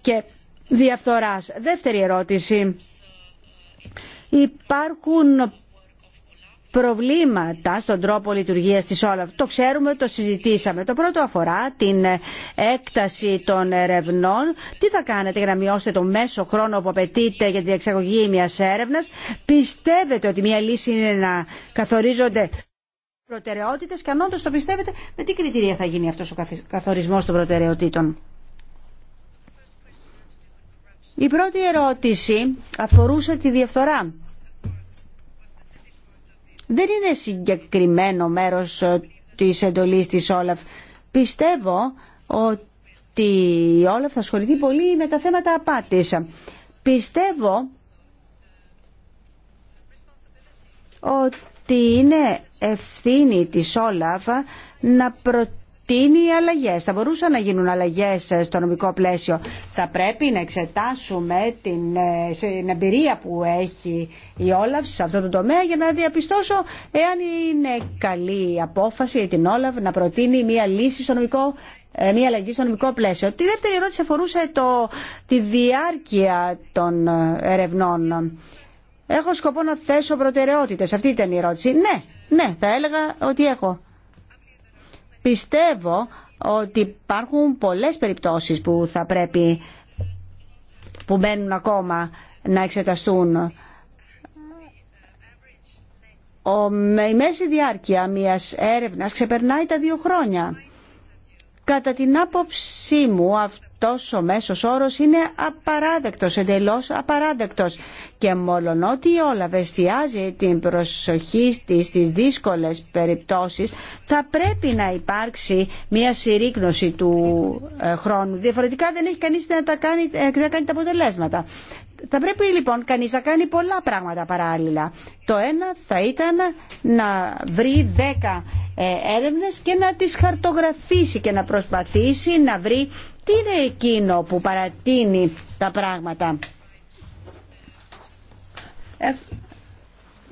D: και διαφθοράς. Δεύτερη ερώτηση. Υπάρχουν προβλήματα στον τρόπο λειτουργίας της Όλαφ. Το ξέρουμε, το συζητήσαμε. Το πρώτο αφορά την έκταση των ερευνών. Τι θα κάνετε για να μειώσετε το μέσο χρόνο που απαιτείται για τη διεξαγωγή μιας έρευνας. Πιστεύετε ότι μια λύση είναι να καθορίζονται προτεραιότητες και αν όντως το πιστεύετε με τι κριτήρια θα γίνει αυτός ο καθορισμός των προτεραιοτήτων. Η πρώτη ερώτηση αφορούσε τη διαφθορά. Δεν είναι συγκεκριμένο μέρος ε, της εντολής της Όλαφ. Πιστεύω ότι η Όλαφ θα ασχοληθεί πολύ με τα θέματα απάτης. Πιστεύω ότι ότι είναι ευθύνη της Όλαφ να προτείνει αλλαγές. Θα μπορούσαν να γίνουν αλλαγές στο νομικό πλαίσιο. Θα πρέπει να εξετάσουμε την, ε, την εμπειρία που έχει η Όλαφ σε αυτό το τομέα για να διαπιστώσω εάν είναι καλή απόφαση την Όλαφ να προτείνει μια λύση στο νομικό ε, μια αλλαγή στο νομικό πλαίσιο. Τη δεύτερη ερώτηση αφορούσε το, τη διάρκεια των ε, ερευνών. Έχω σκοπό να θέσω προτεραιότητες. Αυτή ήταν η ερώτηση. Ναι, ναι, θα έλεγα ότι έχω. Πιστεύω ότι υπάρχουν πολλές περιπτώσεις που θα πρέπει, που μένουν ακόμα να εξεταστούν. Ο, η μέση διάρκεια μιας έρευνας ξεπερνάει τα δύο χρόνια. Κατά την άποψή μου αυτός ο μέσος όρος είναι απαράδεκτος, εντελώς απαράδεκτος και μόλον ότι η βεστιάζει την προσοχή της στις δύσκολες περιπτώσεις θα πρέπει να υπάρξει μια συρρήκνωση του ε, χρόνου. Διαφορετικά δεν έχει κανείς να, τα κάνει, ε, να κάνει τα αποτελέσματα. Θα πρέπει λοιπόν κανείς να κάνει πολλά πράγματα παράλληλα. Το ένα θα ήταν να βρει δέκα ε, έρευνες και να τις χαρτογραφήσει και να προσπαθήσει να βρει τι είναι εκείνο που παρατείνει τα πράγματα. Ε,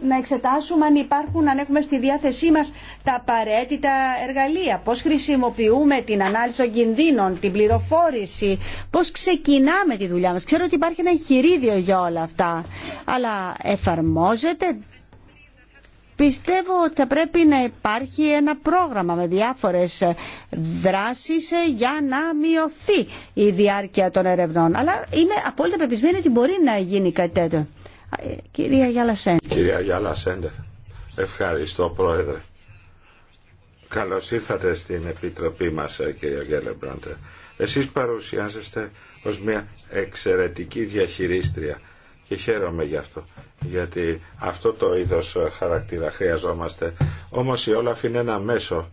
D: να εξετάσουμε αν υπάρχουν, αν έχουμε στη διάθεσή μας τα απαραίτητα εργαλεία, πώς χρησιμοποιούμε την ανάλυση των κινδύνων, την πληροφόρηση, πώς ξεκινάμε τη δουλειά μας. Ξέρω ότι υπάρχει ένα εγχειρίδιο για όλα αυτά, αλλά εφαρμόζεται Πιστεύω ότι θα πρέπει να υπάρχει ένα πρόγραμμα με διάφορες δράσεις ε, για να μειωθεί η διάρκεια των ερευνών. Αλλά είμαι απόλυτα πεπισμένη ότι μπορεί να γίνει κάτι τέτοιο.
B: Ε, κυρία
D: Γιάλα Σέντερ.
B: Κυρία ευχαριστώ πρόεδρε. Καλώς ήρθατε στην Επιτροπή μας, ε, κυρία Γκέλεμπραντ. Εσείς παρουσιάζεστε ως μια εξαιρετική διαχειρίστρια και χαίρομαι γι' αυτό, γιατί αυτό το είδος ε, χαρακτήρα χρειαζόμαστε. Όμως η Όλαφ είναι ένα μέσο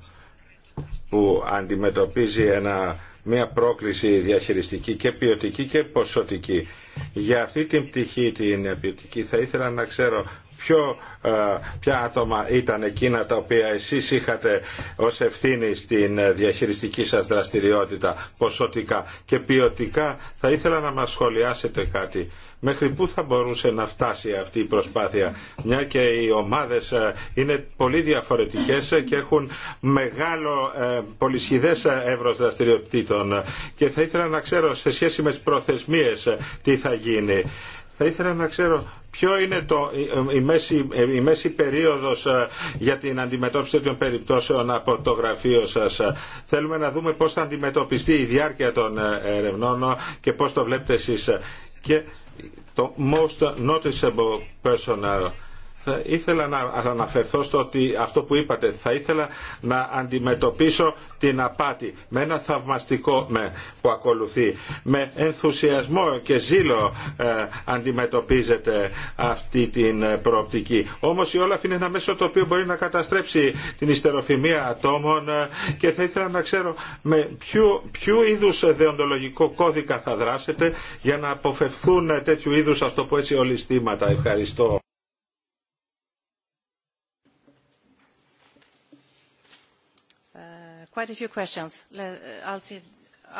B: που αντιμετωπίζει μια πρόκληση διαχειριστική και ποιοτική και ποσοτική για αυτή την πτυχή την ποιοτική θα ήθελα να ξέρω ποιο, ε, ποια άτομα ήταν εκείνα τα οποία εσείς είχατε ως ευθύνη στην ε, διαχειριστική σας δραστηριότητα ποσοτικά και ποιοτικά θα ήθελα να μας σχολιάσετε κάτι. Μέχρι πού θα μπορούσε να φτάσει αυτή η προσπάθεια, μια και οι ομάδες ε, είναι πολύ διαφορετικές και έχουν μεγάλο πολυσχηδές εύρος δραστηριοτήτων και θα ήθελα να ξέρω σε σχέση με τις προθεσμίες τι θα γίνει. Θα ήθελα να ξέρω ποιο είναι το, η, μέση, η μέση περίοδος ε, για την αντιμετώπιση τέτοιων περιπτώσεων από το γραφείο σας. Θέλουμε να δούμε πώς θα αντιμετωπιστεί η διάρκεια των ε, ερευνών ε, και πώς το βλέπετε εσείς. Και το most noticeable personal θα ήθελα να αναφερθώ στο ότι αυτό που είπατε, θα ήθελα να αντιμετωπίσω την απάτη με ένα θαυμαστικό με που ακολουθεί. Με ενθουσιασμό και ζήλο ε, αντιμετωπίζεται αυτή την ε, προοπτική. Όμως η Όλαφ είναι ένα μέσο το οποίο μπορεί να καταστρέψει την ιστεροφημία ατόμων ε, και θα ήθελα να ξέρω με ποιο, ποιο είδους δεοντολογικό κώδικα θα δράσετε για να αποφευθούν τέτοιου είδους, ας το έτσι, ολιστήματα. Ευχαριστώ.
C: Uh,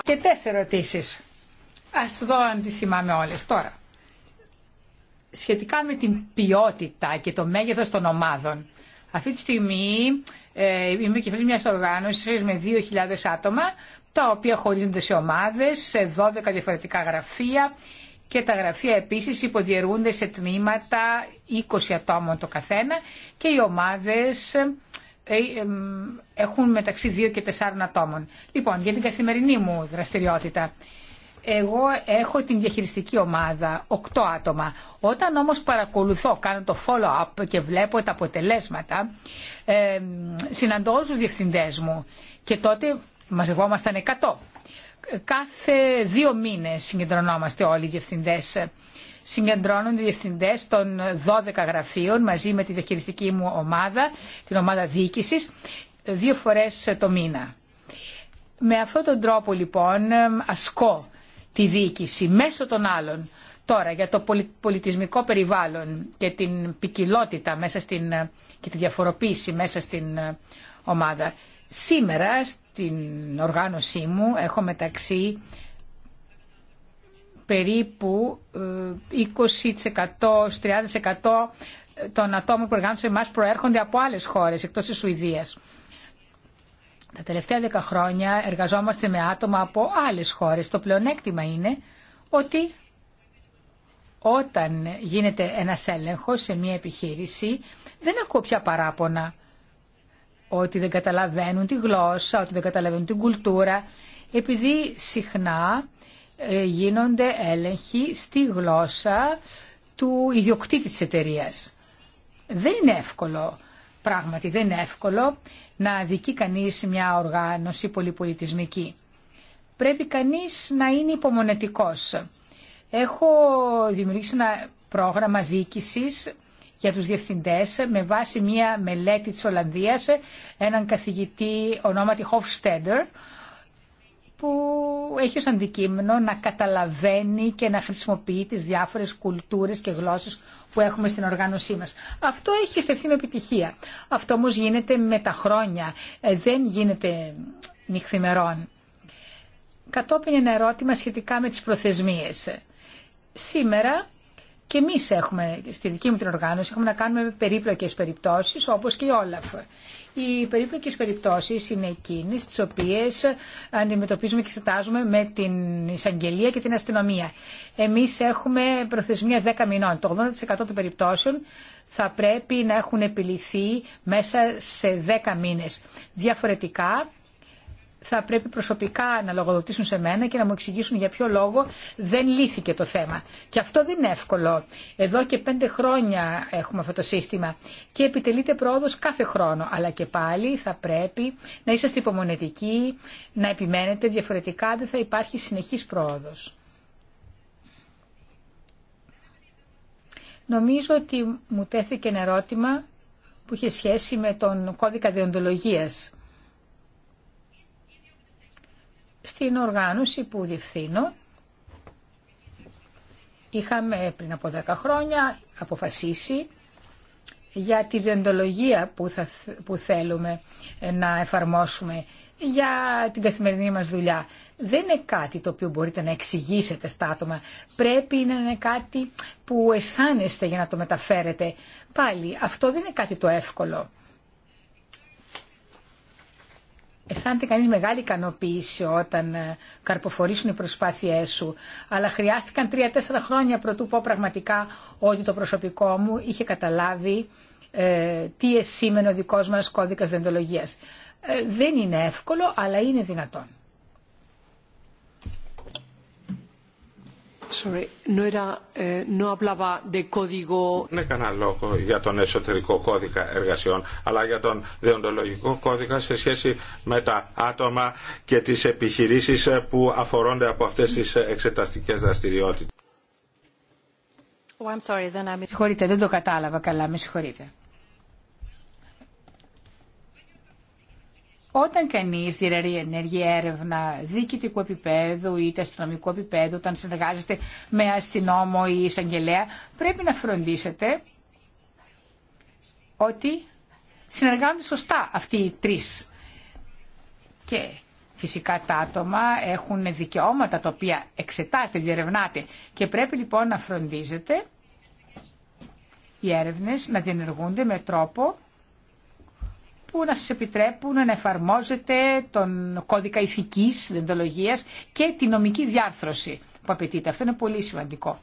C: και τέσσερα ερωτήσεις. Ας δω αν τις θυμάμαι όλες τώρα. Σχετικά με την ποιότητα και το μέγεθος των ομάδων. Αυτή τη στιγμή ε, είμαι πριν μια οργάνωσης με 2.000 άτομα, τα οποία χωρίζονται σε ομάδες, σε 12 διαφορετικά γραφεία και τα γραφεία επίσης υποδιαιρούνται σε τμήματα 20 ατόμων το καθένα και οι ομάδες έχουν μεταξύ δύο και 4 ατόμων. Λοιπόν, για την καθημερινή μου δραστηριότητα. Εγώ έχω την διαχειριστική ομάδα, 8 άτομα. Όταν όμως παρακολουθώ, κάνω το follow-up και βλέπω τα αποτελέσματα, ε, συναντώ τους διευθυντές μου και τότε μαζευόμασταν 100. Κάθε δύο μήνες συγκεντρωνόμαστε όλοι οι διευθυντές συγκεντρώνονται οι διευθυντέ των 12 γραφείων μαζί με τη διαχειριστική μου ομάδα, την ομάδα διοίκηση, δύο φορέ το μήνα. Με αυτόν τον τρόπο λοιπόν ασκώ τη διοίκηση μέσω των άλλων. Τώρα για το πολιτισμικό περιβάλλον και την ποικιλότητα μέσα στην, και τη διαφοροποίηση μέσα στην ε, ομάδα. Σήμερα στην οργάνωσή μου έχω μεταξύ περίπου 20%-30% ε, των ατόμων που εργάζονται σε εμάς προέρχονται από άλλες χώρες εκτός της Σουηδίας. Τα τελευταία δέκα χρόνια εργαζόμαστε με άτομα από άλλες χώρες. Το πλεονέκτημα είναι ότι όταν γίνεται ένας έλεγχος σε μια επιχείρηση δεν ακούω πια παράπονα ότι δεν καταλαβαίνουν τη γλώσσα, ότι δεν καταλαβαίνουν την κουλτούρα, επειδή συχνά ε, γίνονται έλεγχοι στη γλώσσα του ιδιοκτήτη της εταιρείας. Δεν είναι εύκολο, πράγματι δεν είναι εύκολο να δικεί κανείς μια οργάνωση πολυπολιτισμική. Πρέπει κανείς να είναι υπομονετικός. Έχω δημιουργήσει ένα πρόγραμμα δίκησης για τους διευθυντές με βάση μια μελέτη της Ολλανδίας, έναν καθηγητή ονόματι Hofstadter, που έχει ως αντικείμενο να καταλαβαίνει και να χρησιμοποιεί τις διάφορες κουλτούρες και γλώσσες που έχουμε στην οργάνωσή μας. Αυτό έχει στεφθεί με επιτυχία. Αυτό όμως γίνεται με τα χρόνια, ε, δεν γίνεται νυχθημερών. Κατόπιν ένα ερώτημα σχετικά με τις προθεσμίες. Σήμερα και εμεί έχουμε, στη δική μου την οργάνωση, έχουμε να κάνουμε περίπλοκε περιπτώσει, όπω και η Όλαφ. Οι περίπλοκε περιπτώσει είναι εκείνε τι οποίε αντιμετωπίζουμε και εξετάζουμε με την εισαγγελία και την αστυνομία. Εμεί έχουμε προθεσμία 10 μηνών. Το 80% των περιπτώσεων θα πρέπει να έχουν επιληθεί μέσα σε 10 μήνε. Διαφορετικά, θα πρέπει προσωπικά να λογοδοτήσουν σε μένα και να μου εξηγήσουν για ποιο λόγο δεν λύθηκε το θέμα. Και αυτό δεν είναι εύκολο. Εδώ και πέντε χρόνια έχουμε αυτό το σύστημα και επιτελείται πρόοδο κάθε χρόνο. Αλλά και πάλι θα πρέπει να είσαστε υπομονετικοί, να επιμένετε, διαφορετικά δεν θα υπάρχει συνεχής πρόοδο. Νομίζω ότι μου τέθηκε ένα ερώτημα που είχε σχέση με τον κώδικα διοντολογίας στην οργάνωση που διευθύνω. Είχαμε πριν από 10 χρόνια αποφασίσει για τη διοντολογία που, θα, που θέλουμε ε, να εφαρμόσουμε για την καθημερινή μας δουλειά. Δεν είναι κάτι το οποίο μπορείτε να εξηγήσετε στα άτομα. Πρέπει να είναι κάτι που αισθάνεστε για να το μεταφέρετε. Πάλι, αυτό δεν είναι κάτι το εύκολο. αισθάνεται κανείς μεγάλη ικανοποίηση όταν ε, καρποφορήσουν οι προσπάθειές σου. Αλλά χρειάστηκαν τρία-τέσσερα χρόνια πρωτού πω πραγματικά ότι το προσωπικό μου είχε καταλάβει ε, τι σήμαινε ο δικός μας κώδικας δεντολογίας. Ε, δεν είναι εύκολο, αλλά είναι δυνατόν. Sorry,
B: Δεν έκανα λόγο για τον εσωτερικό κώδικα εργασιών, αλλά για τον δεοντολογικό κώδικα σε σχέση με τα άτομα και τις επιχειρήσεις που αφορώνται από αυτές τις εξεταστικές δραστηριότητες.
C: Συγχωρείτε, δεν το κατάλαβα καλά, με συγχωρείτε. Όταν κανεί δηλαδή ενέργεια έρευνα διοικητικού επίπεδου ή αστυνομικού επίπεδου, όταν συνεργάζεστε με αστυνόμο ή εισαγγελέα, πρέπει να φροντίσετε ότι συνεργάζονται σωστά αυτοί οι τρεις. Και φυσικά τα άτομα έχουν δικαιώματα τα οποία εξετάζετε, διερευνάτε και πρέπει λοιπόν να φροντίζετε οι έρευνες να διενεργούνται με τρόπο που να σας επιτρέπουν να εφαρμόζετε τον κώδικα ηθικής δεντολογίας και τη νομική διάρθρωση που απαιτείται. Αυτό είναι πολύ σημαντικό.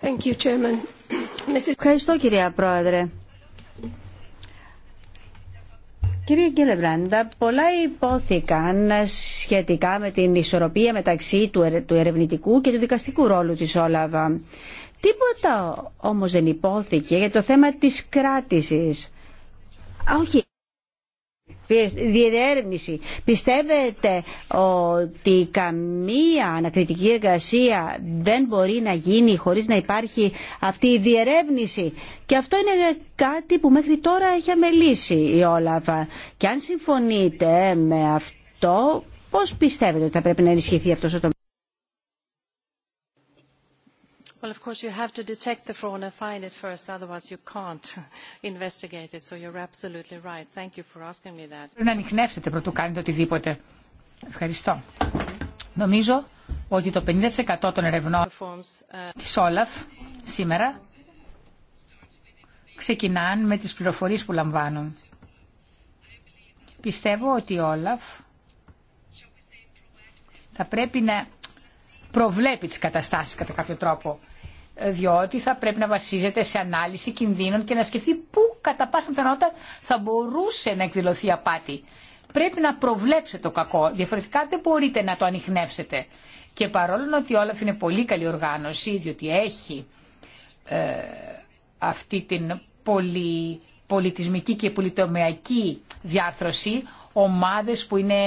D: Thank Ευχαριστώ κυρία Πρόεδρε. Κύριε Γκέλεμπραντα, πολλά υπόθηκαν σχετικά με την ισορροπία μεταξύ του ερευνητικού και του δικαστικού ρόλου της Όλαβα. Τίποτα όμως δεν υπόθηκε για το θέμα της κράτησης. όχι. Διερεύνηση. Πιστεύετε ότι καμία ανακριτική εργασία δεν μπορεί να γίνει χωρίς να υπάρχει αυτή η διερεύνηση. Και αυτό είναι κάτι που μέχρι τώρα έχει αμελήσει η Όλαφα. Και αν συμφωνείτε με αυτό, πώς πιστεύετε ότι θα πρέπει να ενισχυθεί αυτός ο τομέας.
C: Well, of course, you have to detect the fraud and find it first, otherwise you can't [laughs] investigate it. So you're absolutely right. Thank you for asking me that. Πρέπει να ανοιχνεύσετε πρωτού κάνετε οτιδήποτε. Ευχαριστώ. Νομίζω ότι το 50% των ερευνών uh, της Όλαφ σήμερα ξεκινάν με τις πληροφορίες που λαμβάνουν. Πιστεύω ότι η Όλαφ θα πρέπει να προβλέπει τις καταστάσεις κατά κάποιο τρόπο διότι θα πρέπει να βασίζεται σε ανάλυση κινδύνων και να σκεφτεί πού κατά πάσα πιθανότητα θα μπορούσε να εκδηλωθεί απάτη. Πρέπει να προβλέψετε το κακό, διαφορετικά δεν μπορείτε να το ανοιχνεύσετε. Και παρόλο ότι όλα είναι πολύ καλή οργάνωση, διότι έχει ε, αυτή την πολυ, πολιτισμική και πολυτομιακή διάρθρωση, ομάδες που είναι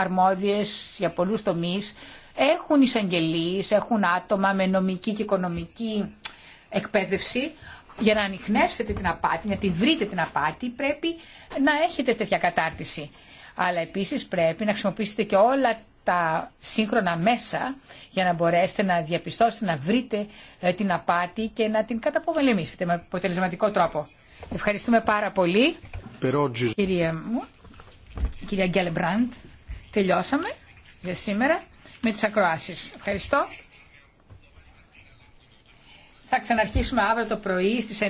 C: αρμόδιες για πολλούς τομείς, έχουν εισαγγελίες, έχουν άτομα με νομική και οικονομική εκπαίδευση. Για να ανοιχνεύσετε την απάτη, να τη βρείτε την απάτη, πρέπει να έχετε τέτοια κατάρτιση. Αλλά επίσης πρέπει να χρησιμοποιήσετε και όλα τα σύγχρονα μέσα για να μπορέσετε να διαπιστώσετε, να βρείτε ε, την απάτη και να την καταπομελεμήσετε με αποτελεσματικό τρόπο. Ευχαριστούμε πάρα πολύ. Κυρία μου, κυρία Γκέλεμπραντ, τελειώσαμε για σήμερα με τις ακροάσεις. Ευχαριστώ. Θα ξαναρχίσουμε αύριο το πρωί στις